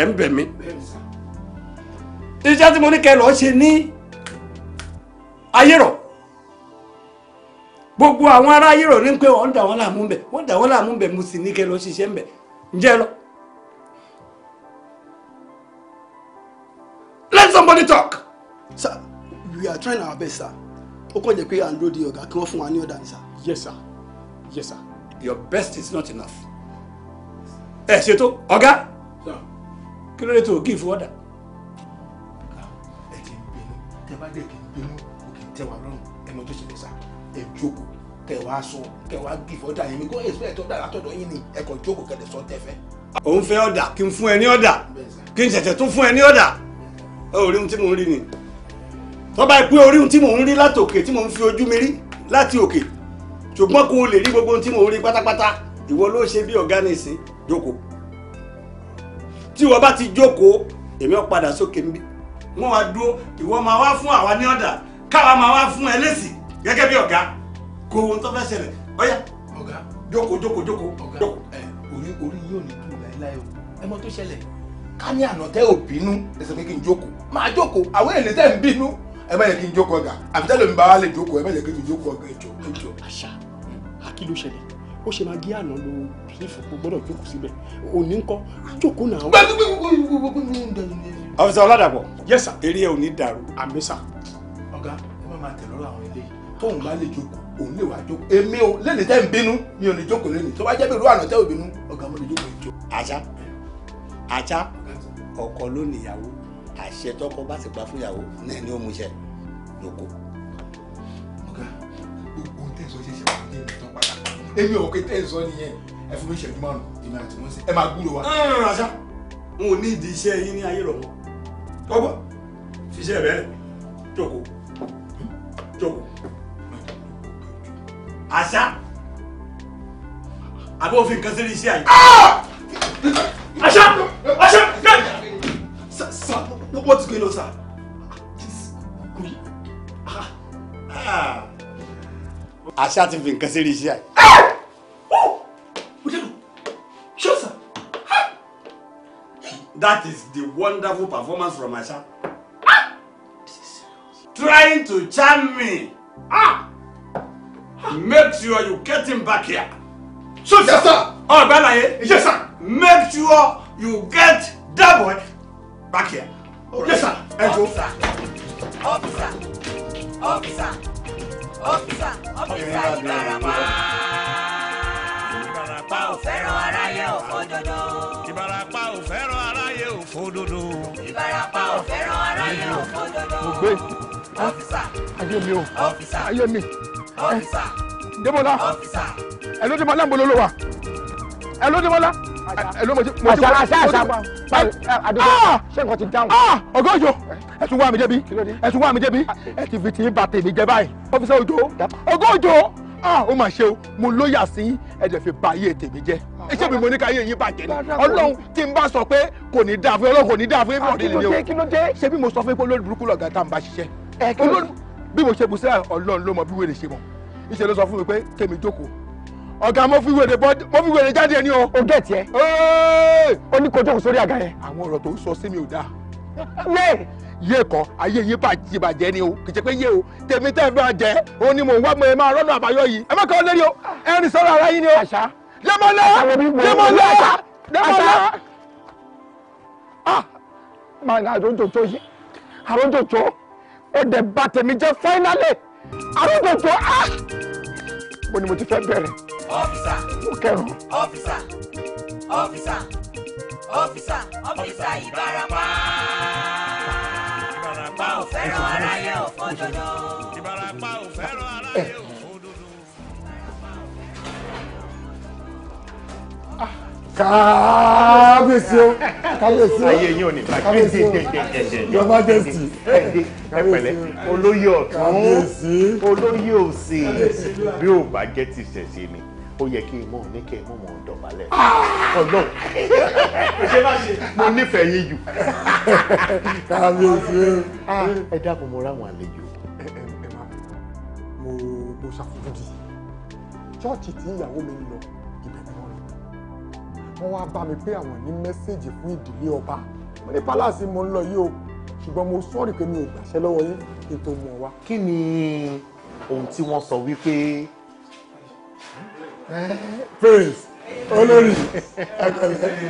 Speaker 1: ẹ̀ ń iṣẹ́ tí mo ní kẹ́ lọ́ọ́ ṣe ní ayérọ̀ gbogbo àwọn ará ayérọ̀ ní pé wọ́n dà wọ́n láàmú bẹ̀ wọ́n dà wọ́n láàmú bẹ̀ mo sì ní kẹ́ lọ́ọ́ ṣiṣẹ́ ń bẹ̀ ǹjẹ́ lọ. let somebody talk. sir we are trying our best sir ó kàn jẹ́ pé à ń dúró de ọ̀gá kí wọ́n fún wa ní ọ̀dà ni sir. yes sir yes sir. your best is not enough. ẹ ṣètò ọ̀gá. sir kí ló dé tó kí ìfowódà. ẹ kì í bínú tẹ bá dẹ kì í bínú kò kì í tẹ wá lọ́rùn ẹ tó ṣe sá ẹ jókòó kẹ wá sọ kẹ wá kí ìfowódà yẹn mi kó èso ẹ tó dára tọ̀dọ̀ yín ni ẹ kàn jókòó kẹlẹ sọ tẹ fẹ.
Speaker 2: òun fẹ́ ọ̀dà kí n fún ẹ ní ọ̀dà kí n ṣẹ̀ṣẹ̀ tún fún
Speaker 1: ẹ ní ọ̀dà orí ohun tí mò ń rí ni tó bá pé orí tí mò ń rí látòkè tí mò ń fi ojú mi rí láti òkè ṣùgbọ́n kó lè rí gbogbo ohun tí mò ń rí pátápátá ìwọ ló ṣe bí ọ̀gá ní ìsìn jókòó tí wọ́n bá ti jókòó èmi ò padà sókè níbí wọ́n wá dúró ìwọ máa wá fún àwa ní ọ̀dà káwa máa wá fún ẹlẹ́sì gẹ́gẹ́ bí ọ̀gá kó ohun tó fẹ́ ṣẹlẹ̀ ọ̀yà ọ̀gá jókòó jókòó jókòó jókòó. orí orí yóò ní kúrò láéláé o ẹ mọ̀ tó ṣẹlẹ̀ ká ní àná tẹ́ ò bínú ẹsẹ̀ pé kí n jókòó máa jókòó àwọn èlé tẹ́ ń bínú ẹ má yẹ kí n jókòó ọ̀gá àbítẹ́lẹ̀ mi bá wà lè jókòó ẹ má yẹ kí n jókòó ọ̀gá ẹjọ́ ẹjọ́. àṣà hmm. kí ló ó ṣe máa gé àná ló bìlífù kó gbọ́dọ̀ jókòó síbẹ̀ òní ńkọ́ jókòó náà. ọ̀fíìsà ọ̀làdàpọ̀ yes sir eré ẹ̀ ò ní dàrú. àmì sà. ọ̀gá ẹ má máa tẹ̀lọ́rọ̀ àwọn eléyìí tóun bá lè jókòó òun lè wá jókòó èmi ò lẹ́nu tẹ́ ń bínú mi ò ní jókòó lẹ́nu tó bá jẹ́ bẹ̀rù àná tẹ́ ò bínú ọ̀gá mo lè jókòó ìjó. àṣà àṣà ọkọ ló níyàwó àṣẹ tọkọ bá ti pa fún ìyàwó náà ni ó mú èmi ò kété ẹ̀ sọ nìyẹn ẹ fún mi ṣẹ́jú márùn èmi àti wọn sí ẹ máa gbúrò wa. ràṣà n ò ní ìdí iṣẹ́ yín ní ayé rọ̀
Speaker 2: ọgbọ́n fiṣẹ́ rẹ jókòó jókòó àṣà àbí òfin nǹkan sí iṣẹ́ àyè. àṣà àṣà sir
Speaker 1: sir what's going on sir. ah. ah àṣà ti fi nǹkan sí iṣẹ́ That is the wonderful
Speaker 2: performance from Asha. Ah! Trying to charm me. Make sure you get him back here. So, yes, sir. Oh, Balaye. Yes, sir. Make sure you get that boy back here. right. Yes, sir. Officer. Officer. Officer ọ́fíìsà ọ́fíìsà ìbarapá. ìbarapá ò fẹ́ràn aráyé òfòdodo. ìbarapá ò fẹ́ràn aráyé òfòdodo. ìbarapá ò
Speaker 1: fẹ́ràn aráyé òfòdodo. mo gbé ọ́fíìsà ayé mi o ọ́fíìsà ayé mi ọ́fíìsà eh, Débọ́lá ọ́fíìsà ẹ ló Débọ́lá ń bolo ló wà ẹ ti eh, mo ti mo ti mo ti mo ti mo mo ti mo ah! ti mo ti mo ti ti mo ti mo ẹ̀sùn wà mí jẹ̀bi ẹ̀sùn wà mí jẹ̀bi ẹ̀ ti fi tìyín ba tèmi jẹ báyìí ọ́fíìsà òjò ọgọ́ òjò ah, ó mà ṣe o mo lóyà sí ẹ̀jẹ̀ fi ba ayé tèmi jẹ ah. iṣẹ́ mi mo ní ká ayé yín bàjẹ́ ni ọlọ́run tí n bá sọ pé kò ní dáa fún ọlọ́run kò ní dáa fún ah, ẹ̀fọ́ nílé o ṣé bí mo sọ fún pé olórí burúkú lọ̀gá tá n bá ṣiṣẹ́ eh, bí mo ṣe bu sílẹ̀ ọlọ́run ló mọ bí wèrè ṣe mọ̀ iṣẹ́ ló sọ fún mi pé kémi jókòó ọ̀gá mo fi wèrè bọ́ mo fi wèrè jáde ẹni o. o gẹ̀ tiẹ̀. ó ní kó jókòó sórí àga yẹn. àwọn ọ̀rọ̀ tó ń sọ sí mi ò dáa Ye yé kọ ayé yé bàjẹ́ bàjẹ́ ni o kì ṣe pé o tèmi tẹ́ ẹ jẹ ni mò ń wá mọ ẹ máa rọ́nà àbáyọ yìí ẹ o sọ́rọ̀ ara ni o lẹ́mọ̀lá lẹ́mọ̀lá lẹ́mọ̀lá ah máa ní yi yìí àdójòjò ó dẹ̀ bà tèmi jẹ́ ah mo ni mo ti fẹ́ bẹ̀rẹ̀
Speaker 2: ọ́físà ọ́físà ìbarapá ìbarapá ò fẹ́ràn aráyé ò fọ́n dodo. ìbarapá ò fẹ́ràn aráyé ò fọ́n dodo.
Speaker 1: kábíyèsí o kábíyèsí o ayé yín ò ní bá kábíyèsí o your majesty ẹ pẹ̀lẹ́ olóyè ọ̀tún olóyè òsì bí ò bá jẹ́ ti ṣẹ̀ṣẹ̀ ni ó yẹ kí imú ní kí imú mọ̀ ń
Speaker 2: dọ̀bálẹ̀ ah!
Speaker 1: ọlọ́run mo nífẹ̀ẹ́ yín jù. kábíyèsí ah, ẹ dákun mo ráwọn àlejò. ẹ má mo mo ṣàfojúdi ṣọ́ọ̀ṣì tí ìyàwó mi ń lọ ibẹ̀ ni wọ́n lọ wọ́n wá bá mi pé àwọn ní mẹ́sẹ̀gì fún ìdílé ọba mo ní pálásì mo ń lọ yìí o ṣùgbọ́n mo sọ́ọ̀rì pé mi ò gbàṣẹ́ lọ́wọ́ yín kí n tó mú ọ wá. kí ni ohun tí wọ́n sọ wípé prince olórí ẹgbẹ̀lẹ́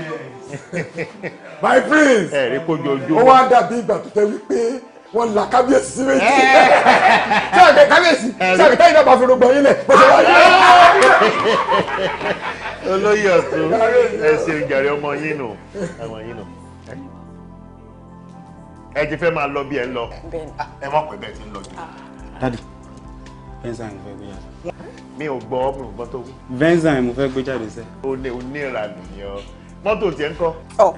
Speaker 1: my prince ẹ̀rí kojojú ó wá dàbí ìgbà tó tẹ́ wípé wọ́n la kábíyèsí sí méjì sáàkẹ́ kábíyèsí sáàkẹ́ táyì náà bá fi rògbò yín lẹ̀ bó ṣe wáyé.
Speaker 2: olóyè ọ̀tún ẹ ṣe ìjàre ọmọ yín nù ọmọ yín nù
Speaker 1: ẹ ti fẹ́ máa lọ bí ẹ ń lọ ah, ẹ mọ̀ pé bẹ́ẹ̀ ti ń lọ jù. dadi pẹ́ńsà ń fẹ́ gbé yàtọ̀ mi ò gbọ́ mi ò gbọ́ tó wí. venza ni mo fẹ́ gbé jáde sẹ́. o ní o ní ìranù ni ọ mọ́tò tiẹ̀ ń kọ́. ọ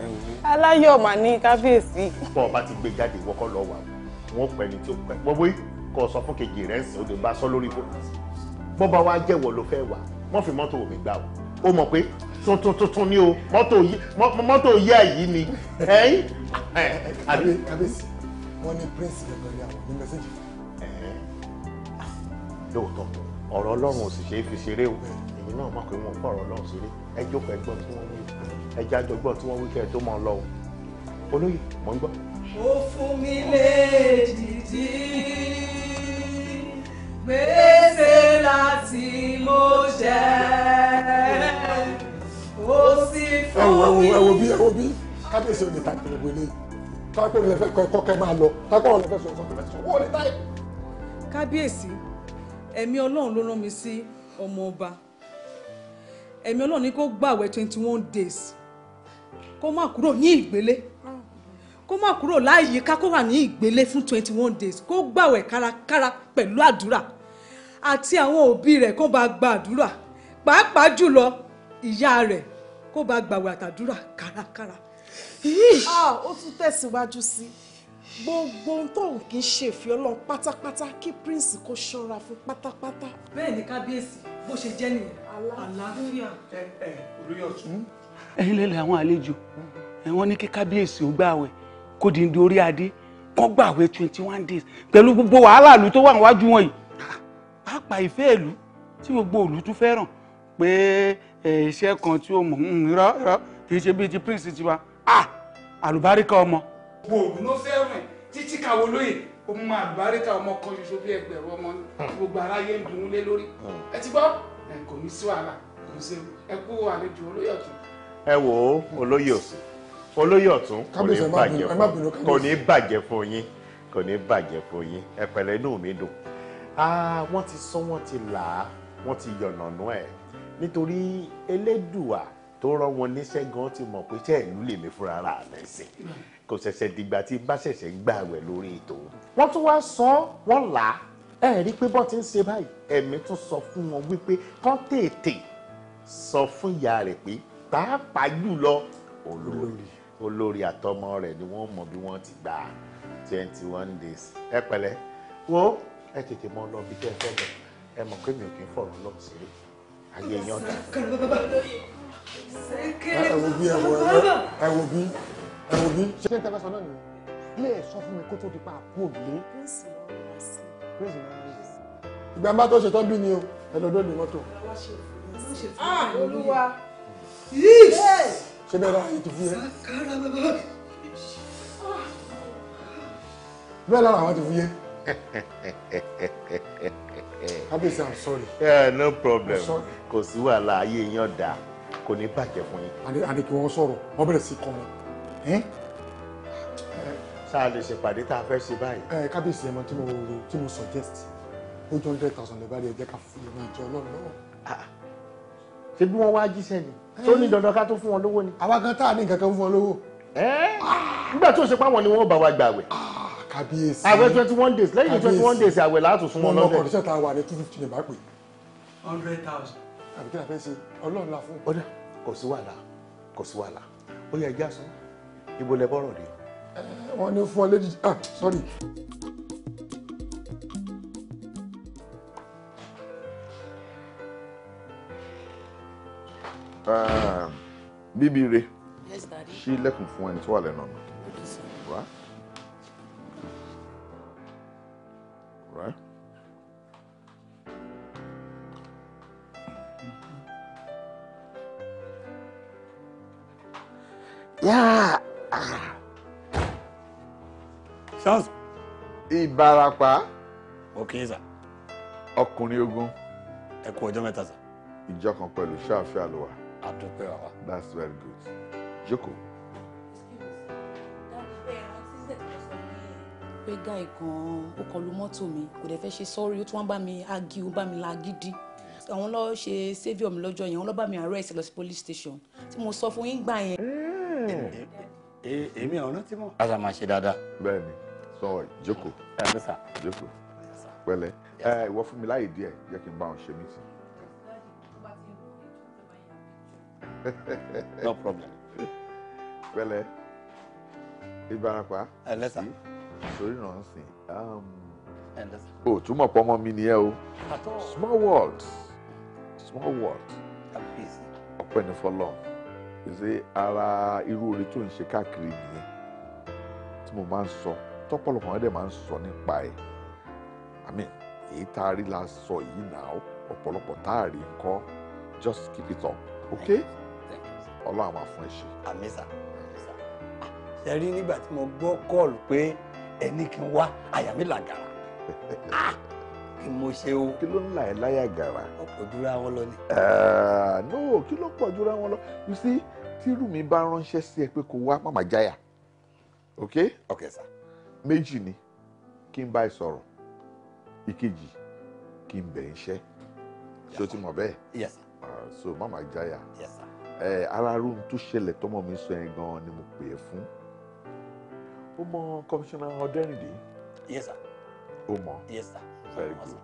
Speaker 3: aláyọ̀ mà ní kábíyèsí.
Speaker 1: pọ̀ bá ti gbé jáde wọ́kọ́ lọ wà wọ́n pẹ̀ ní tó pẹ̀ gbọ́ bóyí kò sọ fún kejì rẹ̀ ń sìn ó lè bá sọ lórí kò bọ́ bá wá jẹ́wọ́ ló fẹ́ wà wọ́n fi mọ́tò mi gbà o ó mọ̀ pé tuntun tuntun ni o mọ́tò yẹ́ yìí ni.
Speaker 2: kábíyèsí
Speaker 1: wọ́n ní prince gẹ̀gẹ̀ àwọn ní mẹ́sẹ̀jì. Ah, lóòótọ́ ọ̀rọ̀ ọlọ́run ò sì ṣe é fi ṣeré o èyí náà mọ̀ pé wọn ò ọ̀rọ̀ ọlọ́run ṣeré ẹ jókòó ẹ tí wọ́n wí ẹ jájọ gbọ́ tí wọ́n wí kẹ́ ẹ tó mọ̀ lọ o olóyè mọ̀ ń gbọ́.
Speaker 6: ó fún mi lè dìdí
Speaker 2: gbèsè láti mo jẹ ó sì fún mi. ẹ
Speaker 1: wo bí kábíyèsí ò ta gbogbo eléyìí táwọn pé mi lè fẹ́ ẹ kọ́ kẹ́ máa lọ táwọn pé mi lè sọ sọ sọ
Speaker 3: wọ́n ní táyì. kábíyèsí ẹ̀mí ọlọ́run ló rán mi sí ọmọ ọba ẹ̀mí ọlọ́run ní kó
Speaker 5: gbàwẹ̀ twenty one days kó má kúrò ní ìgbélé kó má kúrò láyìíká kó wà ní ìgbélé fún twenty one days kó gbàwẹ̀ kárakára pẹ̀lú àdúrà àti àwọn òbí rẹ̀ kó bá gba àdúrà pàápàá jùlọ ìyá rẹ̀ kó bá gbàwẹ̀ àtàdúrà kárakára. Ah, ó tún tẹ̀síwájú sí i gbogbo ohun tóun kì í ṣe ìfẹ́ ọlọ́run pátápátá kí prince kó ṣọ́ra fún pátápátá. bẹ́ẹ̀ ni kábíyèsí bó ṣe jẹ́ nìyẹn àlàáfíà. ẹ ẹ
Speaker 1: olóyè ọ̀tún. ẹ̀yin lẹ́lẹ̀ àwọn àlejò wọ́n ní kí kábíyèsí ó gbààwẹ̀ kó di ndí orí adé kó gbààwẹ̀ twenty one days pẹ̀lú gbogbo wàhálà ìlú tó wà níwájú wọn yìí pàápàá ìfẹ́ ìlú tí gbogbo ìlú tún fẹ́ràn pé iṣẹ́ kan tí ó mọ̀ ń rọ́ rọ́ kì í ṣe bíi ti prince tiwa ah! àlùbáríkà ọmọ gbòòrò ló fẹ́ràn ẹ̀ títí kàwé lóye ọmọ àlùbáríkà ọmọ kan ṣoṣo bí ẹgbẹ̀rún ọmọ hmm. gbogbo aráyé ń dunlé lórí hmm. ẹ ti gbọ́ ẹ kò ní sí wàhálà kò sí ẹ kú àlejò olóyè ọ̀tún. ẹ wò ó olóyè ọ̀tún olóyè ọ̀tún kò ní bàjẹ́ fún kò ní bàjẹ́ fún yín kò ní bàjẹ́ fún yín ẹ pẹ̀lẹ́ inú mi dùn wọ́n ti sọ wọ́n ti là á wọ́n ti yọ̀nàná ẹ̀ nítorí elédùà tó rán wọn níṣẹ́ gan ti mọ̀ pé iṣẹ́ ìlú lèmi fúnra rà mẹ́sìn kò ṣẹ̀ṣẹ̀ dìgbà tí bá ṣẹ̀ṣẹ̀ gbà wẹ̀ lórí ètò wọ́n tún wá sọ wọ́n là á ẹ rí i pé bọ́n ti ń ṣe báyìí ẹ̀mí tún sọ fún wọn wípé kán tètè sọ fún ìyá rẹ̀ pé pàápàá jùlọ olórí olórí àtọmọ rẹ̀ ni wọ́n mọ̀ bí wọ́n ti gba twenty one days ẹ pẹ̀lẹ́ wo ẹ tètè mọ lọ bí tẹ́ lọ ẹ mọ̀ pé mi ò kì í fọ̀rọ̀ lọ sílé ayé yan dà. ẹ wo bí ẹ wo ẹ wo bí ẹ̀rọ bí ṣe ń tẹ́fẹ́ sọ náà nìyẹn ilé ẹ̀ sọ fún mi kó tó di pa àpò òbílé. ìgbà bá tó ṣetán bí ni o ẹ lọ dóòlù mọ́tò. Ah, olúwa ṣe bẹ́ẹ̀ láàyè tó fi yẹ. bẹ́ẹ̀ lára àwọn ti fi yẹ. kábíyèsí i'm sorry. Yeah, no problem kò sí wàhálà ayé yín ọ̀dà kò ní bàjẹ́ fún yín. àdèkè wọn sọ̀rọ̀ wọn bẹ̀rẹ̀ sí kọrin sáà lè ṣèpàdé tá a fẹ́ ṣe báyìí. ẹ kábíyèsí ẹmọ tí mo rò tí mo suggest ó jọ hundred thousand lè bá rí ẹjẹ ká fún ìmọ̀ ìjọ ọlọ́run lọ́wọ́. Ah, ah. ṣé bí wọ́n wá jíṣẹ́ ni tó ní dandan ká tó fún wọn lówó ni. àwa gan tá a ní nǹkan kan fún wọn lówó. nígbà tí o ṣe páwọn ni wọn bá wa gbàwẹ̀. Ah, kábíyèsí àwẹ̀ twenty one days lẹ́yìn twenty one days àwẹ̀ láàtò fún wọn lọ́dẹ. wọn lọ kọ̀ọ̀dọ́sẹ̀ tá a wà ní two fifty ní bá pè. hundred thousand. àbíkí la fẹ́ ṣe la fún. ó dà kò sí wàhálà kò sí ibo lẹ bọ́rọ̀ dé. wọ́n ní fún ọ lédi ah sorry. Ah, bíbí re ṣí lẹ́kùn fún ẹni tó wà lẹ́nu ọ̀nà. Right? Right? Yeah ṣọ́ọ̀ṣì. ìbarapá. mo kì í sà. ọkùnrin ogun. ẹ kú ọjọ́ mẹ́ta sà. ìjọ kan pẹ̀lú ṣáàfin àlùwà. a wa. that's very good. Joko.
Speaker 5: pé guy kan ó kọlu mọ́tò mi kò dẹ̀ fẹ́ ṣe sọ́ọ́rí ó tún wá bá mi agi ó bá mi la gidi àwọn lọ ṣe saviour mi lọ́jọ́ yẹn wọ́n lọ bá mi arrest lọ sí police station
Speaker 3: tí mo sọ fún yín gbà yẹn. Eh.
Speaker 2: Eh, èmi ọ̀run ti mọ̀. a sà máa ṣe
Speaker 1: dáadáa. bẹ́ẹ̀ni sọ ìjókòó ìjókòó pẹ̀lẹ́ ẹ ìwọ fún mi láyè díẹ̀ jẹ́ kí n bá wọn ṣe mí sí. no problem. pẹ̀lẹ́ ìbarapá. ẹ lẹ́sà. sórí náà ń sìn o túmọ̀ pọ̀ ọmọ mi nìyẹn o small world small world ọpẹ́ ní fọlọ́ọ̀ ṣe ara irú oore tó ń ṣe káàkiri nìyẹn tí mo máa ń sọ tọ́pọ̀lọpọ̀ wọn dẹ̀ máa ń sọ nípa ẹ̀ àmì èyí tá a rí la sọ yìí nà ó ọ̀pọ̀lọpọ̀ tá a rí nǹkan just keep it up ok ọlọ́run àwọn àfún ẹ̀ṣẹ̀. àmì sà ah, ṣe rí nígbà tí mo gbọ́ kọ́ọ̀lù pé ẹni kí n wá àyà làgàrà. kí mo ṣe o. kí ló ń la ẹ láyà gàrà. ó pọ̀ jura wọn lọ ni. Ah, no kí ló pọ̀ jura wọn lọ you see tírù mi bá ránṣẹ́ sí ẹ pé kó wá màmá jáyà ok. ok sir. méjì ni kí n bá ẹ sọ̀rọ̀ ìkejì kí n bẹ̀ ń ṣé o ti mọ̀ bẹ́ẹ̀. yes sir. Uh, so màmá jáyà. yes sir. ẹ ara rúun tó ṣẹlẹ̀ tọmọ mi sọ yẹn gan-an ni mo pè é fún. ó mọ kọmíṣánná ọdẹrìndé. yes sir. ó mọ. yes sir very good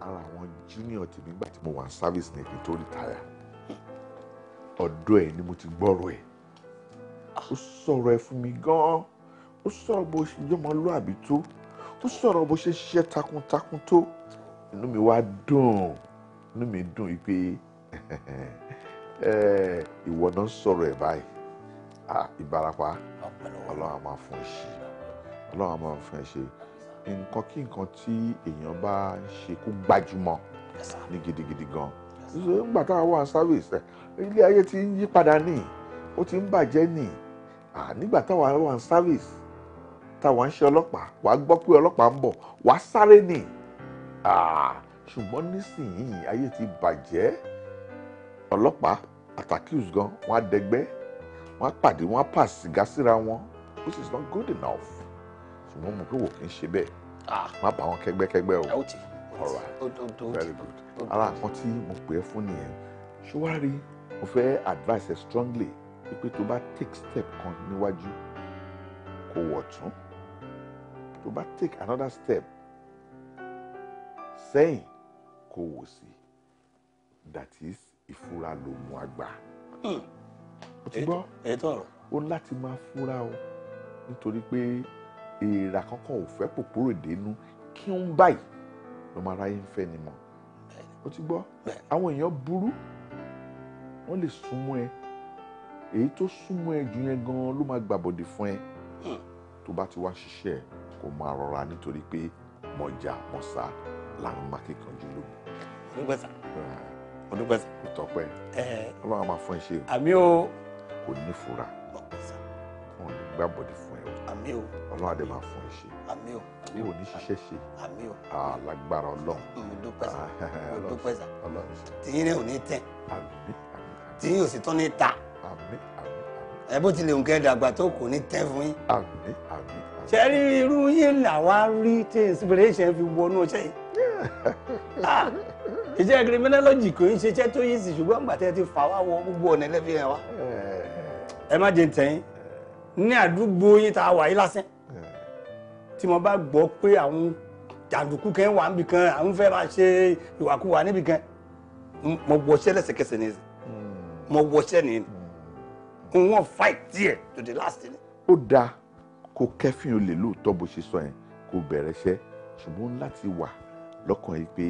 Speaker 1: ara àwọn junior tèmi nígbà tí mo wà service ní èpè tó retire ọ̀dọ̀ ẹ̀ ni mo ti gbọ́rọ̀ ẹ̀ ó sọ̀rọ̀ ẹ̀ fún mi gan-an ó sọ̀rọ̀ bó ṣe jọmọlúàbí tó ó sọ̀rọ̀ bó ṣe ṣiṣẹ́ takuntakun tó inú mi wá dùn inú mi dùn yìí pé ìwọ náà sọ̀rọ̀ ẹ̀ báyìí ìbarapá ọlọ́run á máa fún ẹ ṣe ọlọ́run á máa fún ẹ ṣe nǹkan kí nǹkan tí èèyàn bá ń ṣe kó gbajúmọ̀ ní gidigidi gan nígbà táwọn wà service ilé ayé ti ń yí padà ní ó ti ń bàjẹ́ ní nígbà táwọn wà service táwọn ń ṣe ọlọ́pàá wàá gbọ́ pé ọlọ́pàá ń bọ̀ wàá sáré ní ṣùgbọ́n nísìnyí ayé ti bàjẹ́ ọlọ́pàá àtàkùs gan wọn á dẹgbẹ́ wọn á pàdé wọn á pàṣígá síra wọn which is not good enough ṣùgbọ́n mo pé wò kí n ṣe bẹ́ẹ̀ má bà wọn kẹ́gbẹ́kẹ́gbẹ́ o very good ara nǹkan tí mo pè é fún nìyẹn ṣùwárí mo fẹ́ advice ẹ strongly pé tó bá take step kan níwájú kò wọ̀tún tó bá take another step sẹ́yìn kò wò sí that is ìfura ló mú àgbà.
Speaker 2: o hmm. ti gbọ́
Speaker 1: o láti máa fura o nítorí pé èèrà kankan ò fẹ́ pòpòrò dénú kí ń báyìí lọ́mọ aráyé ń fẹ́ ni mọ̀ ó ti gbọ́ àwọn èèyàn burú wọ́n lè súnmọ́ ẹ èyí tó súnmọ́ ẹ jù yẹn gan-an ló máa gbàbọ̀dè fún ẹ tó bá ti wá ṣiṣẹ́ ẹ kó máa rọra nítorí pé mọ̀jà mọ̀sá làwọn máa kékan jù lóbi. olùgbẹ́sà olùgbẹ́sà. kò tọpẹ ọlọ́run máa fún ẹ ṣe. àmì o. kò ní fura wọn ò ní gbàbọ̀dè fún ẹ. àmì o ọlọ́run àdé máa fún ẹ ṣe àmín o mi ò ní ṣiṣẹ́ ṣe alágbára ọlọ́run mm, ah, tìyín rẹ̀ ò ní tẹ̀ tìyín ò sì tún ní ta ẹ bó tilẹ̀ ń kẹ́ tó kò ní tẹ́ fún yín ṣe irú yín làwa rí tí inspiration fi wọnú ọṣẹ yìí ah, iṣẹ́ criminology kò ń ṣiṣẹ́ tó yìí sì ṣùgbọ́n àgbà tẹ́ ti fà wá wọ gbogbo ọ̀nà ẹlẹ́fihàn wa eh. ẹ má jẹ́ tẹ̀yìn ní àdúgbò yín tá a wà yìí lásán tí mo bá gbọ́ pé àwọn jàǹdùkú kan wà níbi kan àwọn fẹ́ máa ṣe ìwàkuwà níbi kan mo wọṣẹ́ lẹ́sẹ̀kẹsẹ̀ ni mo wọṣẹ́ ni n wọ́n fight díẹ̀ to the last ni. ó dáa kó kẹ́fìn olè lóòótọ́ bó ṣe sọ yẹn kó bẹ̀rẹ̀ iṣẹ́ ṣùgbọ́n láti wà lọ́kàn yìí pé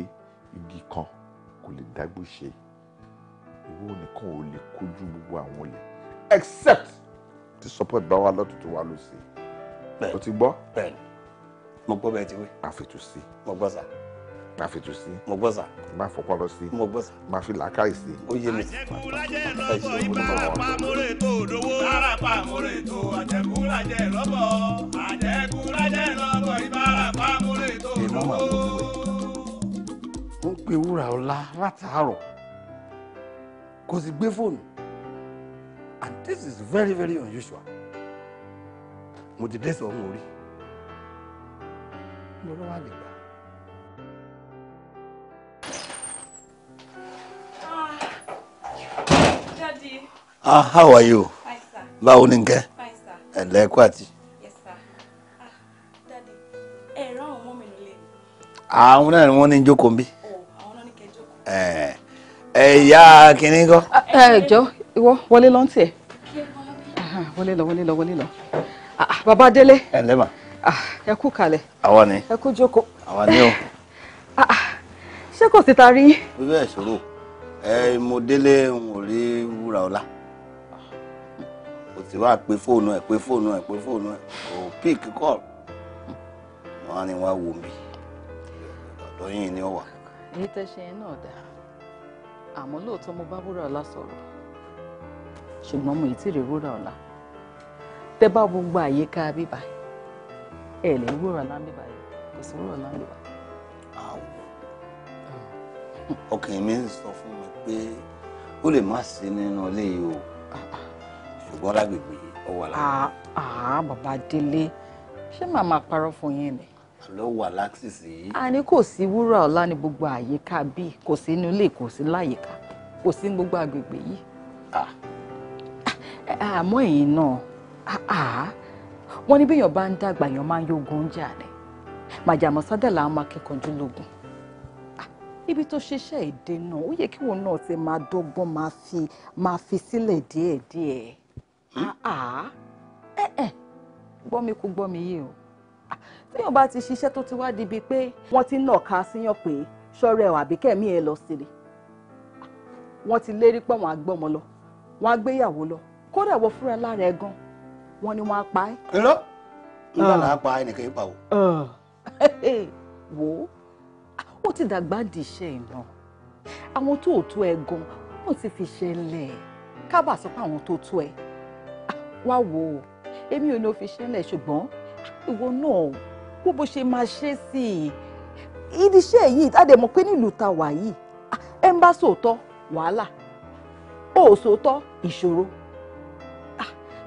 Speaker 1: igi kan kò lè dágbó ṣe owó nìkan ò lè kojú gbogbo àwọn olè except ti support bá wa lọ́tún tó wà lóṣè. o ti gbọ́ mo gbọ́ bẹ́ẹ̀ ti wí. máa fètò sí. mo gbọ́ sà. máa fètò sí. mo gbọ́ sà. máa fọpọ́ lọ sí. mo gbọ́ sà. máa fi làákàyè sí. ó yé mi. àjẹkùnlájẹ lọ́bọ̀ ìbárapá múre tó dowó. ìbárapá múre tó àjẹkùnlájẹ
Speaker 2: lọ́bọ̀. àjẹkùnlájẹ lọ́bọ̀ ìbárapá múre tó dowó.
Speaker 1: mo ń pe wúrà ọlá látàárọ̀ kò sì gbé fóònù and this is very very unusual mo ti dé sọ̀rọ̀ orí
Speaker 4: lọ́rọ́ wà lè gbà.
Speaker 1: Ah, ah, how are you? Fine, sir. Báwo ni Fine, sir. And ẹ̀kọ́ àti. Yes, sir. Ah, daddy, Eh, rán àwọn ọmọ Ah, lólè. Àwọn náà ni wọ́n ní jókòó
Speaker 2: ń eh, Àwọn náà ní kẹ́ jókòó. Ẹ̀ ẹ̀yà kìíní kọ́.
Speaker 5: Ẹ jọ ìwọ wọlé lọ ń tiẹ̀. Wọlé lọ wọlé lọ wọlé lọ. Ah, ah, bàbá Ah, ẹ kú kalẹ̀. àwa ni. ẹ kú
Speaker 2: àwa ni o. Ah,
Speaker 5: ah. ṣé kò sí ta rí.
Speaker 1: bíbẹ́ ìṣòro ẹ mo délé n ò rí wúrà ọ̀la kò sí wàá pé fóònù ẹ pé fóònù ẹ pé fóònù ẹ kò pík wọn wò mí ni ó wà.
Speaker 5: èyí tẹ́ ṣe yẹn náà dáa àmọ́ lóòótọ́ mo bá wúrà ọ̀la sọ̀rọ̀ ṣùgbọ́n mo ì tí ì rí bá gbogbo àyíká ẹ lè ń wúrọ̀ láńbí báyìí kò sí wúrọ̀ láńbí báyìí. àwọn
Speaker 1: ọkùnrin mi ń sọ mi pé ó lè má sí nínú ilé yìí o ṣùgbọ́n lágbègbè ó wà
Speaker 5: láàyè. àá ah, ah, bàbá délé ṣé màá máa parọ́ fún yín ni.
Speaker 1: àlọ́ wà láksìsì
Speaker 5: a ní kò sí wúrà ọ̀la ní gbogbo àyíká bíi kò sí inú ilé kò sí láyìíká kò sí gbogbo àgbègbè yìí. Ah. àmọ́ ẹ̀yin náà wọ́n ní béèyàn bá ń dàgbà èèyàn máa ń yógun oúnjẹ àlẹ́ màjàmọ́ sádàlà àwọn akẹ́kọ̀ọ́jú lógun ah, ibi tó ṣiṣẹ́ èdè náà ó yẹ kí wọn náà ti máa dọ́gbọ́n máa fi máa fi sílẹ̀ díẹ̀díẹ̀ ẹ ah, ah, eh, eh, gbọ́ mi kú gbọ́ mi yìí o téèyàn bá ti ṣiṣẹ́ tó ti wá di bíi pé wọ́n ti nà ká síyàn pé ṣọ́rẹ́ ẹ̀ àbí kẹ́mi ẹ̀ lọ sílẹ̀ wọ́n ti lérí pé wọ́n á gbọ́mọ lọ wọ́n á gbéyàwó lọ kódà wọ́n fúnra lára ẹ̀ gan wọ́n ní wọ́n á pa ẹ́.
Speaker 2: irọ́ nígbà ah. náà pa ẹnìkan yìí pa o.
Speaker 5: Ah. wo ó ti dàgbà di iṣẹ́ iná àwọn tó tó ẹ gan wọ́n ti fi ṣẹlẹ̀ kábà sọ pé àwọn tó tó ẹ ah, wá wo èmi ò ní o fi ṣẹlẹ̀ ṣùgbọ́n ìwọ náà wo bó ṣe máa ṣe sí i ìdíṣẹ́ yìí tàdé mọ̀ pé nílùú ta wà yìí ẹ ń bá sòótọ́ wàhálà ó sòótọ́ ìṣòro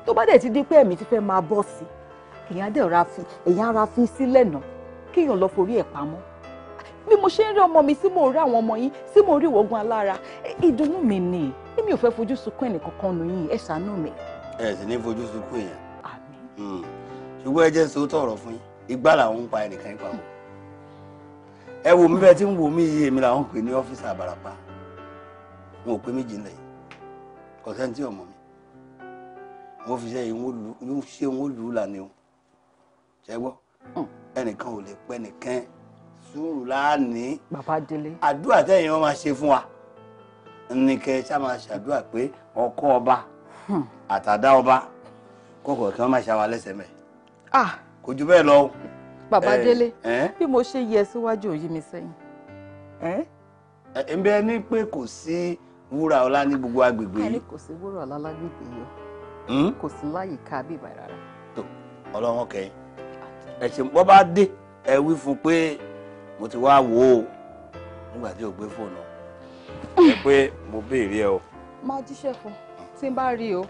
Speaker 5: tó bá dẹ̀ ti di pé ẹ̀mí ti fẹ́ máa bọ́ sí èèyàn dẹ̀ ra fi èèyàn ara fi sílẹ̀ nà kéèyàn lọ forí ẹ̀ pamọ́ bí mo ṣe ń rí ọmọ mi sí mò ń rí àwọn ọmọ yín sí mò ń rí ìwọ̀gun alára ìdùnnú mi ni èmi ò fẹ́ fojú sunkún ẹnì kankan nù yín ẹ ṣàánú mi.
Speaker 1: ẹ sì ní fojú sunkún èèyàn. àmín. Hmm. ṣùgbọ́n ẹ jẹ́ sòótọ́ ọ̀rọ̀ fún yín igbá làwọn ń pa ẹnìkan ipa wọn. ẹ wò mí bẹ́ẹ̀ tí ń wò mí yìí èmi làwọn ń pè ní ọ́fíìsì àbàràpá wọn ò pé méjì ńlẹ̀ kọ̀sẹ́ntì ọmọ mi wọ́n fi ṣe ìwọ́n lù ú lànà o ṣe gbọ́ hmm. ẹnìkan ò lè pẹ́ nìkan sùúrù láàánì bàbá délé àdúrà tẹ̀yìn wọn máa ṣe fún wa nìkẹ́ ṣá máa ṣàdúrà pé ọkọ ọba hmm. àtàdá ọba kọ̀ọ̀kan kí wọ́n máa ṣàwà lẹ́sẹ̀ mẹ́ ah. kò jù bẹ́ẹ̀ lọ. bàbá eh, délé eh?
Speaker 5: bí mo ṣe yẹ síwájú òyìn mi sẹ́yìn.
Speaker 1: ẹ eh? ǹbẹ̀ ni pé kò sí wúrà ọlá ní gbogbo agbègbè yìí. a ní kò sí
Speaker 5: wúrà ọlá lágbègbè yìí Hmm? kò sí láyè ká bí ìbàdàn rárá. tó
Speaker 1: ọlọ́run kẹ́yìn ẹ ṣe bọ́ bá dé ẹ wí fún pé mo ti wá wò ó
Speaker 2: nígbà tí o gbé fóònù ẹ pé mo béèrè ẹ o.
Speaker 5: máa jíṣẹ́ fún tí n bá rí o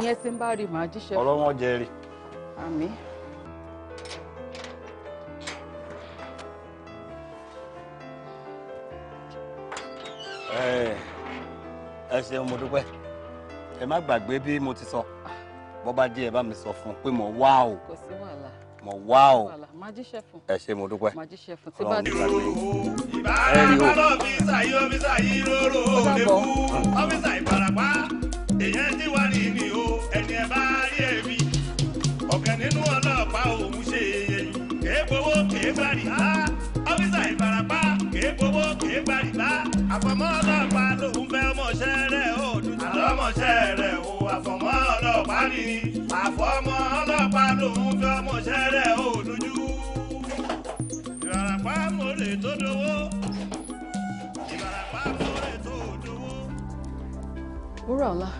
Speaker 5: ìyẹn tí n bá rí máa jíṣẹ́ fún. ọlọ́wọ́n jẹ rí. àmín.
Speaker 2: ẹ ẹ ṣeun mo dúpẹ́
Speaker 1: ẹ má gbàgbé bí mo ti sọ bọ́ bá ẹ bá mi sọ fún un pé mo wá o
Speaker 2: mo wá o ẹ ṣé mo dúpẹ́ ọlọ́run ní
Speaker 1: ìgbàgbé.
Speaker 2: ìbára bá ọlọ́pàá lòun fẹ́ ọmọ ṣẹ́rẹ́ o ọmọọṣẹ́ rẹ̀ o àfọ̀mọ́ ọlọ́pàá ni àfọ̀mọ́ ọlọ́pàá lòun fi ọmọọṣẹ́ rẹ̀ o lójú. ìràràpá mòrè tó dowó ìràràpá mòrè tó dowó. wúrà ọlá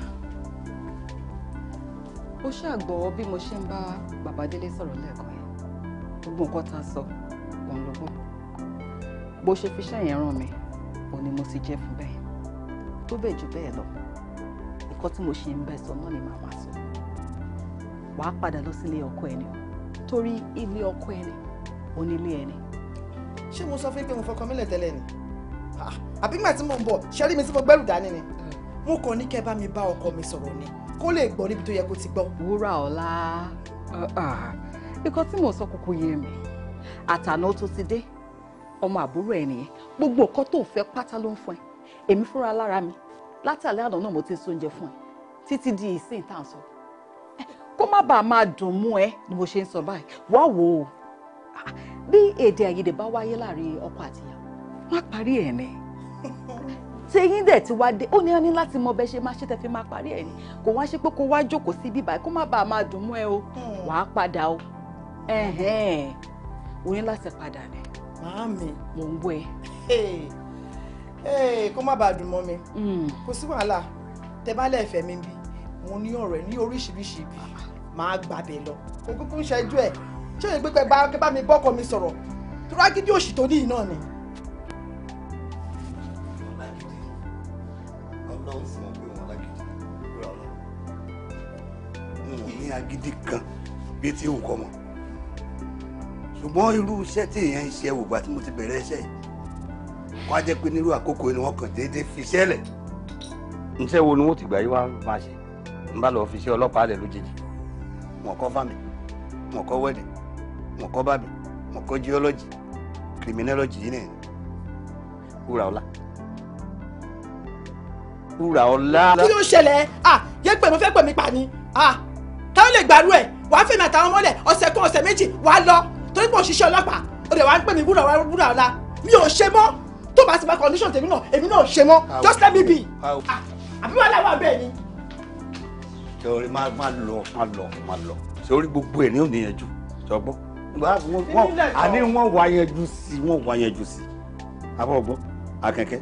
Speaker 5: ó ṣàgbọ́ bí mo ṣe ń bá bàbá délé sọ̀rọ̀ lẹ́ẹ̀kan yẹn gbogbo nǹkan tá a sọ òun ló gbọ́ bó ṣe fi ṣẹ́yìn ràn mí òun ni mo sì jẹ́ fún bẹ́ẹ̀ tó bẹ́ẹ̀ jù bẹ́ẹ̀ lọ nǹkan tí mo ṣe ń bẹ sọ náà ni màá wá sọ wàá padà lọ sílé ọkọ ẹni torí ilé ọkọ ẹni onílé ẹni. ṣé mo sọ fún yín pé mo fọkọ mílẹ̀ tẹ́lẹ̀ ni àbí màá tí mo ń bọ̀ ṣẹ́rí mi tí mo gbẹ́rù dání ni mo kàn ní kẹ́ bá mi bá ọkọ mi sọ̀rọ̀ ni kó lè gbọ́ níbi tó yẹ kó ti gbọ́. wúrà ọ̀la ah, ah. nǹkan tí mò sọ kókó yé mi àtàná tó ti dé ọmọ àbúrò ẹ nìyẹn gbogbo nǹkan tó fẹ́ pátá ló ń fún ẹ èmi fúnra lára mi látàlẹ́ àná náà mo ti ń sóúnjẹ fún ẹ títí di ìsìn tá à ń sọ kó má bàa máa dùn mú ẹ ni mo ṣe ń sọ báyìí wá wò ó bí èdè àìyedè bá wáyé láàrin ọkọ àtìyàwó má parí ẹ̀ ní tẹyin dẹ̀ ti wá dé ó ní ẹni láti mọ bẹ́ẹ̀ ṣe máa ṣe tẹ́ fi máa parí ẹ̀ ní kò wá ṣe pé kó wá jókòó sí bíbá kó má bàa máa dùn mú ẹ o hmm. wàá padà o o ní láti padà ní. màámi mò ń wẹ. Eh, kó má bàa dùn mọ́ mi hmm. kò sí wàhálà tẹ bá lẹ́ẹ̀fẹ́
Speaker 1: mi bí mo ní ọ̀rẹ́ ní oríṣiríṣi ibi máa gbàbẹ̀ lọ kò kúkú ń ṣẹ́jú ẹ̀ ṣé ìgbé pẹ́ bá bá mi bọ́kọ mi sọ̀rọ̀ tó rágídí òṣì tó ní iná ni.
Speaker 2: mo ní agídí kan bíi tí òun kọ
Speaker 1: ṣùgbọ́n irú iṣẹ́ tí èèyàn ń ṣe wò gbà tí mo ti bẹ̀rẹ̀ iṣẹ́ yìí kó a jẹ́ pé nírú àkókò ni wọ́n kàn déédéé fi sẹ́lẹ̀. iṣẹ́ wo ni wọ́n ti gbà yí wá máa ṣe n bá lọ́ọ́ fi ṣe ọlọ́pàá lẹ̀ lójijì wọ́n kọ́ fámi wọ́n kọ́ wẹ́dì wọ́n kọ́ bàbí wọ́n kọ́ jíọ́lọ́jì kìrìmínẹ́lọ́jì yìí nìyẹn.
Speaker 3: wúrà ọlá wúrà
Speaker 1: ọlá. kí ló
Speaker 3: ṣẹlẹ̀ ah yẹ pẹ̀lú fẹ́ pẹ̀mí pa ni ah táwọn lè gbàrú ẹ̀ wàá fẹ̀mí àtàwọn mọ́lẹ̀ ọ̀sẹ̀ kan ọ̀sẹ̀ méjì wàá lọ torí pé òṣìṣẹ́ ọlọ́pàá ó lè wàá ń pè mí wúrà ọlá mi ò ṣe mọ́ tó bá ti bá condition tèmi náà èmi náà ṣe mọ́ just let me be ah, àbí wàá làwọn abẹ́ ni.
Speaker 2: sori máa máa lọ máa lọ máa lọ sori gbogbo ẹ̀ ní ò níyanjú
Speaker 1: sọgbọ́n àní wọ́n wá yanjú sí wọ́n wá yanjú sí abọ́gbọ́
Speaker 2: akẹ́kẹ́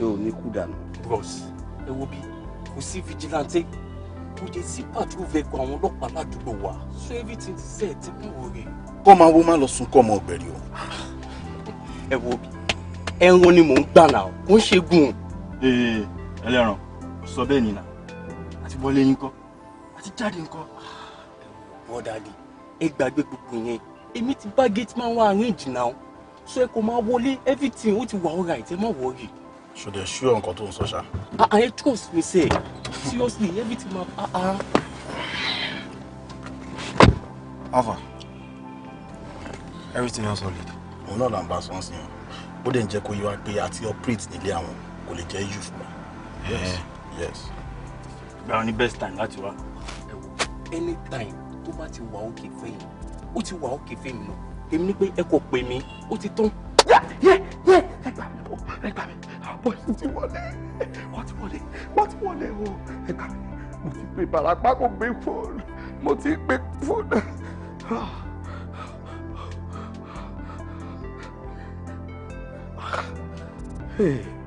Speaker 2: yóò ní kú dànù.
Speaker 1: bros ẹ wo bí kò sí vigilante kò dé sí pàtó vẹ́gọ àwọn ọlọ́pàá ládùúgbò wa so everything ti sẹ́ẹ̀ tí kò wọlé. kọ́ máa wo máa lọ sùn kọ́ ọmọ ọ̀gbẹ̀rì o. ẹ wo bí ẹran ni mò ń gbà náà kò ń ṣe gùn. ee ẹlẹ́ran sọ bẹ́ẹ̀ nìyà àti bọ́lé yín kọ́ àti jáde ńkọ́. bọ́dàdì ẹ gbàgbé gbogbo yẹn èmi ti bá gate man wá arrange náà so ẹ kò máa wọlé everything ó ti wà ọ̀rọ̀ àìtẹ́ má wọ̀ọ́yì. ṣòdẹ̀ ṣú ọ̀nkan tó ń sọ ṣá. àyè trust me sẹ́ẹ̀
Speaker 3: seriously everything ma pa á.
Speaker 1: alpha everything else solid òun náà là ń bá a sọ ọ́n sí yẹn ó dẹ̀ ń jẹ́ kó yé wa pé àti operate nílé àwọn kò lè jẹ́ youth mọ́. yes yes. ìgbà wọn ni best time láti wá. ẹ wo anytime tó bá ti wà òkè fẹ́yìn ó ti wà òkè fẹ́yìn lọ èmi ni pé ẹ kò pè mí ó ti tán. yẹ yẹ ẹ gbà mí ẹ gbà mí àbọ̀ ẹ ti wọlé wọ́n ti wọlé wọ́n ti wọlé o ẹ gbà mí mo ti pe barapá kò gbé fóònù mo ti pe fóònù. Ah. 嘿。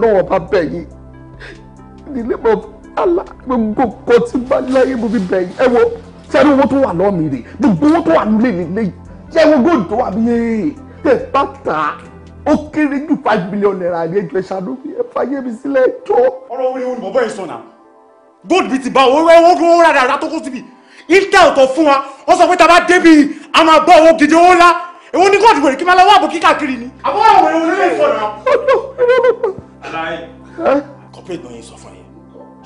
Speaker 1: ọlọ́wọ́n bá bẹ̀ yín nílé mọ́ àlá gbogbo nǹkan tí bá láyé mo fi bẹ̀ yín ẹ wo sẹ́ni owó tó wà lọ́ọ̀mì rè gbogbo owó tó wà nílé nílé yìí ṣé ẹ wo góòlù tó wà nílé yìí tẹ̀ bá tà á ó kéré ju five million naira ní ẹjọ́ ìṣàánú mi ẹ fàyè mi sílẹ̀ ẹjọ́. ọ̀rọ̀ orí òun bọ̀bọ̀ yìí sọ̀nà góòlù bíi ti bá owó owó owó rárá rárá tó kó síbi intel tó fún wa ó sọ pé tá a bá débi a máa bọ́ owó gidi owó ńlá èwo ni góòlù wèrè kí máa lọ wá àbò kíkàkiri ni. àbúrò àwọn èrò onílé ìfọ̀nà
Speaker 2: aláì. corporate
Speaker 1: náà yẹn sọ fún yẹn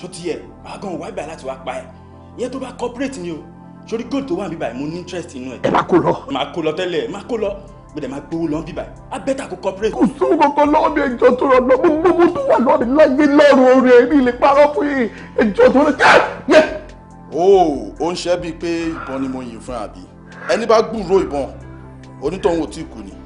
Speaker 1: tó ti yẹ àgàn wáyé báyìí láti wá pa ẹ ìyẹn tó bá corporate ni o sórí gold tó wà níbà yìí mo ní interest inú ẹ. ẹ má kó lọ. má kó lọ tẹ́lẹ̀ má kó lọ gbẹdẹ máa gbowó lọ bíbá a bẹta kó corporate. kò sóhun kankan lọ́wọ́ mi ẹjọ́ tó rọ lọ gbogbo mo tún wà lọ́ọ̀dẹ láyé lọ́rùn orí ẹ̀rí ilé parọ́ fún yìí ẹjọ́ tó rọ yẹ. o ò ń ṣẹ́ bíi pé ìbọn ni mo yìn fún àbí ẹni bá gbúròó ìbọn onítọ̀hún ò tí ì kú ni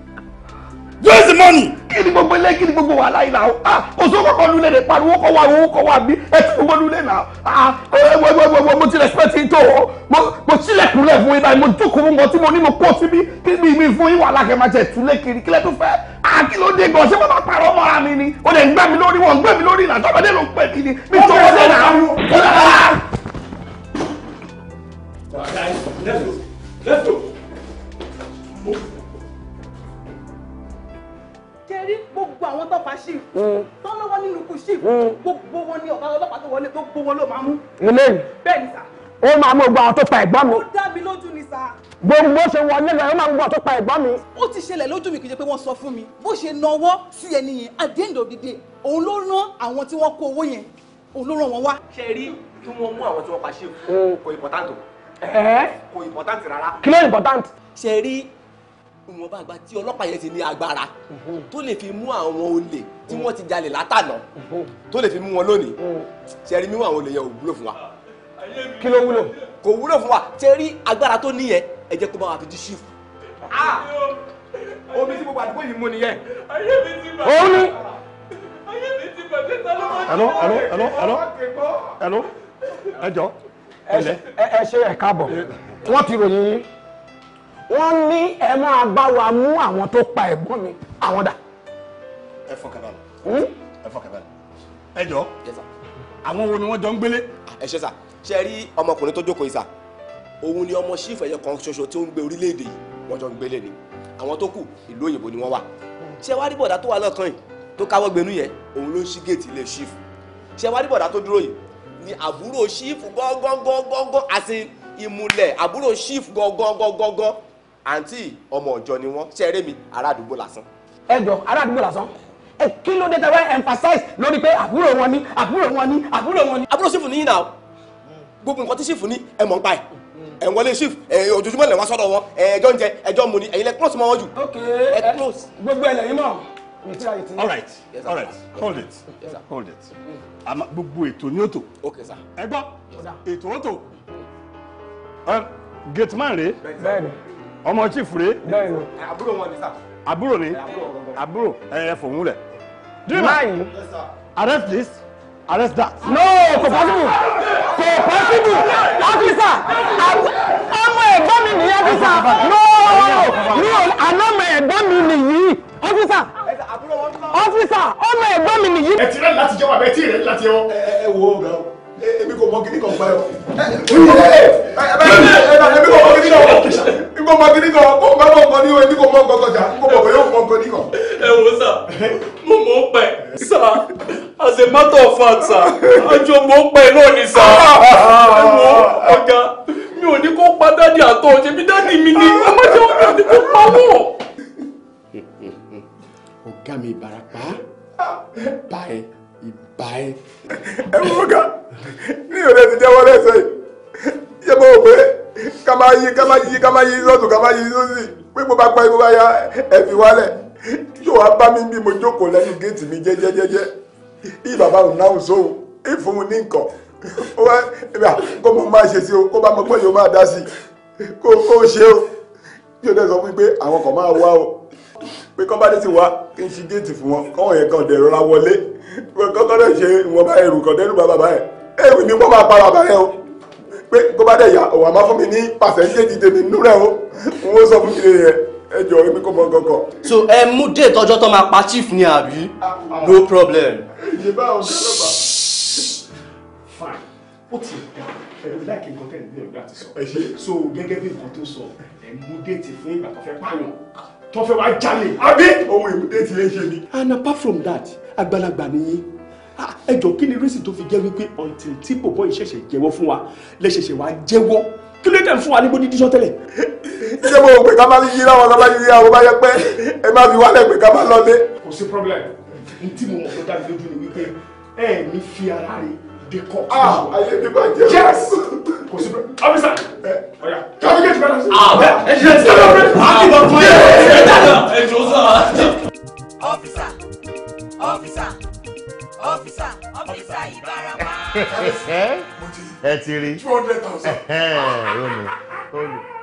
Speaker 1: where is the money. kí ni gbogbo ilé kí ni gbogbo wàhálà yìí náà ah oṣù kọkọ lulẹ̀ ní pariwo kọ wa owó kọ wa bí ẹ ti gbogbo lulẹ̀ náà ah ẹ wọ wọ wọ mo ti respect yín tó o mo mo sílẹ̀kùnlẹ̀ fún yín báyìí mo jókòó mo tí mo ní mo kó síbí kí ni mi fún yín wàhálà kẹ́ẹ̀ máa jẹ ìtúlẹ̀ kiri kílẹ̀ tó fẹ́ ah kí ló dé gan ṣé mo máa parọ́ mọ́ra mi ni o lè gbẹ́ mi lórí wọn gbẹ́ mi lórí ìlànà tọ́mọdé ló ń pè
Speaker 3: ṣe rí gbogbo àwọn tọ́pa ṣìf tó lọ́wọ́ nínú ikú ṣìf mm. gbogbo wọn ni ọ̀gá ọlọ́pàá tó wọlé gbogbo wọn ló máa mú. eléyìí bẹ́ẹ̀ ni sà. ó máa mú gbogbo tó pa ẹ̀gbọ́n mi. ó dá lójú ni sà. gbogbo ṣe wọ nílẹ̀ ó máa mú gbogbo tó pa ẹ̀gbọ́n mi. ó ti ṣẹlẹ̀ lójú mi kì pé wọ́n sọ fún mi bó ṣe nawọ́ sí ẹni yẹn at the òun ló rán àwọn tí wọ́n kó owó yẹn
Speaker 1: òun ìwọ̀nba àgbà tí ọlọ́pàá yẹn ti ní agbára tó lè fi mú àwọn olè tí wọ́n ti jalè látànà tó lè fi mú wọn lónìí ṣẹ́rí mímú àwọn olè yẹn ò wúlò fún wa. kí ló wúlò. kò wúlò fún wa ṣẹ́rí agbára tó níyẹn ẹ jẹ́ kó bá wa fi dí ṣífù. Ah! omi tí gbogbo àdúgbò yìí mú nìyẹn.
Speaker 2: ayé mi ti bàjẹ́ òun ni. ayé mi ti bàjẹ́ tá ló máa
Speaker 1: ń ẹ ṣe ẹ káàbọ̀ wọ́n ti ròyìn yín wọ́n ní ẹ máa bá wa mú àwọn tó pa ẹ̀gbọ́n mi àwọn dà. ẹ fọkàn balẹ̀ hmm? ẹ fọkàn balẹ̀ ẹ jọ àwọn wo ni wọ́n jọ ń gbélé. ẹ ṣe sà ṣe rí ọmọkùnrin tó jókòó yìí sà òun ni ọmọ ṣífù ẹyọ kan ṣoṣo tí ó ń gbé orílẹ̀-èdè yìí wọ́n jọ ń gbélé ni àwọn tó kù ìlú òyìnbó ni wọ́n wà ṣé wàá rí bọ̀dá tó wà lọ́kàn yìí tó káwọ́ gbénú yẹn òun ló ń ṣí géètì ilé ṣífù ṣé wàá rí bọ̀dá tó dúró yìí ni àbúrò ṣífù gángan àti ìmùlẹ̀ àbúrò ṣífù gángan àǹtí ọmọ ọ̀jọ́ ni wọ́n ṣe eré mi ará àdúgbò lásán.
Speaker 3: ẹ jọ ará àdúgbò lásán ẹ kí ló dé tẹwẹ emphasize lórí pé àbúrò wọn ni àbúrò wọn
Speaker 1: ni àbúrò wọn ni. àbúrò sífù ní yìí náà gbogbo nǹkan tí sífù ní ẹ mọ̀ ń pa ẹ̀ ẹ̀ ń wọlé síf ẹ̀ ojoojúmọ́ lẹ̀ wá sọ́dọ̀ wọn ẹ̀ ẹjọ́ ń jẹ ẹjọ́ mu ni ẹ̀yin lẹ close mọ́ wọn jù. ok ẹ close. gbogbo ẹlẹ́yìn mọ̀. all right all right hold it hold it gbogbo ètò ni ó tò ẹ gbọ́ ètò ó tò
Speaker 2: gateman rèé. bẹ́ẹ̀ni ọmọ chief rèé. àbúrò wọn ni sà. àbúrò ni àbúrò ẹ fòun lẹ. dreamer arrest this arrest that. no kò possible
Speaker 3: kò possible officer ọmọ ẹ̀gbọ́n mi nìyí officer no mi ò ànámọ ẹ̀gbọ́n mi nìyí
Speaker 1: officer officer ọmọ ẹ̀gbọ́n mi nìyí. ẹ ti rẹ láti jẹ wà bẹ́ẹ̀ tí rẹ láti jẹ wọn. ẹ ẹ wo ọgá Eh, èmi kò mọ kíní kan gbá yọ. èmi kò mọ kíní kan èmi kò mọ kíní kan kò mọ nǹkan ní o èmi kò mọ nǹkan kọjá kò mọ bóyá mọ nǹkan ní kan.
Speaker 2: ẹ wo sà mo mọ ń pẹ sà as a matter of fact sà àjọ mo ń pẹ náà ni sà ah, ah, ah, ẹ wo ọjà mi ò ní kó pa dádì àtọ ṣèbí dádì mi ni ọmọ jẹ́ omi ò kó pa wọ́n.
Speaker 1: ọ̀gá mi Ìbàràpá báyìí báyìí. ẹ wo ká ní ìrọ̀lẹ́ ti jẹ́wọ́ lẹ́sẹ̀ yìí ṣé mo rò pé ká máa yí ká máa yí ká máa yí sọ́tún ká máa yí sósì pé mo bá pa ibo bá ya ẹ fi wálẹ̀ yóò wá bá mi bí mo jókòó lẹ́nu géètì mi jẹ́jẹ́jẹ́jẹ́ bí bàbá òun náà sóhun ìfún un ní nǹkan ó wá kó mo máa ṣe sí o kó bá mo gbọ́ yóò máa dá sí kó kó ṣe o yóò dẹ́ sọ fún mi pé àwọn kan máa wá o pé kán bá dé sí wa kí n ṣe géètì fún wọn kán wọ̀nyẹn kan dẹ̀ rọra wọlé wọn kọ́kọ́ náà ṣe ẹrù kan dẹ́rù bàbá bàbá ẹ̀ ẹrù mi wọ́n máa pa bàbá ẹ̀ o pé tó bá dẹ̀ yà ọ̀wà máa fún mi ní pàṣẹ́ntéèjì tèmi nínú o n sọ fún mi rẹ̀ ẹ jọ èmi kò mọ kankan. so ẹ mú déètì ọjọ́ tó máa pa chief ni àbí no problem. èyí bá ọ̀ dẹ́rù bá. fine ó ti ẹ̀rọ láìkí nǹkan tẹ̀lé ní ọ̀gá àti sọ. so gẹ́gẹ́ bí nǹkan tó sọ ẹ̀ mú déètì fún ìgbà tó fẹ́ pààyàn tó fẹ́ wá jalè àbí. ohun ìmúdéètì yẹn ṣe ni. and apart from that àgbàlagbà nìyí ẹ jọ kí ni rísì tó fi jẹ́ wípé until tí bòbọ́ yìí ṣẹ̀ṣẹ̀ jẹ́wọ́ fún wa lẹ ṣẹ̀ṣẹ̀ wá jẹ́wọ́ kí ló dé fún wa níbo dídí sọ́tẹ́lẹ̀. ṣé mo pè ká má yí láwọn ọlọ́ba yìí àwọn bá yẹ pé ẹ má fi wálẹ̀ pé ká má lọ dé. kò sí problem n tí mo mọ̀ tó dábì lójú ni wípé ẹ ní fi ara rẹ dé kọ́. ah ayé mi bá jẹ́. yes kò sí problem. ọfíìsà ọ̀yà káfí kejì bá dà sí. àbẹ ẹ ṣe é sọ. àbí bọ̀ fún yẹn.
Speaker 2: ẹ jọ sọ. ọfíìsà ọ́físà ọ́físà ọ́físà ìbarapá.
Speaker 1: ẹ ti rí two hundred thousand.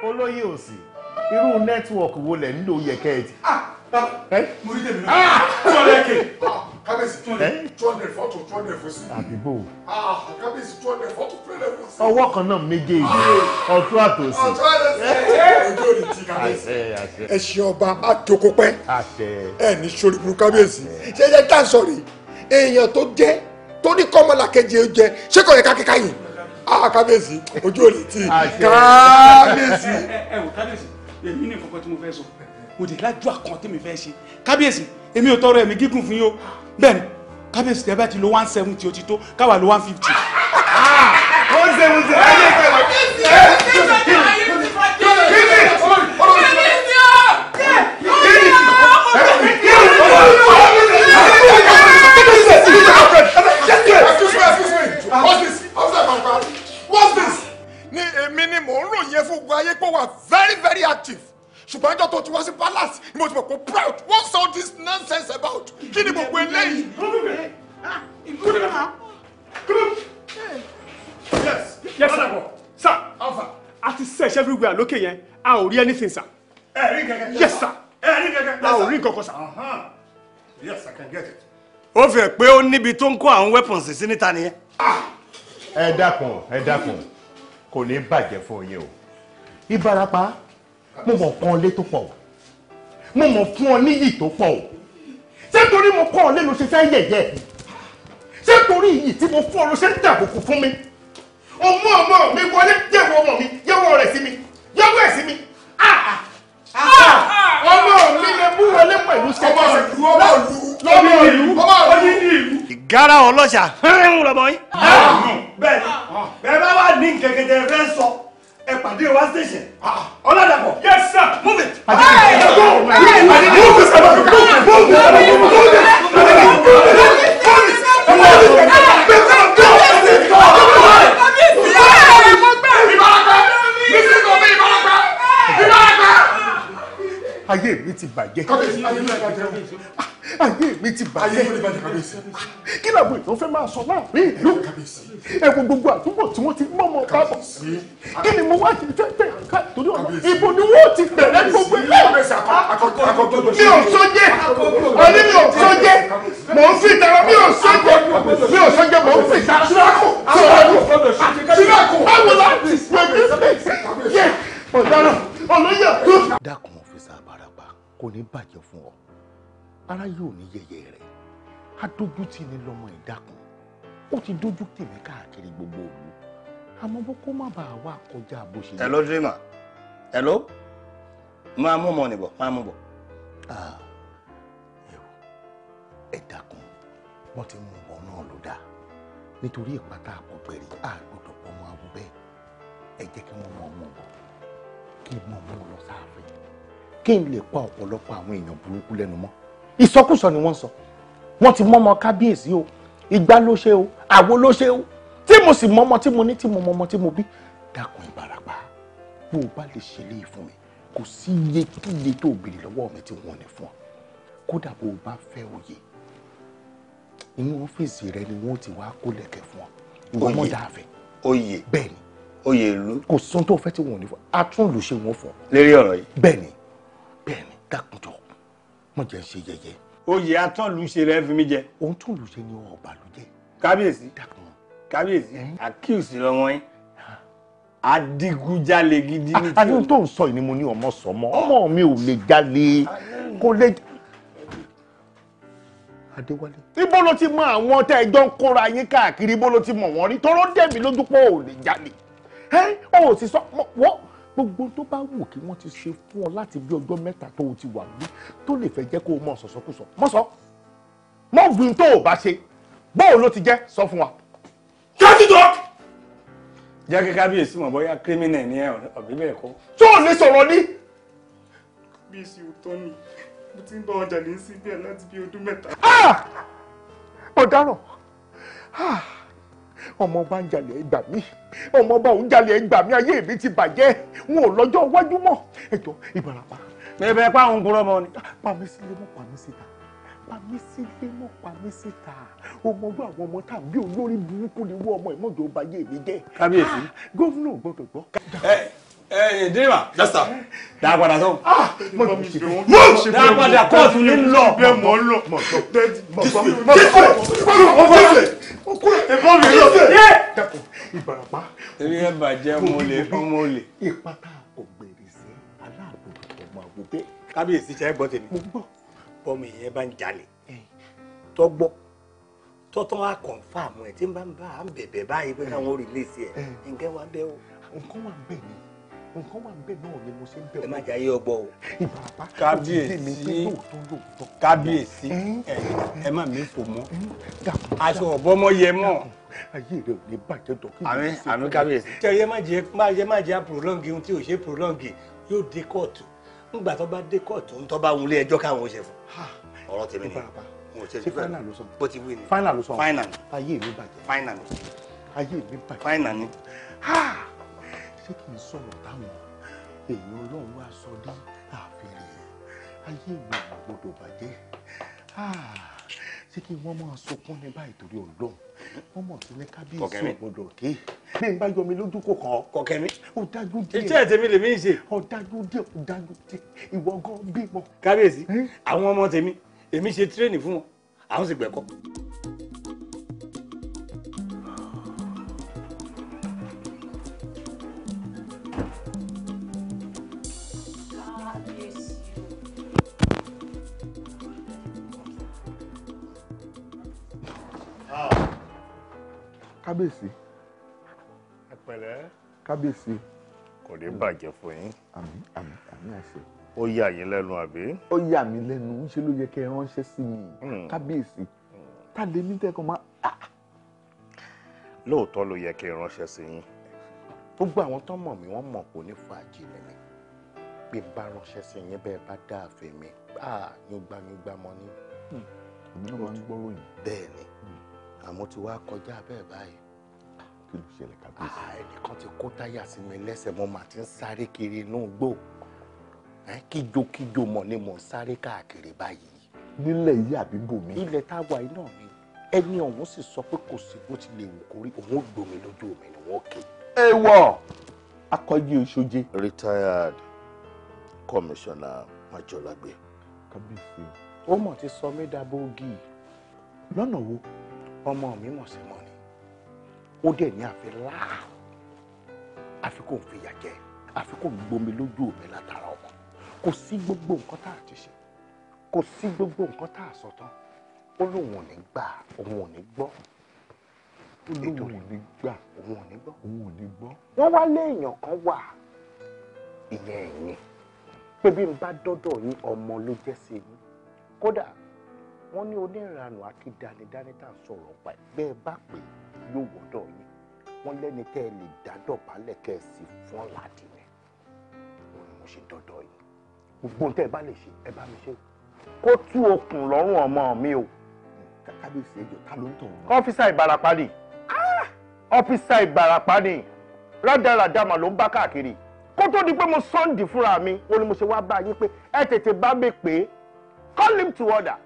Speaker 1: olóyè òsì irú nẹ́tíwọ̀kì wo lẹ̀ ń lò yẹ kẹ́ ẹ ti. Ah, mo rí tèmi náà. Ah, kábíyèsí tún lè two hundred fọ́tò two hundred fún sí. àbíbò. Ah, kábíyèsí two hundred fọ́tò two hundred fún sí. ọwọ́ kan náà méjèèjì ọ̀tún àtòsí. ọ̀tún àtòsí ojú òní ti kábíyèsí. ẹ ṣe ọba àtòkò pẹ́ ẹ ní sori burú kábíyèsí ṣe jẹ́ tá a sọ rè èèyàn tó jẹ́ tó ní kọ́mọlá kejì ó jẹ ṣé kò yẹ ká kíkà yìí ah, kábíyèsí ojú òní ti kábíyèsí. ẹ wò kábíyèsí èmi ní ìfọ̀kọ́ tí mo fẹ́ sọ mo dé lájú àkàn tí mi fẹ́ ṣe kábíyèsí èmi ò tọrọ ẹ̀mí gígùn fún yín o bẹ́ẹ̀ ni kábíyèsí tẹ́ bá ti lo one seventy ó ti tó káwa lo
Speaker 2: one fifty. Ah!
Speaker 1: one seventy ẹ ní ìfẹ́ wọn.
Speaker 2: ní èmi ni mò ń ròyìn fún gbogbo
Speaker 1: ayé pé wà very very active ṣùgbọ́n ẹjọ́ tó ti wá sí palace ni mo ti mọ̀ pé proud what's all this nonsense about kí ni gbogbo eléyìí. yes yes sir sir alpha a ti search everywhere lókè yẹn a ò rí anything sir. ẹ rí kankan yes sir ẹ rí kankan a ò rí kankan sir.
Speaker 2: yes i can get it.
Speaker 1: ó fi hàn pé ó níbi tó ń kó àwọn weapons sí níta nìyẹn. Ah! ẹ dákun ẹ dákun kò ní bàjẹ́ fún yín o ìbarapá mo mọ̀ kàn lé tó pọ̀ o mo mọ̀ fún ọ níyì tó pọ̀ o ṣé torí mo kọ́ ọ lé ló ṣe fẹ́ yẹ̀yẹ́ mi ṣé torí iyì tí mo fún ọ ló ṣe ń tàbùkù fún mi ọmọ ọmọ mi wọlé yẹ̀wò ọmọ mi yẹ̀wò rẹ̀ sí mi yẹ̀wò ẹ̀ sí mi ah,
Speaker 2: ah, ah, ọmọ mi lè mú wọlé pẹ̀lú ṣẹ́kẹ́sẹ̀ lọ́mọ ìlú ọmọ ìlú. ìgárá ọlọ́ṣà fẹ́rẹ̀ ń lọ́mọ yín. bẹ́ẹ̀ ni bẹ́ẹ̀ bá wà ní kẹ̀kẹ́ tẹ̀ fẹ́ sọ ẹ pàdé wa station ọ̀làdàpọ̀. yes sir move it. adé mi move it. move it. move it. move it. move it. move it.
Speaker 1: ayé mi ti bàjẹ́. kábíyèsí ayé mi ti bàjẹ́. Ah, ayé mi ti bàjẹ́. ayé mi ti bàjẹ́ kábíyèsí. kí làwọn èèyàn fẹ́ máa sọ láàrin ìlú. ẹ wo gbogbo àdúgbò tí wọ́n ti mọ́ ọmọ bábọ̀. kí ni mo wá kí n fẹ́ tẹ̀ ká torí ọ̀la ìbò ni wọ́n ti bẹ̀rẹ̀ gbogbo ilé. mi ò sọ́jẹ́ ọ̀ní mi ò sọ́jẹ́ mò ń fi ìtara mi ò sọ́jẹ́ mi ò sọ́jẹ́ mò ń fi ìtara. síláàkù síláàkù báwo láti ṣe ọ̀daràn olóyè tó. dákun kò ní bàjẹ́ fún ọ ara yóò ní yẹyẹ rẹ á dójú tì ní lọ́mọ ìdákun ó ti dójú tì mí káàkiri gbogbo òlu àmọ́ bó kó má bàa wá kọjá bó ṣe. hello dreamer hello máa mú mọ nìbọ máa mú bọ. ẹ dákun wọn ti mú bọ náà ló dáa nítorí ìpátá àpọ̀gbẹ̀rì àgbọ̀dọ̀ pọ̀ mọ́ àwọ̀ ẹ jẹ́ kí wọ́n mọ̀ ọmọ bọ̀ kí wọ́n mú lọ sáàfin kí n lè pa ọ̀pọ̀lọpọ̀ àwọn èèyàn burúkú lẹ́nu mọ́ ìsọkúsọ ni wọ́n sọ wọ́n ti mọ́mọ kábíyèsí o ìgbà ló ṣe o àwo ló ṣe o tí mo sì mọ́mọ tí mo ní tí mo mọ́mọ tí mo bí dákun ìbarapá bó o bá lè ṣe léyìí fún mi kò sí iye kíye tó o béèrè lọ́wọ́ mi tí wọ́n ní fún ọ kódà bó o bá fẹ́ òye inú ọ́fíìsì rẹ ni wọ́n ti wá kó lẹ̀kẹ̀ fún ọ ìwọ mọ̀ dáàfẹ́ oyè bẹ́ẹ̀ ni oyè ìlú kò sóhun tó fẹ́ tí wọ́n ní fún ọ atúnlùṣe wọn fún ọ lérí ọ̀rọ̀ yìí bẹ́ẹ̀ ni bẹ́ẹ̀ ni dákunjọ mọ̀ jẹ́ ń ṣe yẹ̀yẹ́. oyè atọ́lùṣe rẹ fi mí jẹ. ohun tó lù ṣe ni ọba ló jẹ. kábíyèsí kábíyèsí àkíyèsí lọ́wọ́ yín adigunjalè gidi ni. àdúgbò ah, ah, tó ń sọ yìí ni mo ní ọmọ sọmọ ọmọ mi ò lè jalè kó lè. adéwálé. ibo ló ti mọ àwọn tẹ ẹjọ ń kóra yín káàkiri ibo ló ti mọ wọn rí tọrọ dẹbi lójú pé ò lè jalè ẹ ò sì sọ wọ́n gbogbo tó bá wù kí wọ́n ti ṣe fún ọ láti bí ọjọ́ mẹ́ta tó o ti wà wí tó lè fẹ́ jẹ́ kó o mọ̀ sọ̀sọ́kùsọ mọ́ sọ mọ́ gbìn tó o bá ṣe bóun ló ti jẹ́ sọ fún wa. jáde tó.
Speaker 2: jẹ́ kí kábíyèsí mọ̀ bóyá kírímìnà ni ẹ̀ ọ̀bí bẹ́ẹ̀ kọ́.
Speaker 1: tó o lè sọ̀rọ̀ ni. bíyèsí ò tọ́ ni mo ti ń bá ọjà ní síbíà
Speaker 2: láti bí ọdún mẹ́ta.
Speaker 1: ọ̀daràn. Ah! ọmọ bá ń jalè ẹgbà mí ọmọ bá ń jalè ẹgbà mí ayé mi ti bàjẹ́ n ò lọ́jọ́ iwájú mọ́ ẹjọ́ ìgbàlapá. pa òun kúrọ́ mọ́ ni. pa mí ọmọ ọdún àwọn ọmọ tàbí olórí burúkú ni wọ́n ọmọ ìmọ̀jọba ayé mi jẹ́. kábíyèsí. Ah, gómìnà gbọ́. ẹ
Speaker 2: dírìmà. yes sir. dáa padà sọ. mo ṣe dáa padà kóòtù ní lọ. bẹ́ẹ̀ mọ̀ ń lọ. mọ̀ sọ. mọ̀ sọ. mọ̀ sọ. mọ̀ sọ. ẹ̀fọ́ mi
Speaker 1: lọ. ìbàràpá.
Speaker 4: èmi ẹ bàjẹ́ mo lè mo lè.
Speaker 1: ìpàtà ògbèrè sí aláàbò ọmọ àgùnbẹ́. kábíyèsí ṣe é gbọ́ tèmi. mo gbọ́. bọ́mọ ìyẹn bá ń jalè. tọ́gbọ́ tọ́tọ́ á kọ̀ǹfàmù ẹ̀ tí ń bá ń bá à ń bẹ̀bẹ̀ báyìí pé káwọn ò rìlé sí ẹ̀ ǹkẹ́ wa bẹ́ o. nǹkan wà ń bẹ̀ nǹkan wà níbẹ̀ náà ni mo ṣe ń bẹ̀rù. ẹ má jẹ́ ayé ọgbọ́ o. ìbàbá kábíyèsí kábíyèsí ẹ má mi fò mọ́ aṣọ ọ̀bọ́mọ yẹ mọ́ ayé rẹ ò ní bàjẹ́ dọ̀ kí n lè ṣe. àmín kábíyèsí. tẹ ẹ má jẹ má jẹ má jẹ prolonge ohun tí ò ṣe prolonge yóò dé kóòtù ńgbà tó bá dé kóòtù ń tó bá wọlé ẹjọ́ káwọn ò ṣe fún. ọ̀rọ̀ tèmi ni ṣe fáínà ló sọ bó ló sọ fáínà ayé mi bàjẹ́ fáínà ayé mi bàjẹ́ fáínà ni ṣé kì í sọ̀rọ̀ táwọn èèyàn ọlọ́run wá sọ ní àfihàn ayé mi ò gbọdọ̀ bàjẹ́ ṣé kí wọ́n máa sunkún ní báyìí torí ọlọ́run wọ́n mọ̀ tún ní kábíyèsí ò gbọdọ̀ ké bí n bá yọ mi lójú kò kàn kọ̀kẹ́mi ọ̀dájú díẹ̀ iṣẹ́ tèmi lèmi ń ṣe ọ̀dájú díẹ̀ ọ̀dájú díẹ̀ ìwọ gan bímọ. kábíyèsí àwọn ọmọ tèmi èmi ṣe tírẹ́nì fún wọn àwọn sì gbẹ̀kọ́. kábíyèsí. ẹ pẹ̀lẹ́. kábíyèsí. kò ní bàjẹ́ fún yín. àmín àmín àmín àṣẹ. ó yà yín lẹ́nu àbí. ó yà mí lẹ́nu ń ló yẹ kẹ́ ẹ ránṣẹ́ sí mi hmm. kábíyèsí hmm. tá a lè ní tẹ́kọ̀ọ́ máa. Ah! lóòótọ́ ló yẹ kẹ́ ẹ ránṣẹ́ sí yín gbogbo àwọn tó mọ̀ mí wọ́n mọ̀ kò ní fàájì nìyẹn pé bá ránṣẹ́ sí yín bẹ́ẹ̀ bá dá àfẹ́ mi yúngbàmígbà mọ́ ni. Hmm. èmi náà máa ń gbọ́ ròyìn. bẹ́ẹ̀ ni kọjá bẹ́ẹ̀ báyìí kí ló ṣẹlẹ̀ kábíyèsí. Ah, ẹnìkan ti kó táyà sí mi lẹ́sẹ̀ mo máa ti ń sáré kiri inú gbò eh, kíjokíjo mọ̀ ni mò ń sáré káàkiri báyìí. nílẹ̀ yìí àbí bòmí. ilẹ̀ tá a wà iná ni ẹni ọ̀hún sì sọ pé kò sí bó ti lè wù kórí òun ò gbòmí lójú omi ni wọ́n ké. ẹ wọ akọjú ìṣoje. retired commissioner Majolagbe. kábíyèsí. ó mọ̀ ti sọ mí dábòógì. lọ́nà wo. ọmọ mi mọ̀ sí mọ́ ó dẹ̀ ní àfẹ́ láà àfi kò ń fìyà jẹ àfi kò ń gbomi lójú òbẹ̀ látara ọmọ kò sí gbogbo nǹkan tá a ti ṣe kò sí gbogbo nǹkan tá a sọ tán ó lóun ò ní gbà òun ò ní gbọ́ nítorí ní gbà òun ò ní gbọ́ òun ò ní gbọ́. wọ́n wá léèyàn kan wà ìyẹn ẹ̀yìn pé bí n bá dọ́dọ̀ yín ọmọ ló jẹ́ sí yín kódà wọ́n ní onírànù àti sọ̀rọ̀ ọ̀pá bẹ́ẹ̀ bá pè é yóò wọ́dọ̀ yín wọ́n lẹ́ni tẹ́ ẹ lè dá dọ̀bálẹ̀ kẹ́ ẹ sì fún ọ̀làdì rẹ̀ òun ni mo ṣe dọ́dọ̀ yìí gbogbo tẹ́ ẹ bá lè ṣe ẹ bá mi ṣe kó tú okùn lọ́rùn ọmọ mi o. kábíyèsí ẹjọ ta ló ń tọ̀ wọn. ọ́fíìsà ìbarapá ni ah! ọ́fíìsà ìbarapá ni rádaràdà mà ló ń bá káàkiri kó tó di pé mo sọ́ǹdì fúnra mi ó ní mo ṣe wá bá yín pé ẹ tètè bá mi pè é call him to order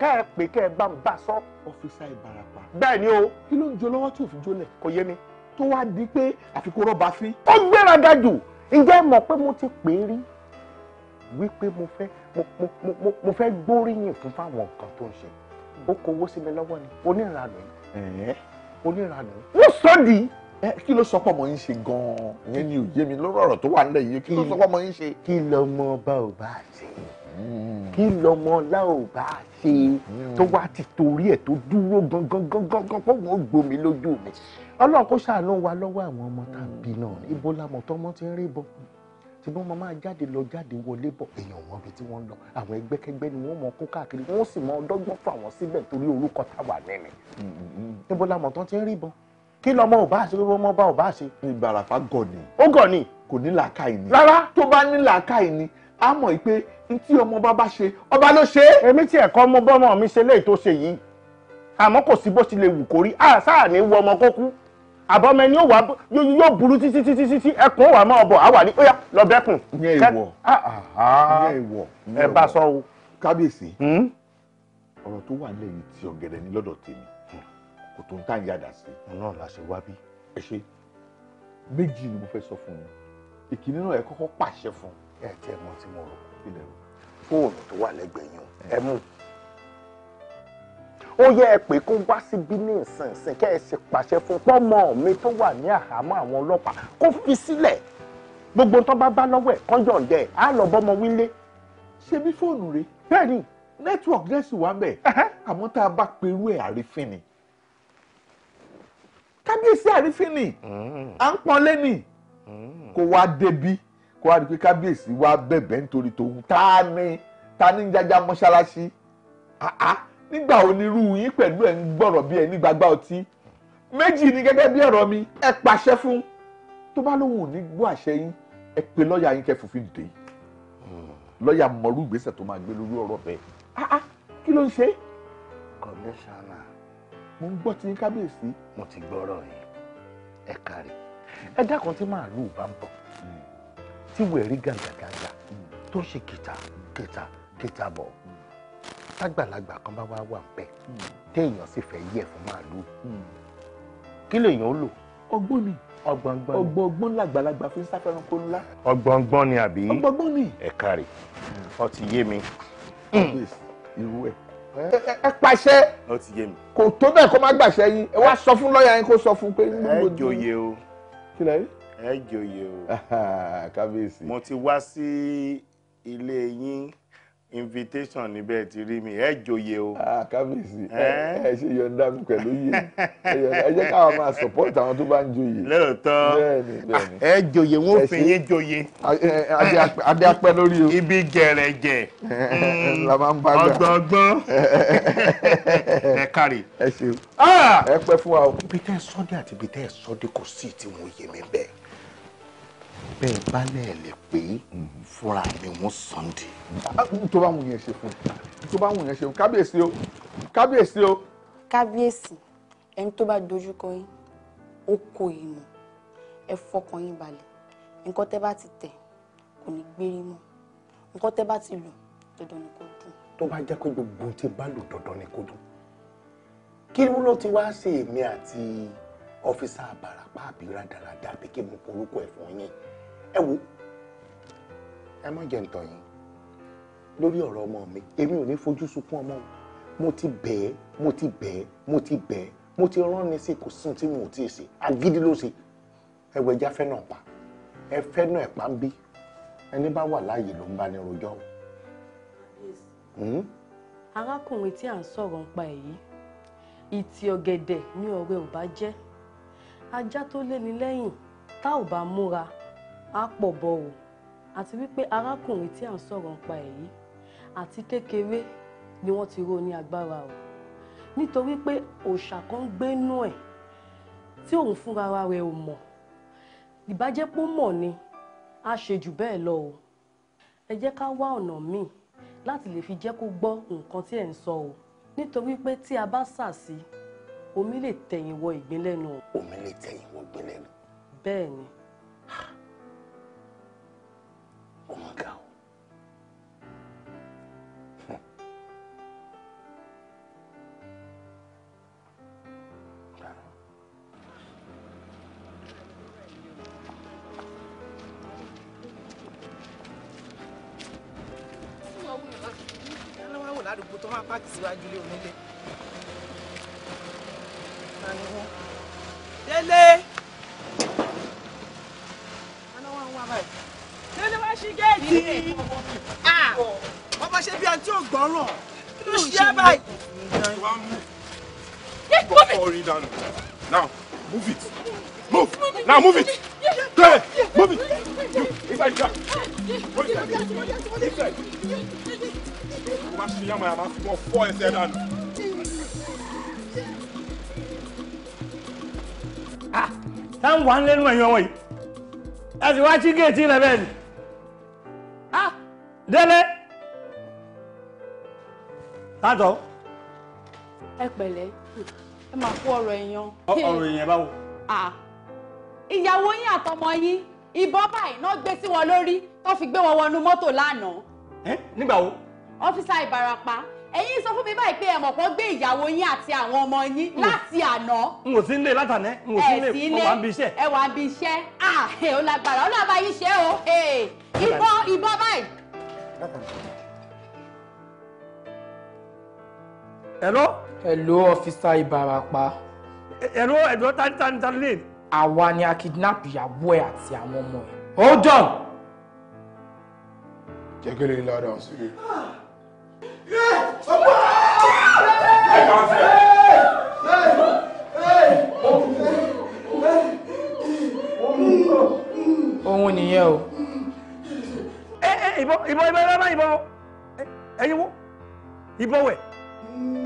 Speaker 1: kẹ́ ẹ pè kẹ́ ẹ bá ń bá sọ. ọfíìsà ìbarapá. bẹ́ẹ̀ ni o. kí ló ń jó lọ́wọ́ tí òfin jólẹ̀. kò yé mi. tó wá di pé àfikún rọ́bà sí. ó gbéraga jù ǹjẹ́ mọ̀ pé mo ti pè é rí wípé mo fẹ́ mo mo mo mo fẹ́ gbóríyìn fún fáwọn nǹkan tó ń ṣe ó kówó sí mi lọ́wọ́ ni oníranù oníranù wọ́n sọ di. ẹ kí ló sọ pé ọmọ yín ṣe gan-an ìyẹn ni òye mi lórí ọ̀rọ̀ tó wà nílẹ̀ yìí kí ló sọ pé ọmọ yín ṣe. kí lọmọ bá ò bá ṣe kí lọmọ láòbá ṣe tó wá ti torí ẹ̀ tó dúró gangan gangan gangan pọ̀ wọ́n gbomi lójú mi ọlọ́run kó ṣàánú wa lọ́wọ́ àwọn ọmọ tá à ń bí náà ibo làmọ̀ tọ́mọ ti ń rí bọ́ tí wọ́n máa jáde lọ jáde wọlé bọ̀ èèyàn wọn bíi tí wọ́n ń lọ àwọn ẹgbẹ́kẹgbẹ́ ni wọ́n mọ kó káàkiri wọ́n sì mọ ọdọ́gbọ́n fún àwọn síbẹ̀ torí orúkọ táwa nẹ́ni níbo mm-hmm. làmọ̀ tán ti ń rí bọ́ kí lọmọ ò bá ṣe bí wọ́n bá ò bá ṣe. ìbàràfà gọ̀ ni. ó gọ̀ ni. kò ní làákàyè ni. rárá tó bá ní làákàyè ni á mọ̀ pé n tí ọmọ bá bá ṣe ọba ló ṣe é. èmi tí ẹ̀kọ́ ọmọ bọ́mọ mi ṣe léyìí tó ṣe yìí àmọ́ kò sí bó ti lè wù kó rí sáà ní wọ ọmọ kó kú àbọ̀mọ ẹni yóò burú títí títí títí ẹkùn wà máa bọ̀ àwà ní ó yá lọ bẹ́kùn. ìyẹn ah, ah, ah. ìwọ ìyẹn ìwọ ẹ bá sọ o. kábíyèsí hmm? ọ̀rọ̀ tó wà lẹ́yìn ti ọ̀gẹ̀dẹ̀ ní lọ́dọ̀ tèmi kò tó ń tà yàdà sí. ọ̀nà la ṣe wá bí. ẹ ṣe méjì ni mo fẹ́ sọ fún yín ìkíní náà ẹ kọ́kọ́ pàṣẹ fún un ẹ tí ẹ mọ tí mo rò fóònù tó wà lẹ́gbẹ̀ẹ́ yín ẹ mú ó yẹ ẹ pé kó wá síbí ní ìsinsìn kẹ́ ẹ sì pàṣẹ fún pọ́mọ mi tó wà ní àhámọ́ àwọn ọlọ́pàá kó fi sílẹ̀ gbogbo tó bá bá lọ́wọ́ ẹ̀ kọ́ ẹ̀ á lọ bọ́mọ wílé. ṣé bí fóònù rẹ̀ bẹ́ẹ̀ ni network dẹ́sù wà bẹ́ẹ̀ àmọ́ tá a bá perú ẹ̀ àrífín ni kábíyèsí àrífín ni mm. à ń pọ́nlé ni mm. kó wá débi kó wá rí i pé kábíyèsí wá bẹ̀bẹ̀ nítorí tòun ta ni ta ni ń jájá mọ́ṣáláṣí nígbà onírú yín pẹ̀lú ẹ̀ ń gbọ̀rọ̀ bí ẹ̀ ní gbàgbá ọtí méjì ni gẹ́gẹ́ bí ọ̀rọ̀ mi ẹ pàṣẹ fún tó bá lóun ò ní gbọ́ àṣẹ yín ẹ pe lọ́ọ̀yà yín kẹ́ fòfin dè lọ́ọ̀yà mọ̀rú ìgbésẹ̀ tó máa gbé lórí ọ̀rọ̀ bẹ́ẹ̀ kí ló ń ṣe. kọmíṣánná. mo ń gbọ́ ti yín kábíyèsí. mo ti gbọ́rọ̀ yìí ẹ kárí ẹ dákun tí màálù bá ń bọ̀ tí wẹ̀rí gàǹgàǹgà tó ṣe kìtà kìtà kìtà bọ̀ tágbàlagbà kan bá wá wà pẹ́ téèyàn sì fẹ́ yẹ̀ fún màálù kí lèèyàn ó lò. ọgbọ́n ni ọgbọ̀ngbọ́n ni ọgbọ̀ngbọ́n làgbàlagbà fi ń sáfẹ́ràn kó ńlá. ọgbọ̀ngbọ́n ni àbí ọgbọ̀ngbọ́n ni ẹ̀ka rẹ̀ ó ti yé mi. irú ẹ̀ ẹ pàṣẹ kò tó bẹ́ẹ̀ kó má gbàṣẹ yín ẹ wá sọ fún lọ́ọ̀yà yín kó sọ fún pé. ẹ jòyè o. kí lẹ́yìn ẹ jòyè o kábíyèsí mo ti wá sí ilé yín invitation níbẹ̀ ti rí mi ẹ jòyè o ah, kábíyèsí ẹ ṣe yọ̀ǹda mi pẹ̀lú yìí ẹ jẹ́ káwọn máa support àwọn tó bá ń jòyè lóòótọ́ ẹ jòyè wọn fi yín jòyè adé apẹ́ lórí o ibi gẹ̀rẹ̀gẹ̀ ọgbọ̀ngbọ̀n ẹ kárí ẹ ṣeun ah! ẹ pẹ́ fún wa o. ibi tẹ́ ẹ sọ́dẹ̀ àti ibi tẹ́ ẹ sọ́dẹ̀ kò sí ìtìwọ̀n yèmí bẹ́ẹ̀ bẹ́ẹ̀ balẹ̀ lè pé mm, fúnra mi wọ́n Sunday. Ah, tó bá wùn yẹn ṣe fún tó bá wùn yẹn ṣe fún kábíyèsí o kábíyèsí o.
Speaker 5: kábíyèsí ẹni tó bá dojú kọ yín ó kó yín mọ ẹ fọkàn yín balẹ̀ nǹkan tẹ́ bá ti tẹ̀
Speaker 1: kò ní gbérí mọ́ nǹkan tẹ́ bá ti lò dandan ni kò dùn. tó bá jẹ́ pé gbogbo tí bá lò dandan ni kò dùn kí ló ti wá ṣe èmi àti ọ́fíìsà àbàràpá àbí rádaràdà àbí kí mo porúkọ ẹ̀fọn yẹn ẹ wo ẹ má jẹ́ ntọ̀ yín lórí ọ̀rọ̀ ọmọ mi èmi ò ní fojú sunkún ọmọ mo ti bẹ̀ẹ́ mo ti bẹ̀ẹ́ mo ti bẹ̀ẹ́ mo ti rán ni sí kò sí tí mo ò tí ì ṣe agídí ló ṣe ẹ wọ ẹja náà pa ẹ fẹ́ náà ẹ̀ pa ń bí ẹni bá wà láàyè ló ń bá ní rojọ́ o. Hmm?
Speaker 5: arákùnrin tí à ń sọ̀rọ̀ ń pa èyí ìtì ọ̀gẹ̀dẹ̀ ní ọ̀rẹ́ ò bá jẹ́ ajá tó lé ni lẹ́yìn tá ò bá múra A pọ̀ bọ̀ o àti wípé arákùnrin tí à ń sọ̀rọ̀ nípa ẹ̀ yìí àti kékeré ni wọ́n ti rò ní agbára o nítorí pé òòṣà kan ń gbénú ẹ̀ tí òun fúnra rẹ̀ ò mọ̀ ìbájẹ́pọ̀ mọ̀ ni a ṣe jù bẹ́ẹ̀ lọ o ẹ jẹ́ ká wá ọ̀nà míì láti lè fi jẹ́ kó gbọ́ nǹkan tí ẹ̀ ń sọ o nítorí pé tí a bá sà sí omi lè tẹ̀yìn wọ ìgbín o.
Speaker 1: omi lè tẹ̀yìn wọ ìgbín
Speaker 5: bẹ́ẹ̀ ni ó mà ga
Speaker 3: o ládùúgbò tó máa pààkì síwájú ilé
Speaker 1: orin dànù now move it move now move it clear move it you inside jack wait inside má ṣe yàmà yàmà fún ọ fọ
Speaker 2: ẹsẹ̀ dànù. Ah, tá ń wà ń lẹ́nu ẹ̀yìn ọmọ yìí ẹ sì wá sí géètì rẹ bẹ́ẹ̀ ni ah, délé tátọ.
Speaker 5: ẹ pẹ̀lẹ́ ẹ máa kú ọ̀rọ̀ èèyàn.
Speaker 1: ọ̀rọ̀ èèyàn báwo.
Speaker 5: ìyàwó yín àtọmọ yín ìbọn báyìí náà gbé sí wọn lórí tó fi gbé wọn wọnú mọ́tò lánàá.
Speaker 1: ẹ nígbà wo.
Speaker 5: ọ́físà Ìbàràpá ẹ̀yin sọ fún mi báyìí pé ẹ̀mọ̀ kan gbé ìyàwó yín àti àwọn ọmọ yín láti àná.
Speaker 1: n ò sí ilé látàná n ò sí ilé mo wà ń bi iṣẹ́.
Speaker 5: ẹ wà ń bi iṣẹ́ ah ó lágbára ó lábàá yín ṣe o
Speaker 1: ìbọn ìbọn báyìí. Hello hello officer Ìbàràpá.
Speaker 2: hello hello tani tani
Speaker 1: tani lè. àwa ni a kidnap ìyàwó ẹ àti àwọn ọmọ ẹ. hold on. jẹ́ kí lè lọ́dọ̀ ọ̀hún sí
Speaker 4: i. òun nìyẹn o.
Speaker 1: ẹ ẹ ìbọn ìbọn ìbọn ìbọn ìbọn ẹyin wo ìbọn wẹ̀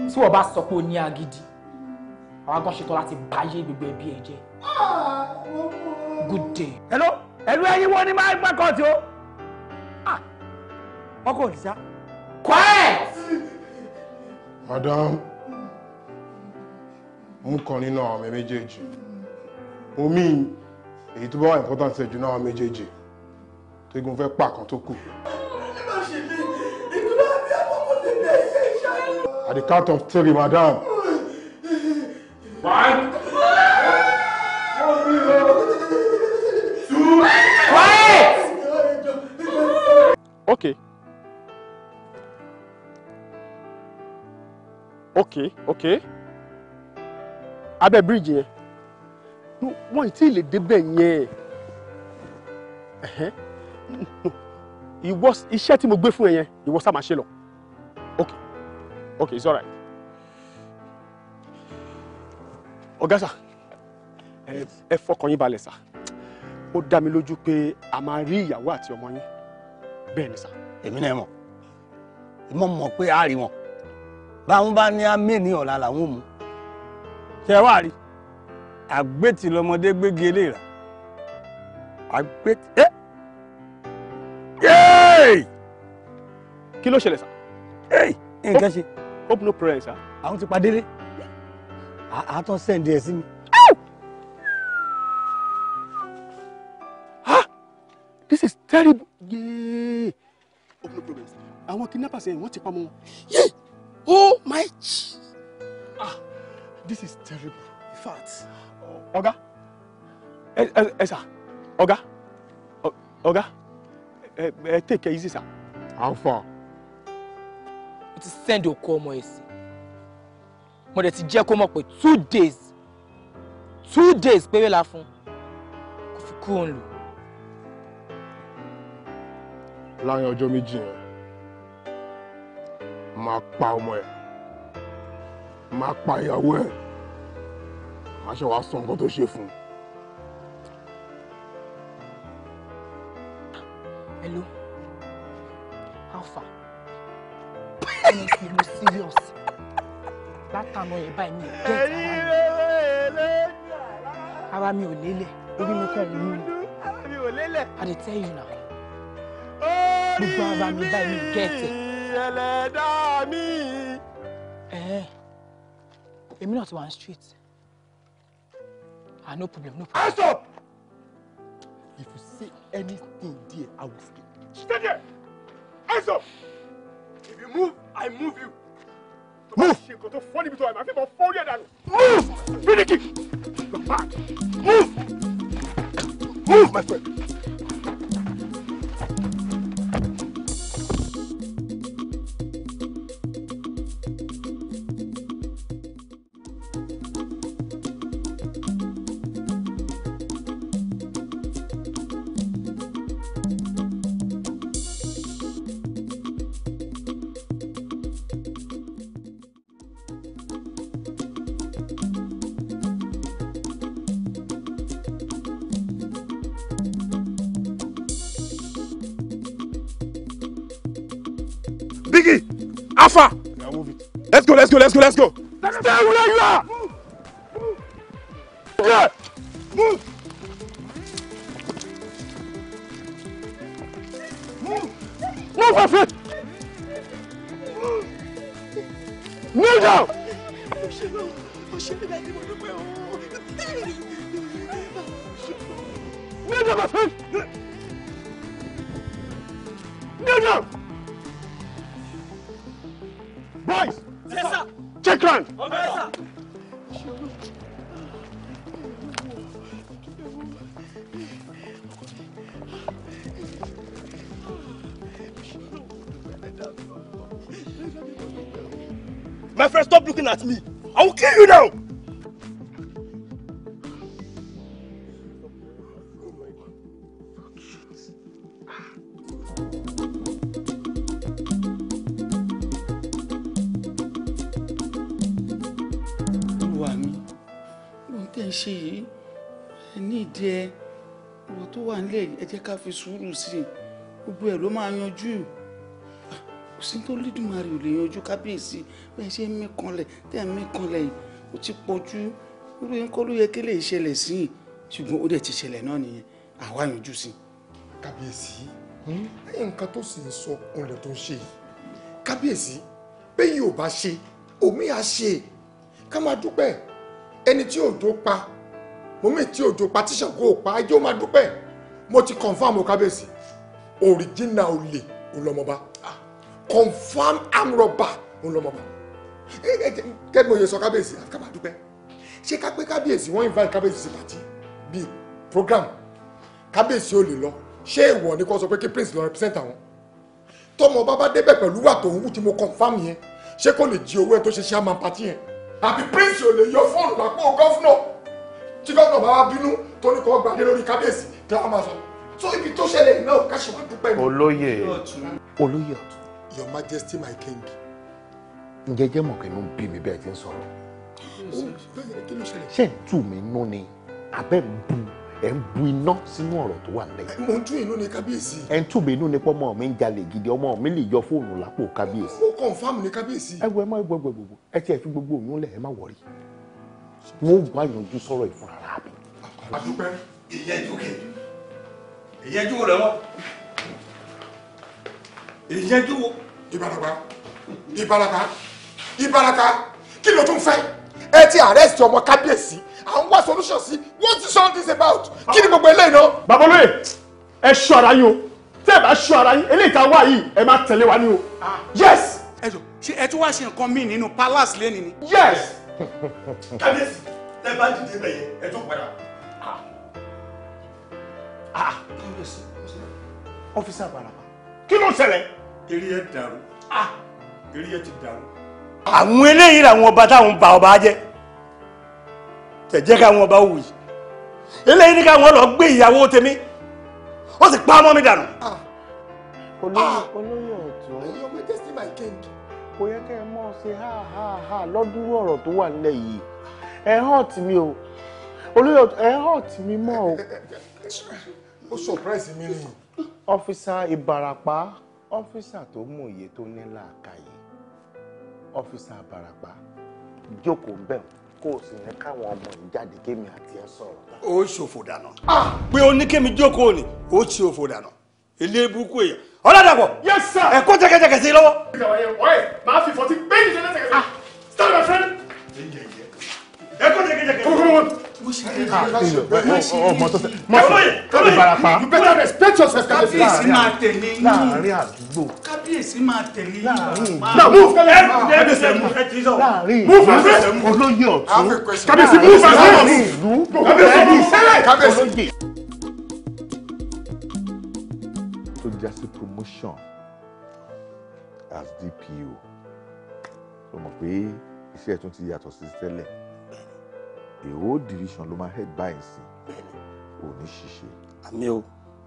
Speaker 1: tí wọ́n bá sọ pé o ní agídí àwọn gan ṣetán láti báyé gbogbo ẹbí ẹ jẹ. good day. hello ẹlú ẹyin wọn ni máa gbà kàn tí o. Ah, ọkọ òrìṣà. quiet. madam mo ń kọrin náà àwọn méjèèjì omi èyí tó bá wà important ẹ̀ jù náà àwọn méjèèjì tó igun fẹ́ pàkan tó kù. At the count of three, madam.
Speaker 2: One. Two. Quiet!
Speaker 1: Okay. Okay, okay. Abẹ́ bíríìjì yẹn. No, ì tí ì lè débẹ̀ yẹn. Ìwọ iṣẹ́ tí mo gbé fún ẹ for ìwọ He was a lọ. Okay. Okay, it's all right. Ọ̀gá sà, ẹ fọkàn yín balẹ̀ sà. Ó dá mi lójú pé a máa rí ìyàwó àti ọmọ yín. Bẹ́ẹ̀ ni sà. Èmi náà mọ̀. Mo mọ̀ pé a rí wọn. Báwọn bá ní àmì ní ọ̀la làwọn ò mú. Ṣé ẹ wá rí? Àgbẹ̀tì lọmọdé gbégi eléyìí àgbẹ̀tì. Kí ló ṣẹlẹ̀ sà? Nǹkan ṣe hope no prayer sir. àwọn ti pa délé àátọ́ sẹ́ǹdì ẹ̀ sí mi. this is terrible. Yeah. hope no problem sir. àwọn kidnappers yẹn wọ́n ti pa ọmọ wọn. oh my ah this is terrible. in fact. ọ̀gá ẹ ẹ ẹ sà ọ̀gá ọ̀gá ẹ take care easy sir. how far mo ti send òkú ọmọ ẹ̀ sí mo dẹ̀ ti jẹ́ kó mọ̀ pé two days two days péré la fún kò fi kúrò ń lò. láàrin ọjọ́ méjì yẹn máa pa ọmọ ẹ̀ máa pa ìyàwó ẹ̀ máa ṣe wàá sọ nǹkan tó ṣe fún un. ọmọ yẹn báyìí mi ò gẹ́ẹ̀tì ara mi ò lélẹ̀ orí mi kàn wú mi I dey tell you now gbogbo ara mi báyìí mi ò gẹ́ẹ̀tì. mi. ẹ̀ẹ́ eh, èmi náà ti wà ní street ah no problem no problem. hands up if you say anything there I will stay. stay there hands up if you move I move you move. move. move. move my friend. let's go, let's go, let's go. gun at me. I will kill you now. ń ṣe yìí ẹ ní ìdí ẹ ọ̀rọ̀ tó wà nílẹ̀ ẹ jẹ́ ká fi sùúrù sí i gbogbo ẹ̀ ló máa yanjú kò sí tó lédùmarè ò lè yanjú kábíyèsí bẹ́ẹ̀ ṣe mí kanlẹ̀ tẹ́ mí kanlẹ̀ yìí ó ti pọ̀jù irú yẹn kọ́ ló yẹ kí lè ṣẹlẹ̀ sí i ṣùgbọ́n ó dẹ̀ ti ṣẹlẹ̀ náà nìyẹn àwa yanjú sí i. kábíyèsí lẹ́yìn nǹkan tó sì ń sọ ọkùnrin tó ń ṣe yìí kábíyèsí bẹ́yìn ò bá ṣe omi á ṣe ká máa dúpẹ́ ẹni tí òjò pa mọ́mí tí òjò pa tí Ṣàngó ò pa ajé máa dúpẹ́ mo ti confam o kábíyèsí òrìjínà olè olọmọba confam arm robber òun lọ́mọ bá kẹ́gbọ́n òye sọ kábíyèsí àkàbà dúpẹ́ ṣé ká pé kábíyèsí wọ́n invite kábíyèsí sí pàtí bíi program kábíyèsí ò lè lọ ṣé ìwọ ni kò sọ pé kí prince lọ represent àwọn tọmọ bàbá débẹ̀ pẹ̀lú wà tòun wù tí mo confam yẹn ṣé kò lè jí owó ẹ tó ṣe chairman party yẹn àbí prince ò lè yọ fóònù lápò gọ́fúnà tí gọ́fúnà bá wá bínú tó ní kò gbàdé lórí kábíyèsí tí wọ́n máa sọ tó ibi tó ṣẹlẹ̀ náà káṣíwájú pẹ̀lú. olóyè olóyè ọ̀tún your majesty my king. ǹjẹ́ jẹ́ mọ̀ kí inú bí mi bẹ́ẹ̀ ti ń sọ̀rọ̀ oh, ṣé ń tù mí nú ni abẹ́ ń bu ẹ̀ ń bu iná sínú ọ̀rọ̀ tó wà nílẹ̀. mo ń tún inú ni kábíyèsí. ẹ̀ ń tún mi inú ni pọ́ ọmọ mi ń jalè gidi ọmọ mi lè yọ fóònù lápò kábíyèsí. mo confirm ni kábíyèsí. ẹ wo ẹ má gbogbo gbogbo ẹ tiẹ̀ fi gbogbo òun lẹ̀ ẹ má wọrí wọn ò bá yanjú sọ̀rọ̀ ìfúnra mi. àdúpẹ́ ìyẹ́jú kẹ̀ ìyẹ́jú rẹ̀ wọ́n ìbaraka ìbaraka ìbaraka kí ló tún fẹ́. ẹ ti arrest ọmọ kábíyèsí à ń wá solution sí what is all this about kí ni gbogbo eléyìí náà. bàbá olóyè ẹ ṣọ́ ara yín o tẹ́ ẹ bá ṣọ́ ara yín eléyìí tá a wá yìí ẹ máa tẹ̀lé wa ni o ah. yes. ẹ jọ ṣe ẹ tún wá ṣe nǹkan míì nínú palace lẹ́ni ni. yes. kábíyèsí tẹ bá dìde bẹyẹ ẹ tún padà.
Speaker 2: Ah. Ah. kábíyèsí
Speaker 1: ọfíìsì àgbàlagbà
Speaker 2: kí ló ṣẹlẹ̀ eré ẹ̀ dàrú ah! eré ẹ̀ ti dàrú. àwọn eléyìí làwọn ọba táwọn ba ọba jẹ́ tẹ̀jẹ́ káwọn ọba wù yìí eléyìí ní káwọn lọ gbé ìyàwó tèmi ó sì pa ọmọ mi dànù. Ah! Ah!
Speaker 1: olóyè ọ̀tún ẹ̀yin ọmọ jẹ́sí my king. kò yẹ kẹ́ ẹ mọ̀ ṣe ha ha ha lọ́dúnrún ọ̀rọ̀ tó wà nílẹ̀ yìí ẹ hàn tì mí o olóyè ọ̀tún ẹ hàn tì mí mọ́ o. ó surprise mi ni. ọ́físà Ìbàràpá ọ́físà tó mú iye tó ní làákàyè ọ́físà àbàràpá jókòó bẹ́ẹ̀ kó o sì ní káwọn ọmọ yìí jáde kémi àti ẹ sọ̀rọ̀. ó ṣòfò dànù. pé o ní kémi jókòó ni ó ṣe òfò dànù ilé burúkú èèyàn ọ̀làdàpọ̀. yes sir. ẹ̀kọ́ jẹ́kẹ́jẹ́kẹ́ sí i lọ́wọ́.
Speaker 2: ọ̀ẹ́ máa fi fọ́tí gbé ìjọba jẹ́kẹ́jẹ́. stand my friend. ẹ̀kọ́ jẹ́kẹ́jẹ́kẹ́. Ah, you better respect your responsibility. kábíyèsí máa tẹ̀lé yín kábíyèsí máa tẹ̀lé yín now move láàrin move olóyè ọ̀tún kábíyèsí move láàrin ìlú kábíyèsí sẹ́lẹ̀ kábíyèsí.
Speaker 1: tó já promotion as DPO tó mọ̀ pé iṣẹ́ tún ti yàtọ̀ sí tẹ́lẹ̀. The whole division ló máa head báyìí sí ò ní ṣiṣẹ́. àmín o.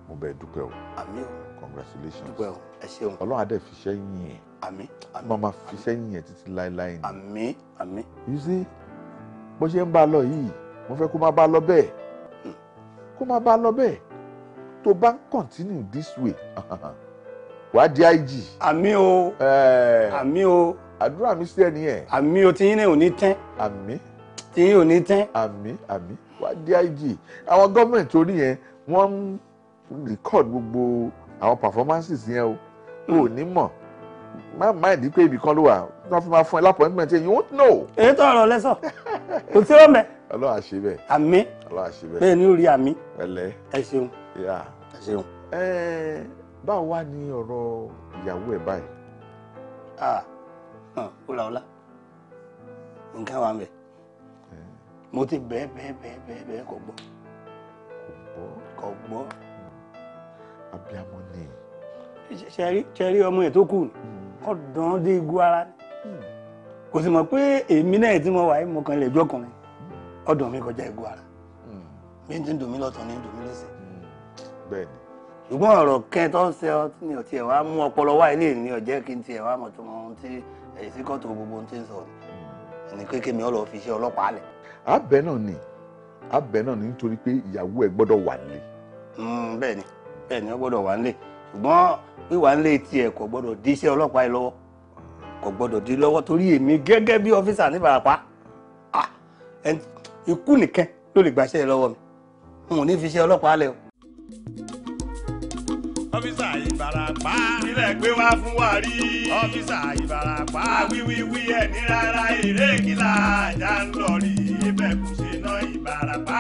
Speaker 1: mo bẹ̀ dúpẹ́ o. àmín o. congratulations. dúpẹ́ o ẹ ṣeun. ọlọ́run adé fi sẹ́yìn ẹ̀. àmín àmín. màmá fi sẹ́yìn ẹ̀ títí láéláé ni. àmín àmín. you see bó ṣe ń bá a lọ yìí mo fẹ́ kó má bá a lọ bẹ́ẹ̀ hmm. kó má bá a lọ bẹ́ẹ̀ tó bá ń continue this way wàá di IG. àmín o eh. àmín o. àdúrà mi sí ẹni yẹn. àmín o tí yín náà ò ní tán. àmín tí yóò ní tẹ́. àmì àmì wàá di IG àwọn gọ́ọ̀mẹ̀ntì orí yẹn wọ́n ń record gbogbo àwọn performances yẹn o hmm. ò ní mọ̀ má má ìdí pé ibì kan ló wà wọ́n fi máa fún ẹ lápọ̀nmẹ̀ntì you won't know. èyí tó ọ̀rọ̀ lẹ́sọ̀ kò tí ó mẹ́. ọlọ́run àṣẹ bẹ́ẹ̀. àmì ọlọ́run àṣẹ bẹ́ẹ̀. bẹ́ẹ̀ ni ó rí àmì. ẹlẹ́ ẹ ṣeun. ẹ ṣeun. ẹẹ báwo wá ní ọ̀rọ̀ ìyàwó ẹ̀ báyìí. ah ọ̀la ọ̀la nǹkan wà ń bẹ̀ mo ti bẹ́ẹ̀ bẹ́ẹ̀ bẹ́ẹ̀ bẹ́ẹ̀ bẹ́ẹ̀ kò gbọ́. kò gbọ́. kò gbọ́. abiyamọ ni. ṣẹ́rí ọmọ ẹ̀ tó kù hmm. kọ́ dán dé igun ara hmm. kò sì mọ̀ pé èmi náà tí mo wà yìí mo kàn lè jọkùnrin hmm. ọdún mi kọjá igun ara mi ti ń dùn mí lọ́tọ̀ ní dùn mí lọ́sẹ̀. bẹ́ẹ̀ni. ṣùgbọ́n ọ̀rọ̀ kẹtọ́ ṣe ọ ní ọtí ẹ̀ wá mú ọpọlọ wá ilé ní ọ̀jẹ́ kí n ti ẹ̀ wá mọ̀ tó mọ ohun tí ẹ̀yìn sí gbogbo ohun tí ń sọ ni kékeré mi ọ lọ fi ṣe ọlọ́pàá lẹ̀ abẹ náà ni abẹ náà ni nítorí pé ìyàwó ẹ gbọ́dọ̀ wà nílé. Hmm, bẹ́ẹ̀ ni bẹ́ẹ̀ ni ó gbọ́dọ̀ wà nílé ṣùgbọ́n wíwà nílé tiẹ̀ kò gbọ́dọ̀ di iṣẹ́ ọlọ́pàá yìí lọ́wọ́ kò gbọ́dọ̀ di lọ́wọ́ torí èmi gẹ́gẹ́ bí ọ́fíìsà níbàràpá ah, ikú nìkan ló lè gbàṣẹ́ lọ́wọ́ mi n ò ní fi iṣẹ́ ọlọ́pàá lẹ̀ o.
Speaker 2: ọ́fíìsà ìbàràpá ilẹ̀ gbé wá fún wa rí. ọ́fíìsà ìbàràpá wíwíwí ẹ̀ ní rárá èrè kìlà àjà ń lọ rí níbẹ̀ kò ṣe ná ìbarapá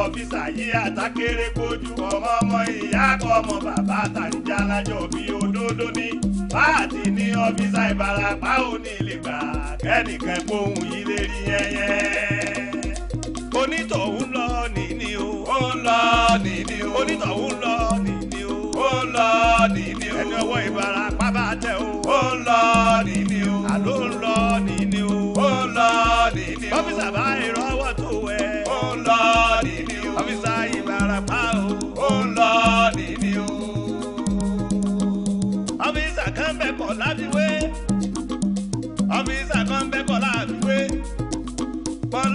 Speaker 2: ọ́fíìsà yìí àtàkèrè kojú ọmọ ọmọ ìyá ọmọ bàbá tàníjà lájọ bí òdodo ní báàtì ní ọ́fíìsà ìbarapá ò lè gbà kẹ́nìkan gbóhùn yìí lè rí yẹyẹ onítọ̀hún lọ nìní o ó lọ nìní o onítọ̀hún lọ nìní o ó lọ nìní o ẹni ọwọ́ ìbarapá bá tẹ o ó lọ nìní o àló ń lọ nìní o ó lọ nìní o ọ́fíìsà báyìí.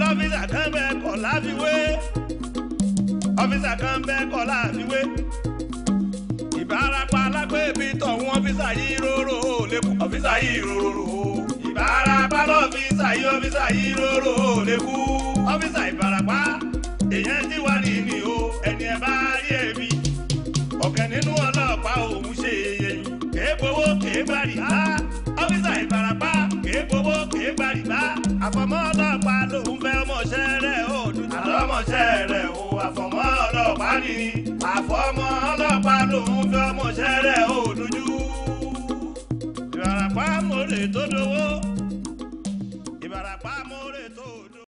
Speaker 2: ọlọ́fíìsà kan bẹ kọ̀ láfiwé ọ́fíìsà kan bẹ kọ̀ láfiwé ìbárapa alágbèbí tọ̀hún ọ́fíìsà yìí róró lẹ́kù ọ́fíìsà yìí róró ìbárapa lọ́fíìsà yìí ọ́fíìsà yìí róró lẹ́kù ọ́fíìsà ìbárapa èèyàn ti wà nìyí o ẹni ẹ bá rí ẹbí ọ̀kẹ́ nínú ọlọ́pàá òun ṣe yẹyẹ kèé gbowó kèé bá rí ha ọ́fíìsà ìbárapa èèbòbò èèbàrìbá àfọmọ́ ọlọ́pàá lòún fẹ́ ọmọọṣẹ́ rẹ̀ ó dùn àlọ́ ọmọọṣẹ́ rẹ̀ ó àfọmọ́ ọlọ́pàá ni àfọmọ́ ọlọ́pàá lòún fẹ́ ọmọọṣẹ́ rẹ̀ ó dùnjú. ìbàràpá mòrè tó dowó ìbàràpá mòrè.